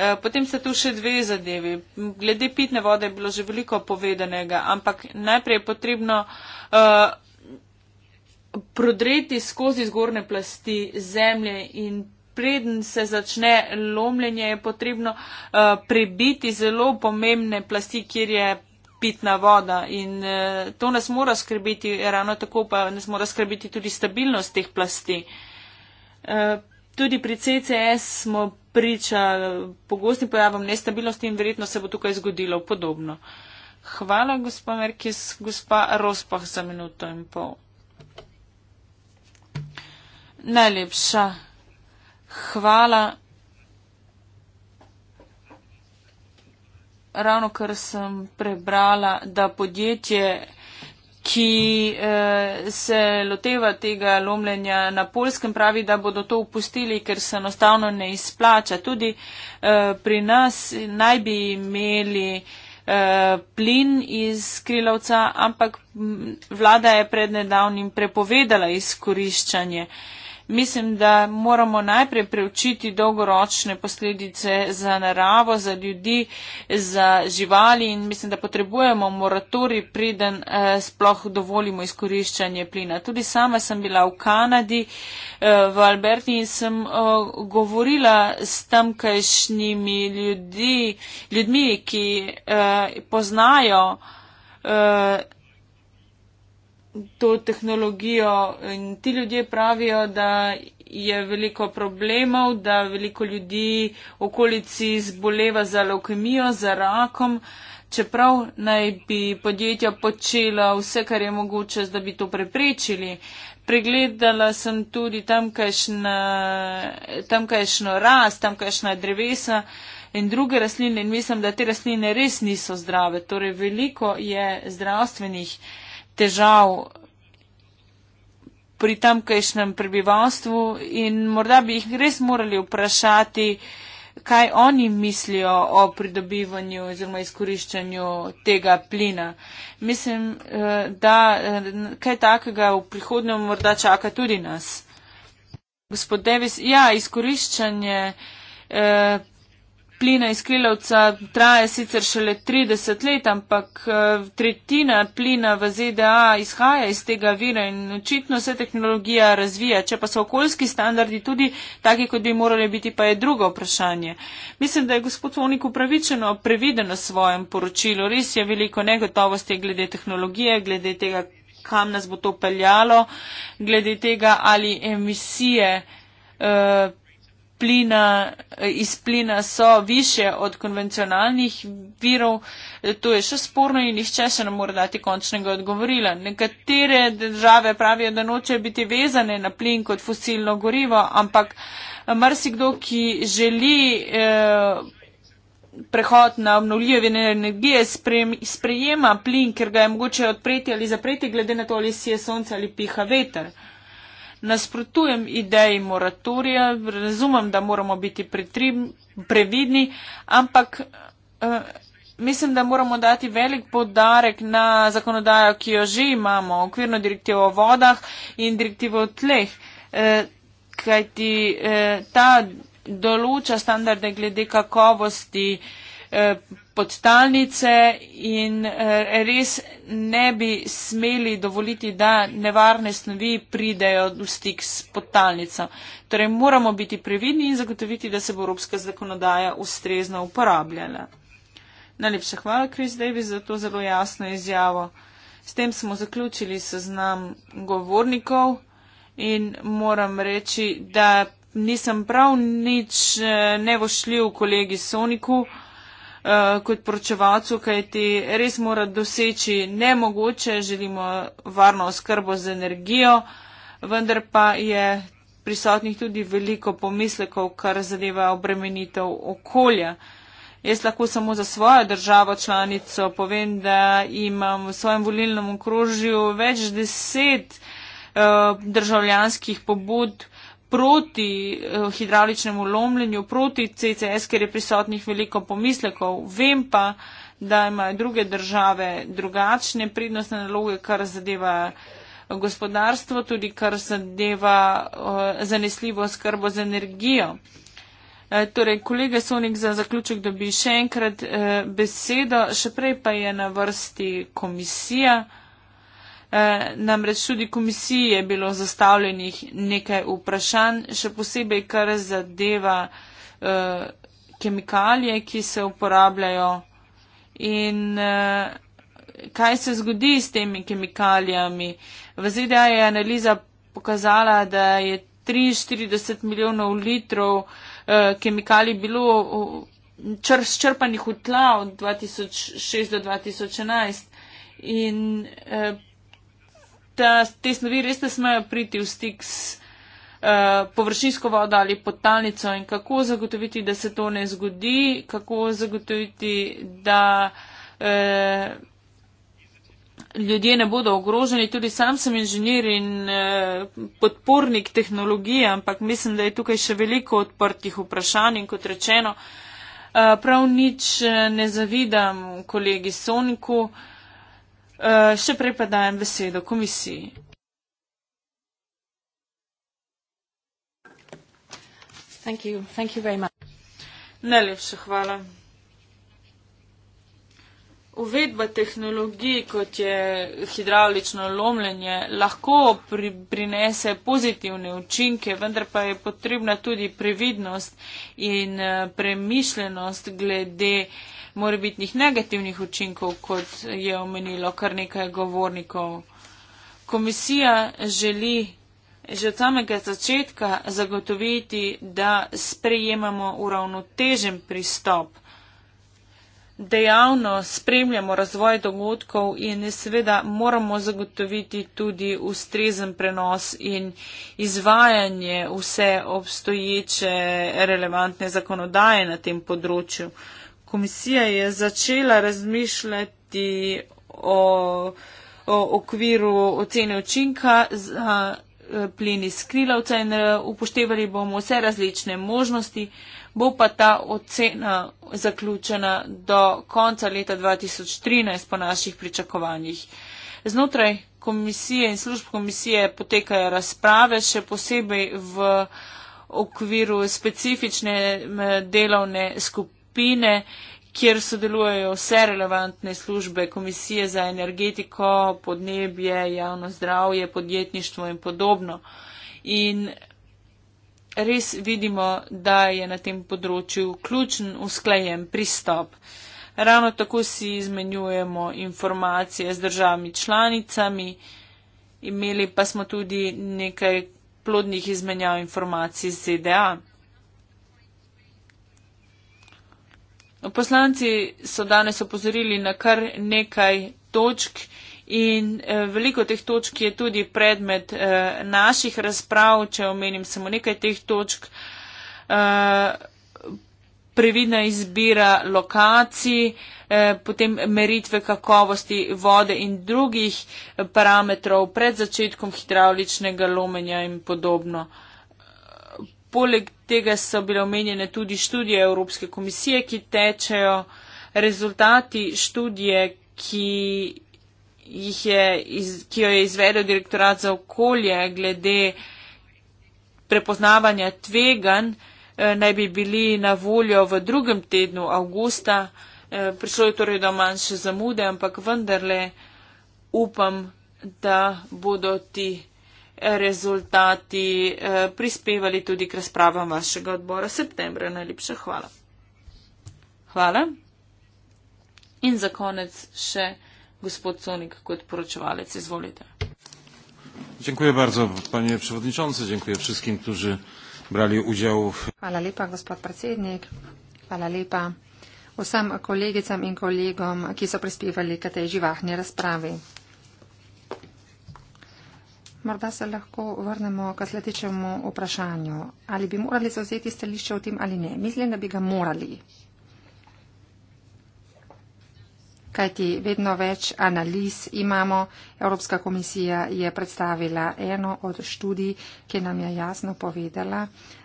Speaker 1: Eh, potem se tu še dve zadevi. Glede pitne vode je bilo že veliko povedanega, ampak najprej je potrebno eh, prodreti skozi zgorne plasti zemlje in preden se začne lomljenje, je potrebno eh, prebiti zelo pomembne plasti, kjer je pitna voda in to nas mora skrbiti, ravno tako pa nas mora skrbiti tudi stabilnost teh plasti. Tudi pri CCS smo priča pogostim pojavom nestabilnosti in verjetno se bo tukaj zgodilo podobno. Hvala, gospa Merkis, gospa Rospah za minuto in pol. Najlepša. Hvala. Ravno kar sem prebrala, da podjetje ki eh, se loteva tega lomljenja na polskem, pravi, da bodo to upustili, ker se enostavno ne izplača. Tudi eh, pri nas naj bi imeli eh, plin iz krilovca, ampak vlada je prednedavnim prepovedala izkoriščanje. Mislim, da moramo najprej preučiti dolgoročne posledice za naravo, za ljudi, za živali in mislim, da potrebujemo moratori, preden eh, sploh dovolimo izkoriščanje plina. Tudi sama sem bila v Kanadi, eh, v Alberti in sem eh, govorila s tamkajšnjimi ljudi, ljudmi, ki eh, poznajo eh, to tehnologijo. In ti ljudje pravijo, da je veliko problemov, da veliko ljudi v okolici zboleva za leukemijo, za rakom, čeprav naj bi podjetja počela vse, kar je mogoče, da bi to preprečili. Pregledala sem tudi tamkajšnjo rast, tamkajšnja drevesa in druge rastline in mislim, da te rastline res niso zdrave. Torej, veliko je zdravstvenih eh, težav pri tamkajšnjem prebivalstvu in morda bi jih res morali vprašati, kaj oni mislijo o pridobivanju oziroma izkoriščanju tega plina. Mislim, eh, da eh, kaj takega v prihodnjem morda čaka tudi nas. Gospod Devis, ja, izkoriščanje eh, plina iz Krilovca traja sicer šele 30 let, ampak eh, tretjina plina v ZDA izhaja iz tega vira in očitno se tehnologija razvija. Če pa so okoljski standardi tudi taki, kot bi morali biti, pa je drugo vprašanje. Mislim, da je gospod Vonik upravičeno previden v svojem poročilu. Res je veliko negotovosti glede tehnologije, glede tega, kam nas bo to peljalo, glede tega, ali emisije. Uh, plina, iz plina so više od konvencionalnih virov, to je še sporno in nihče še ne more dati končnega odgovorila. Nekatere države pravijo, da noče biti vezane na plin kot fosilno gorivo, ampak marsikdo, ki želi eh, prehod na obnovljive energije, sprejema plin, ker ga je mogoče odpreti ali zapreti, glede na to, ali si je sonce ali piha veter nasprotujem ideji moratorija, razumem, da moramo biti pretri, previdni, ampak eh, mislim, da moramo dati velik podarek na zakonodajo, ki jo že imamo, okvirno direktivo o vodah in direktivo o tleh, eh, kajti eh, ta določa standarde glede kakovosti podtalnice in eh, res ne bi smeli dovoliti, da nevarne snovi pridejo v stik s podtalnico. Torej moramo biti previdni in zagotoviti, da se bo evropska zakonodaja ustrezno uporabljala. Najlepša hvala, Kris Davis, za to zelo jasno izjavo. S tem smo zaključili seznam govornikov in moram reči, da nisem prav nič eh, nevošljiv kolegi Soniku. Eh, kot poročevalcu, kajti res mora doseči nemogoče, želimo varno oskrbo z energijo, vendar pa je prisotnih tudi veliko pomislekov, kar zadeva obremenitev okolja. Jaz lahko samo za svojo državo članico povem, da imam v svojem volilnem okrožju več deset uh, državljanskih pobud proti eh, hidravličnemu lomljenju, proti CCS, ker je prisotnih veliko pomislekov. Vem pa, da imajo druge države drugačne prednostne naloge, kar zadeva eh, gospodarstvo, tudi kar zadeva eh, zanesljivo skrbo z energijo. Torej, kolega Sonik, za zaključek dobi še enkrat besedo, še prej pa je na vrsti komisija. Eh, namreč tudi komisiji je bilo zastavljenih nekaj vprašanj, še posebej kar zadeva eh, kemikalije, ki se uporabljajo in eh, kaj se zgodi s temi kemikalijami. V ZDA je analiza pokazala, da je 43 milijonov litrov kemikalij bilo črpanih v tla od 2006 do 2011 in ta, te snovi res ne smejo priti v stik s eh, površinsko vodo ali podtalnico in kako zagotoviti, da se to ne zgodi, kako zagotoviti, da eh, ljudje ne bodo ogroženi. Tudi sam sem inženir in eh, podpornik tehnologije, ampak mislim, da je tukaj še veliko odprtih vprašanj in kot rečeno, prav nič ne zavidam kolegi Soniku. Uh, še prej pa dajem besedo komisiji. Thank you. Thank you Najlepša hvala. Uvedba tehnologij, kot je hidraulično lomljenje, lahko pri, prinese pozitivne učinke, vendar pa je potrebna tudi previdnost in eh, premišljenost glede morebitnih negativnih učinkov, kot je omenilo kar nekaj govornikov. Komisija želi že od samega začetka zagotoviti, da sprejemamo uravnotežen pristop dejavno spremljamo razvoj dogodkov in seveda moramo zagotoviti tudi ustrezen prenos in izvajanje vse obstoječe relevantne zakonodaje na tem področju. Komisija je začela razmišljati o, o okviru ocene učinka za eh, plini skrilavca in upoštevali bomo vse različne možnosti bo pa ta ocena zaključena do konca leta 2013 po naših pričakovanjih. Znotraj komisije in služb komisije potekajo razprave, še posebej v okviru specifične delovne skupine, kjer sodelujejo vse relevantne službe komisije za energetiko, podnebje, javno zdravje, podjetništvo in podobno. In res vidimo, da je na tem področju ključen usklajen pristop. Ravno tako si izmenjujemo informacije z državami članicami, imeli pa smo tudi nekaj plodnih izmenjav informacij z ZDA. Poslanci so danes opozorili na kar nekaj točk, In eh, veliko teh točk je tudi predmet eh, naših razprav, če omenim samo nekaj teh točk. Eh, previdna izbira lokacij, potem meritve kakovosti vode in drugih parametrov pred začetkom hidrauličnega lomenja in podobno. Poleg tega so bile omenjene tudi študije Evropske komisije, ki tečejo. Rezultati študije, ki jih je, iz, ki jo je izvedel direktorat za okolje glede prepoznavanja tvegan, eh, naj bi bili na voljo v drugem tednu avgusta. Eh, prišlo je torej do manjše zamude, ampak vendarle upam, da bodo ti rezultati eh, prispevali tudi k razpravam vašega odbora septembra. Najlepša hvala. Hvala. In za konec še. Gospod Sonik, kot poročevalec, izvolite.
Speaker 2: Dziękuję bardzo, panie przewodniczący. Dziękuję wszystkim, którzy brali udział.
Speaker 4: Hvala lepa, gospod predsednik. Hvala lepa vsem kolegicam in kolegom, ki so prispevali k tej živahni razpravi. Morda se lahko vrnemo k sledečemu vprašanju. Ali bi morali zauzeti stališče o tem ali ne? Mislim, da bi ga morali kajti vedno več analiz imamo. Evropska komisija je predstavila eno od študij, ki nam je jasno povedala,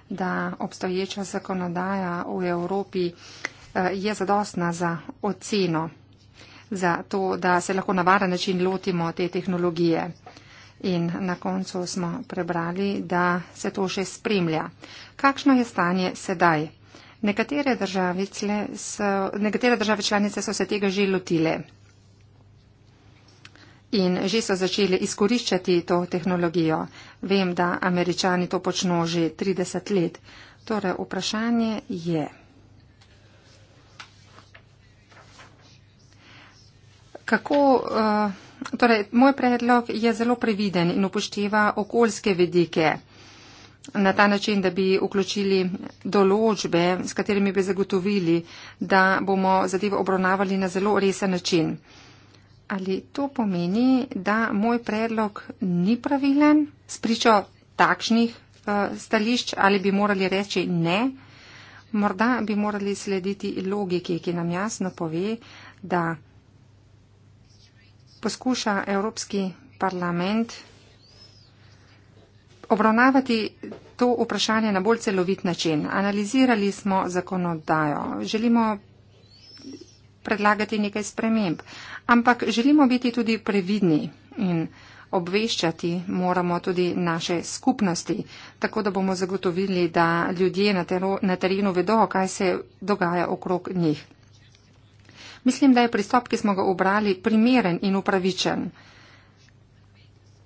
Speaker 4: da obstoječa zakonodaja v Evropi eh, je zadostna za oceno, za to, da se lahko na varen način lotimo te tehnologije. In na koncu smo prebrali, da se to še spremlja. Kakšno je stanje sedaj? Nekatere države, so, nekatere države članice so se tega že lotile in že so začeli izkoriščati to tehnologijo. Vem, da američani to počno že 30 let. Torej, vprašanje je. Kako, eh, torej, moj predlog je zelo previden in upošteva okoljske vedike na ta način, da bi vključili določbe, s katerimi bi zagotovili, da bomo zadevo obravnavali na zelo resen način. Ali to pomeni, da moj predlog ni pravilen s pričo takšnih eh, stališč ali bi morali reči ne? Morda bi morali slediti logiki, ki nam jasno pove, da poskuša Evropski parlament obravnavati to vprašanje na bolj celovit način. Analizirali smo zakonodajo, želimo predlagati nekaj sprememb, ampak želimo biti tudi previdni in obveščati moramo tudi naše skupnosti, tako da bomo zagotovili, da ljudje na, teru, na terenu vedo, kaj se dogaja okrog njih. Mislim, da je pristop, ki smo ga obrali, primeren in upravičen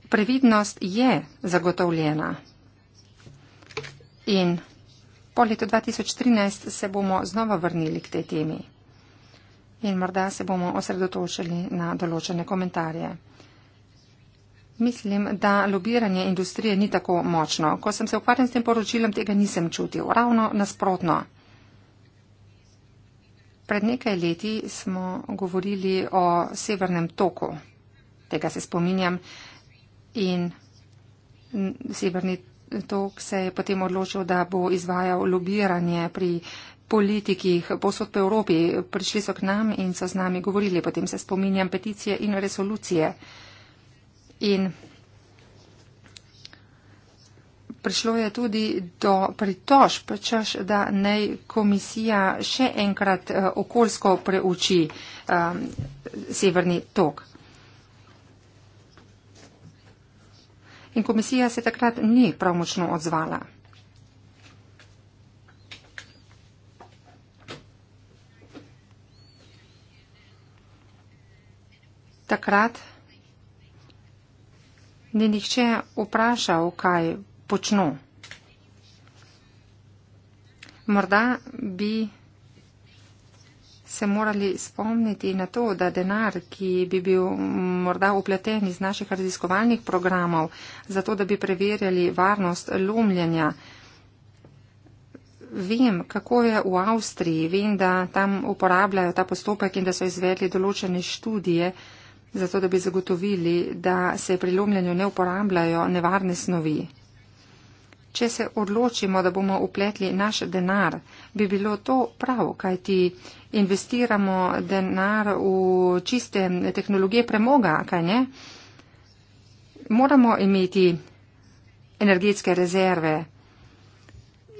Speaker 4: previdnost je zagotovljena. In po letu 2013 se bomo znova vrnili k tej temi. In morda se bomo osredotočili na določene komentarje. Mislim, da lobiranje industrije ni tako močno. Ko sem se ukvarjal s tem poročilom, tega nisem čutil. Ravno nasprotno. Pred nekaj leti smo govorili o severnem toku. Tega se spominjam in severni tok se je potem odločil, da bo izvajal lobiranje pri politikih posod po Evropi. Prišli so k nam in so z nami govorili, potem se spominjam peticije in resolucije. In prišlo je tudi do pritožb, češ, da naj komisija še enkrat eh, okoljsko preuči um, severni tok. in komisija se takrat ni pravmočno odzvala. Takrat ni nihče vprašal, kaj počno. Morda bi se morali spomniti na to, da denar, ki bi bil morda upleten iz naših raziskovalnih programov, zato da bi preverjali varnost lomljenja, vem, kako je v Avstriji, vem, da tam uporabljajo ta postopek in da so izvedli določene študije, zato da bi zagotovili, da se pri lomljenju ne uporabljajo nevarne snovi. Če se odločimo, da bomo upletli naš denar, bi bilo to prav, kajti investiramo denar v čiste tehnologije premoga, kaj ne? Moramo imeti energetske rezerve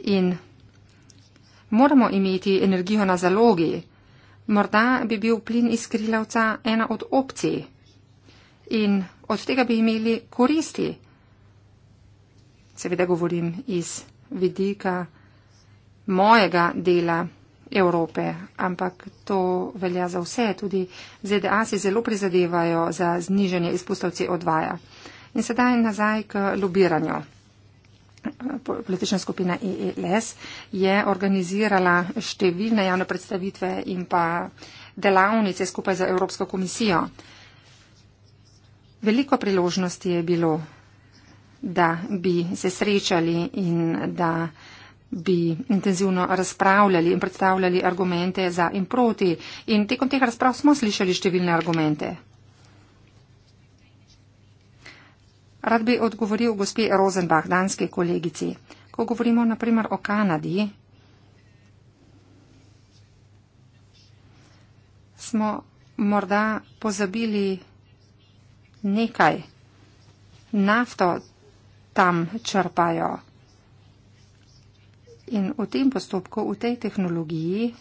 Speaker 4: in moramo imeti energijo na zalogi. Morda bi bil plin iz krilavca ena od opcij in od tega bi imeli koristi. Seveda govorim iz vidika mojega dela. Evrope, ampak to velja za vse. Tudi ZDA si zelo prizadevajo za zniženje izpustov CO2. In sedaj nazaj k lobiranju. Politična skupina EELS je organizirala številne javne predstavitve in pa delavnice skupaj z Evropsko komisijo. Veliko priložnosti je bilo, da bi se srečali in da uh, bi intenzivno razpravljali in predstavljali argumente za in proti. In tekom teh razprav smo slišali številne argumente. Rad bi odgovoril gospe Rosenbach, danske kolegici. Ko govorimo naprimer o Kanadi, smo morda pozabili nekaj. Nafto tam črpajo. In v tem postopku, v tej tehnologiji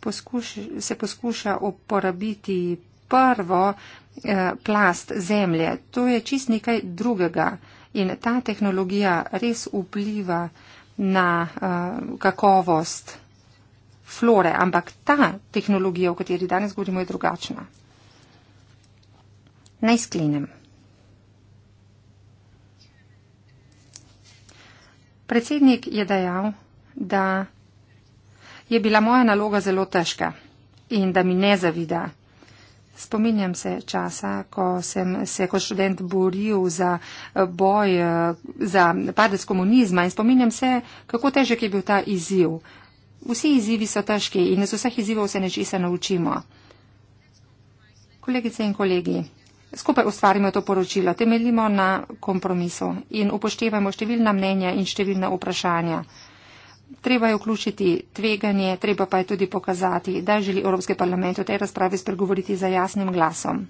Speaker 4: poskuš, se poskuša uporabiti prvo eh, plast zemlje. To je čist nekaj drugega in ta tehnologija res vpliva na eh, kakovost flore, ampak ta tehnologija, o kateri danes govorimo, je drugačna. Naj sklenem. Predsednik je dejal, da je bila moja naloga zelo težka in da mi ne zavida. Spominjam se časa, ko sem se kot študent boril za eh, boj, eh, za padec komunizma in spominjam se, kako težek je bil ta izziv. Vsi izzivi so težki in iz vseh izzivov se nečesa naučimo. Kolegice in kolegi, skupaj ustvarimo to poročilo. Temeljimo na kompromisu in upoštevamo številna mnenja in številna vprašanja. Treba je vključiti tveganje, treba pa je tudi pokazati, da želi Evropski parlament v tej razpravi spregovoriti za jasnim glasom.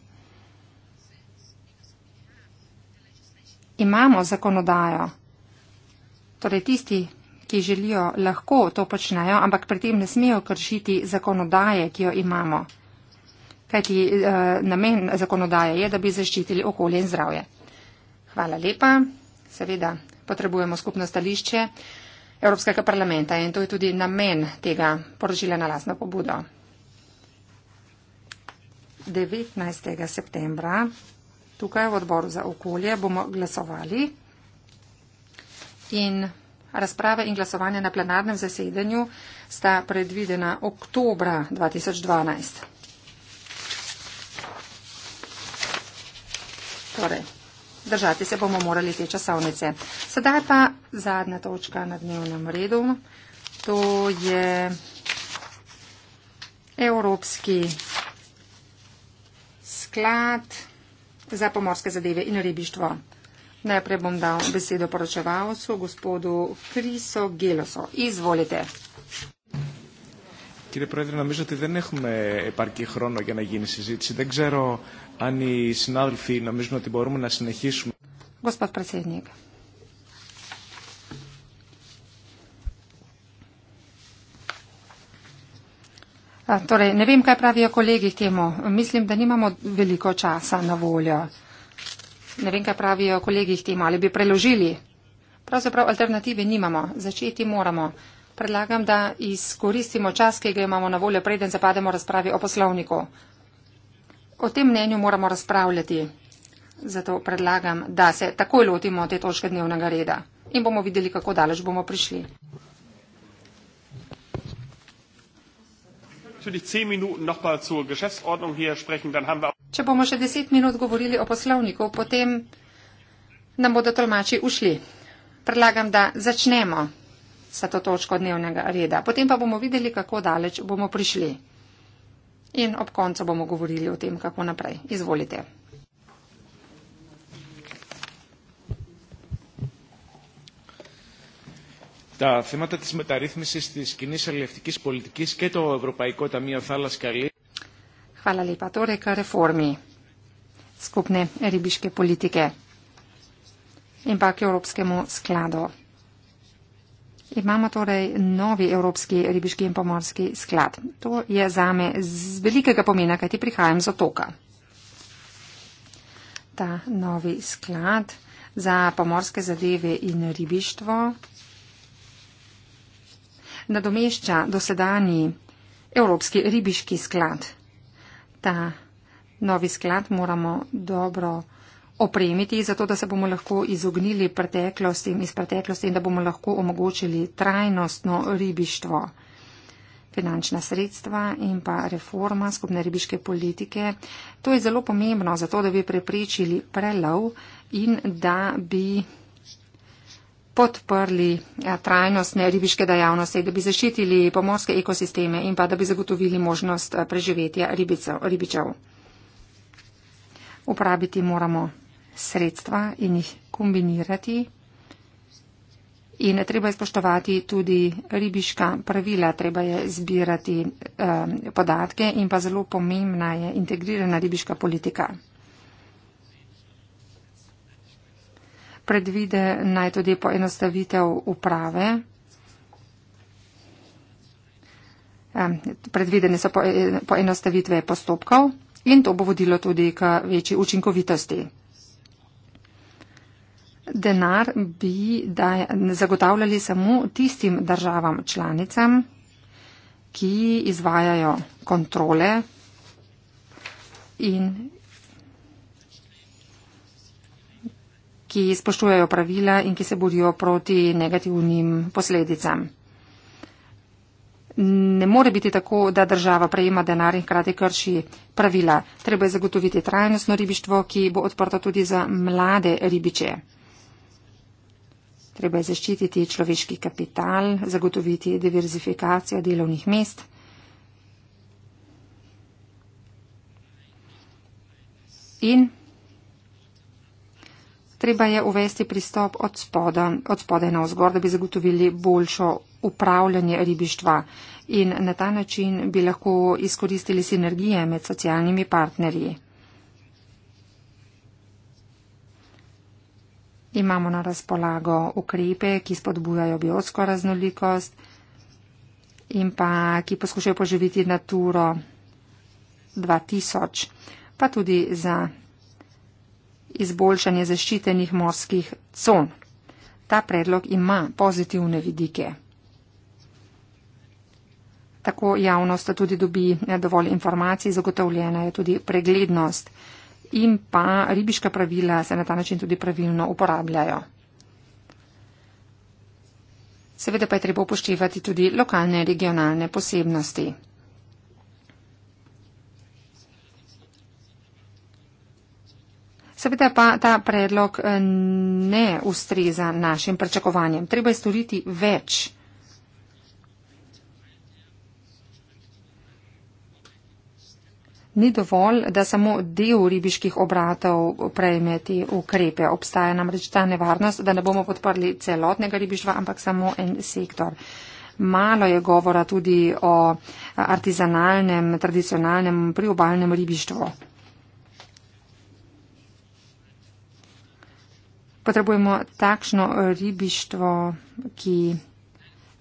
Speaker 4: Imamo zakonodajo, torej tisti, ki želijo, lahko to počnejo, ampak pri tem ne smejo kršiti zakonodaje, ki jo imamo kajti eh, namen zakonodaje je, da bi zaščitili okolje in zdravje. Hvala lepa. Seveda potrebujemo skupno stališče Evropskega parlamenta in to je tudi namen tega poročila na lasno pobudo. 19. septembra tukaj v odboru za okolje bomo glasovali in razprave in glasovanje na plenarnem zasedanju sta predvidena oktobra 2012. Torej, držati se bomo morali te časovnice. Sedaj pa zadnja točka na dnevnem redu. To je Evropski sklad za pomorske zadeve in ribištvo. Najprej bom dal besedo poročevalcu, gospodu Friso Geloso. Izvolite. Κύριε Πρόεδρε, νομίζω ότι δεν έχουμε επαρκή χρόνο για να γίνει συζήτηση. Δεν ξέρω αν οι συνάδελφοι νομίζουν ότι μπορούμε να συνεχίσουμε. Господ председник. Torej, ne vem, kaj pravijo kolegi k temu. Mislim, da nimamo veliko časa na voljo. Ne vem, kaj pravijo kolegi k temu. Ali bi preložili? Pravzaprav alternative nimamo. Začeti moramo. Predlagam, da izkoristimo čas, ki ga imamo na voljo, preden zapademo razpravi o poslovniku. O tem mnenju moramo razpravljati. Zato predlagam, da se takoj lotimo te točke dnevnega reda in bomo videli, kako daleč bomo prišli. Če bomo še deset minut govorili o poslovniku, potem nam bodo tolmači ušli. Predlagam, da začnemo s to točko dnevnega reda. Potem pa bomo videli, kako daleč bomo prišli. In ob koncu bomo govorili o tem, kako naprej. Izvolite. Τα θέματα της μεταρρύθμισης της κοινή αλληλευτικής πολιτικής και το Ευρωπαϊκό Ταμείο Θάλασσα Καλή. Χαλά λίπα, τώρα και ρεφόρμη. Σκούπνε ρίμπισκε πολιτικέ. Είμπα και ευρωπαϊκέ μου σκλάδο. Imamo torej novi Evropski ribiški in pomorski sklad. To je zame z velikega pomena, kajti prihajam z otoka. Ta novi sklad za pomorske zadeve in ribištvo nadomešča dosedani Evropski ribiški sklad. Ta novi sklad moramo dobro opremiti, zato da se bomo lahko izognili preteklostim iz preteklosti in da bomo lahko omogočili trajnostno ribištvo. Finančna sredstva in pa reforma skupne ribiške politike. To je zelo pomembno, zato da bi preprečili prelov in da bi podprli ja, trajnostne ribiške dejavnosti, da bi zaščitili pomorske ekosisteme in pa da bi zagotovili možnost eh, preživetja ribicev, ribičev. Uporabiti moramo sredstva in jih kombinirati. In treba je spoštovati tudi ribiška pravila, treba je zbirati um, podatke in pa zelo pomembna je integrirana ribiška politika. Predvide naj tudi poenostavitev uprave. Um, predvidene so poenostavitve postopkov in to bo vodilo tudi k večji učinkovitosti denar bi daj, zagotavljali samo tistim državam članicam, ki izvajajo kontrole in ki spoštujejo pravila in ki se bodijo proti negativnim posledicam. Ne more biti tako, da država prejema denar in hkrati krši pravila. Treba je zagotoviti trajnostno ribištvo, ki bo odprto tudi za mlade ribiče treba je zaščititi človeški kapital, zagotoviti diverzifikacijo delovnih mest. In treba je uvesti pristop od spodaj, od spodaj na vzgor, da bi zagotovili boljšo upravljanje ribištva in na ta način bi lahko izkoristili sinergije med socialnimi partnerji. Imamo na razpolago ukrepe, ki spodbujajo biotsko raznolikost in pa ki poskušajo poživiti naturo 2000, pa tudi za izboljšanje zaščitenih morskih con. Ta predlog ima pozitivne vidike. Tako javnost tudi dobi eh, dovolj informacij, zagotovljena je tudi preglednost in pa ribiška pravila se na ta način tudi pravilno uporabljajo. Seveda pa je treba upoštevati tudi lokalne regionalne posebnosti. Seveda pa ta predlog eh, ne ustreza našim pričakovanjem. Treba je storiti več. ni dovolj, da samo del ribiških obratov prejme te ukrepe. Obstaja namreč ta nevarnost, da ne bomo podprli celotnega ribištva, ampak samo en sektor. Malo je govora tudi o artizanalnem, tradicionalnem priobalnem ribištvu. Potrebujemo takšno ribištvo, ki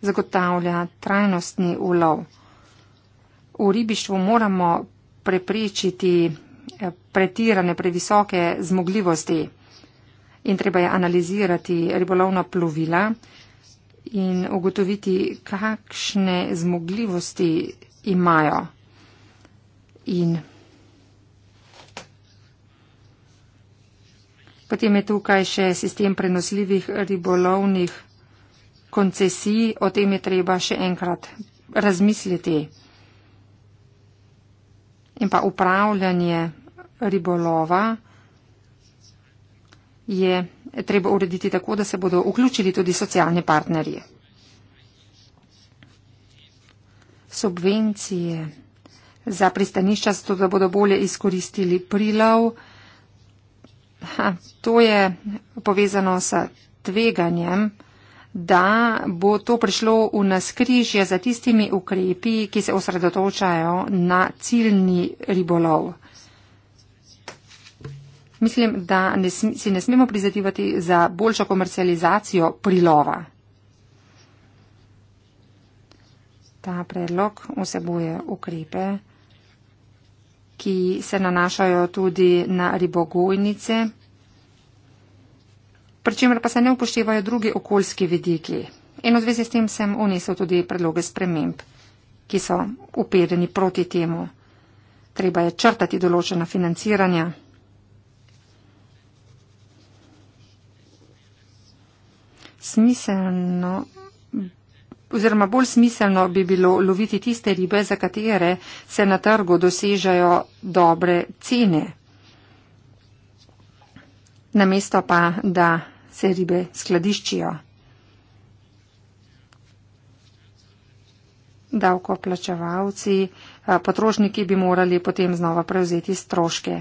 Speaker 4: zagotavlja trajnostni ulov. V ribištvu moramo preprečiti eh, pretirane, previsoke zmogljivosti. In treba je analizirati ribolovna plovila in ugotoviti, kakšne zmogljivosti imajo. In potem je tukaj še sistem prenosljivih ribolovnih koncesij, o tem je treba še enkrat razmisliti in pa upravljanje ribolova je treba urediti tako, da se bodo vključili tudi socialni partnerji. Subvencije za pristanišča, zato da bodo bolje izkoristili prilov, ha, to je povezano s tveganjem, da bo to prišlo v naskrižje za tistimi ukrepi, ki se osredotočajo na ciljni ribolov. Mislim, da ne, si ne smemo prizadivati za boljšo komercializacijo prilova. Ta predlog vsebuje ukrepe, ki se nanašajo tudi na ribogojnice pri čemer pa se ne upoštevajo drugi okoljski vidiki. In v zvezi s tem sem unesel tudi predloge sprememb, ki so upedeni proti temu. Treba je črtati določena financiranja. Smiselno, oziroma bolj smiselno bi bilo loviti tiste ribe, za katere se na trgu dosežajo dobre cene. Namesto pa, da se ribe skladiščijo. Davkoplačevalci, potrošniki bi morali potem znova prevzeti stroške.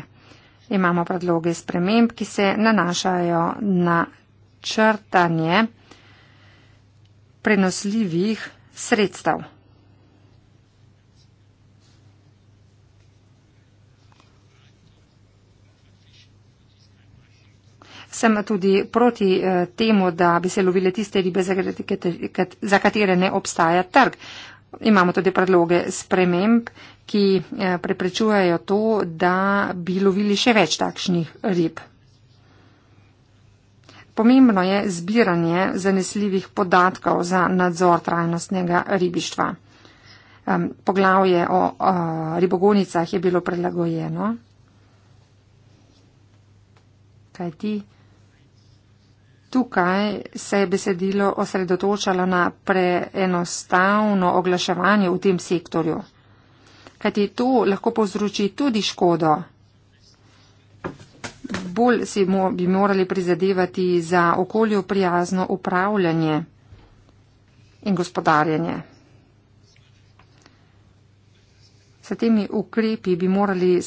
Speaker 4: Imamo predloge sprememb, ki se nanašajo na črtanje prenosljivih sredstev. sem tudi proti eh, temu, da bi se lovile tiste ribe, za katere ne obstaja trg. Imamo tudi predloge sprememb, ki eh, preprečujejo to, da bi lovili še več takšnih rib. Pomembno je zbiranje zanesljivih podatkov za nadzor trajnostnega ribištva. Poglavje o ribogonicah je bilo prilagojeno. Kaj ti? Tukaj se je besedilo osredotočalo na preenostavno oglaševanje v tem sektorju, kajti to lahko povzroči tudi škodo. Bolj si mo, bi morali prizadevati za okolju prijazno upravljanje in gospodarjenje. S temi ukrepi bi morali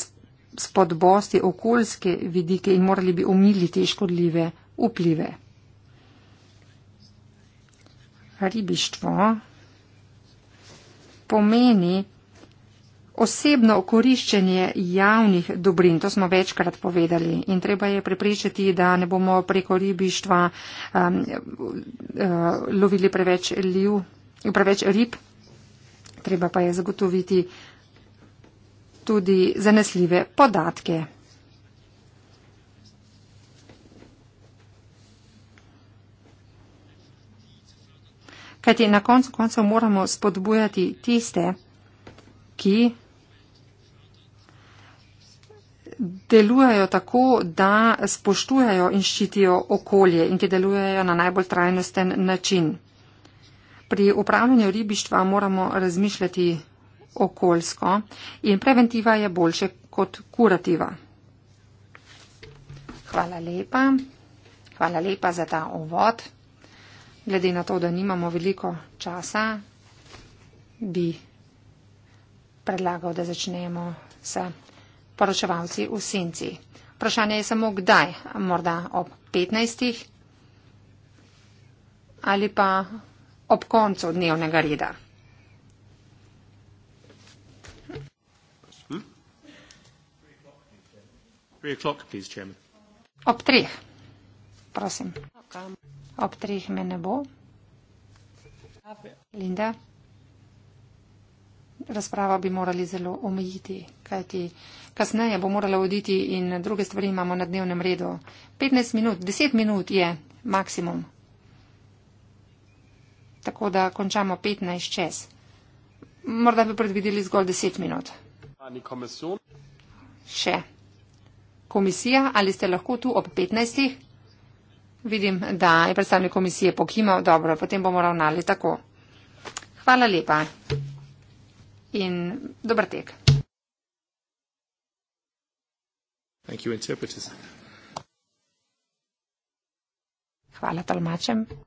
Speaker 4: spodbosti okoljske vidike in morali bi umiliti škodljive vplive. Ribištvo pomeni osebno okoriščenje javnih dobrin, to smo večkrat povedali in treba je prepričati, da ne bomo preko ribištva um, uh, lovili preveč, liv, preveč rib, treba pa je zagotoviti tudi zanesljive podatke. Kajti na koncu koncev moramo spodbujati tiste, ki delujejo tako, da spoštujejo in ščitijo okolje in ki delujejo na najbolj trajnosten način. Pri upravljanju ribištva moramo razmišljati okoljsko in preventiva je boljše kot kurativa. Hvala lepa. Hvala lepa za ta uvod glede na to, da nimamo veliko časa, bi predlagal, da začnemo s poročevalci v senci. Vprašanje je samo kdaj, morda ob 15. ali pa ob koncu dnevnega reda. Hmm? Ob treh, prosim. Okay. Ob treh me ne bo. Linda. Razpravo bi morali zelo omejiti, kajti kasneje bo morala oditi in druge stvari imamo na dnevnem redu. 15 minut, 10 minut je maksimum. Tako da končamo 15 čez. Morda bi predvideli zgolj 10 minut. Še. Komisija, ali ste lahko tu ob 15? Vidim, da je predstavnik komisije pokimal. Dobro, potem bomo ravnali tako. Hvala lepa in dober tek. Hvala tolmačem.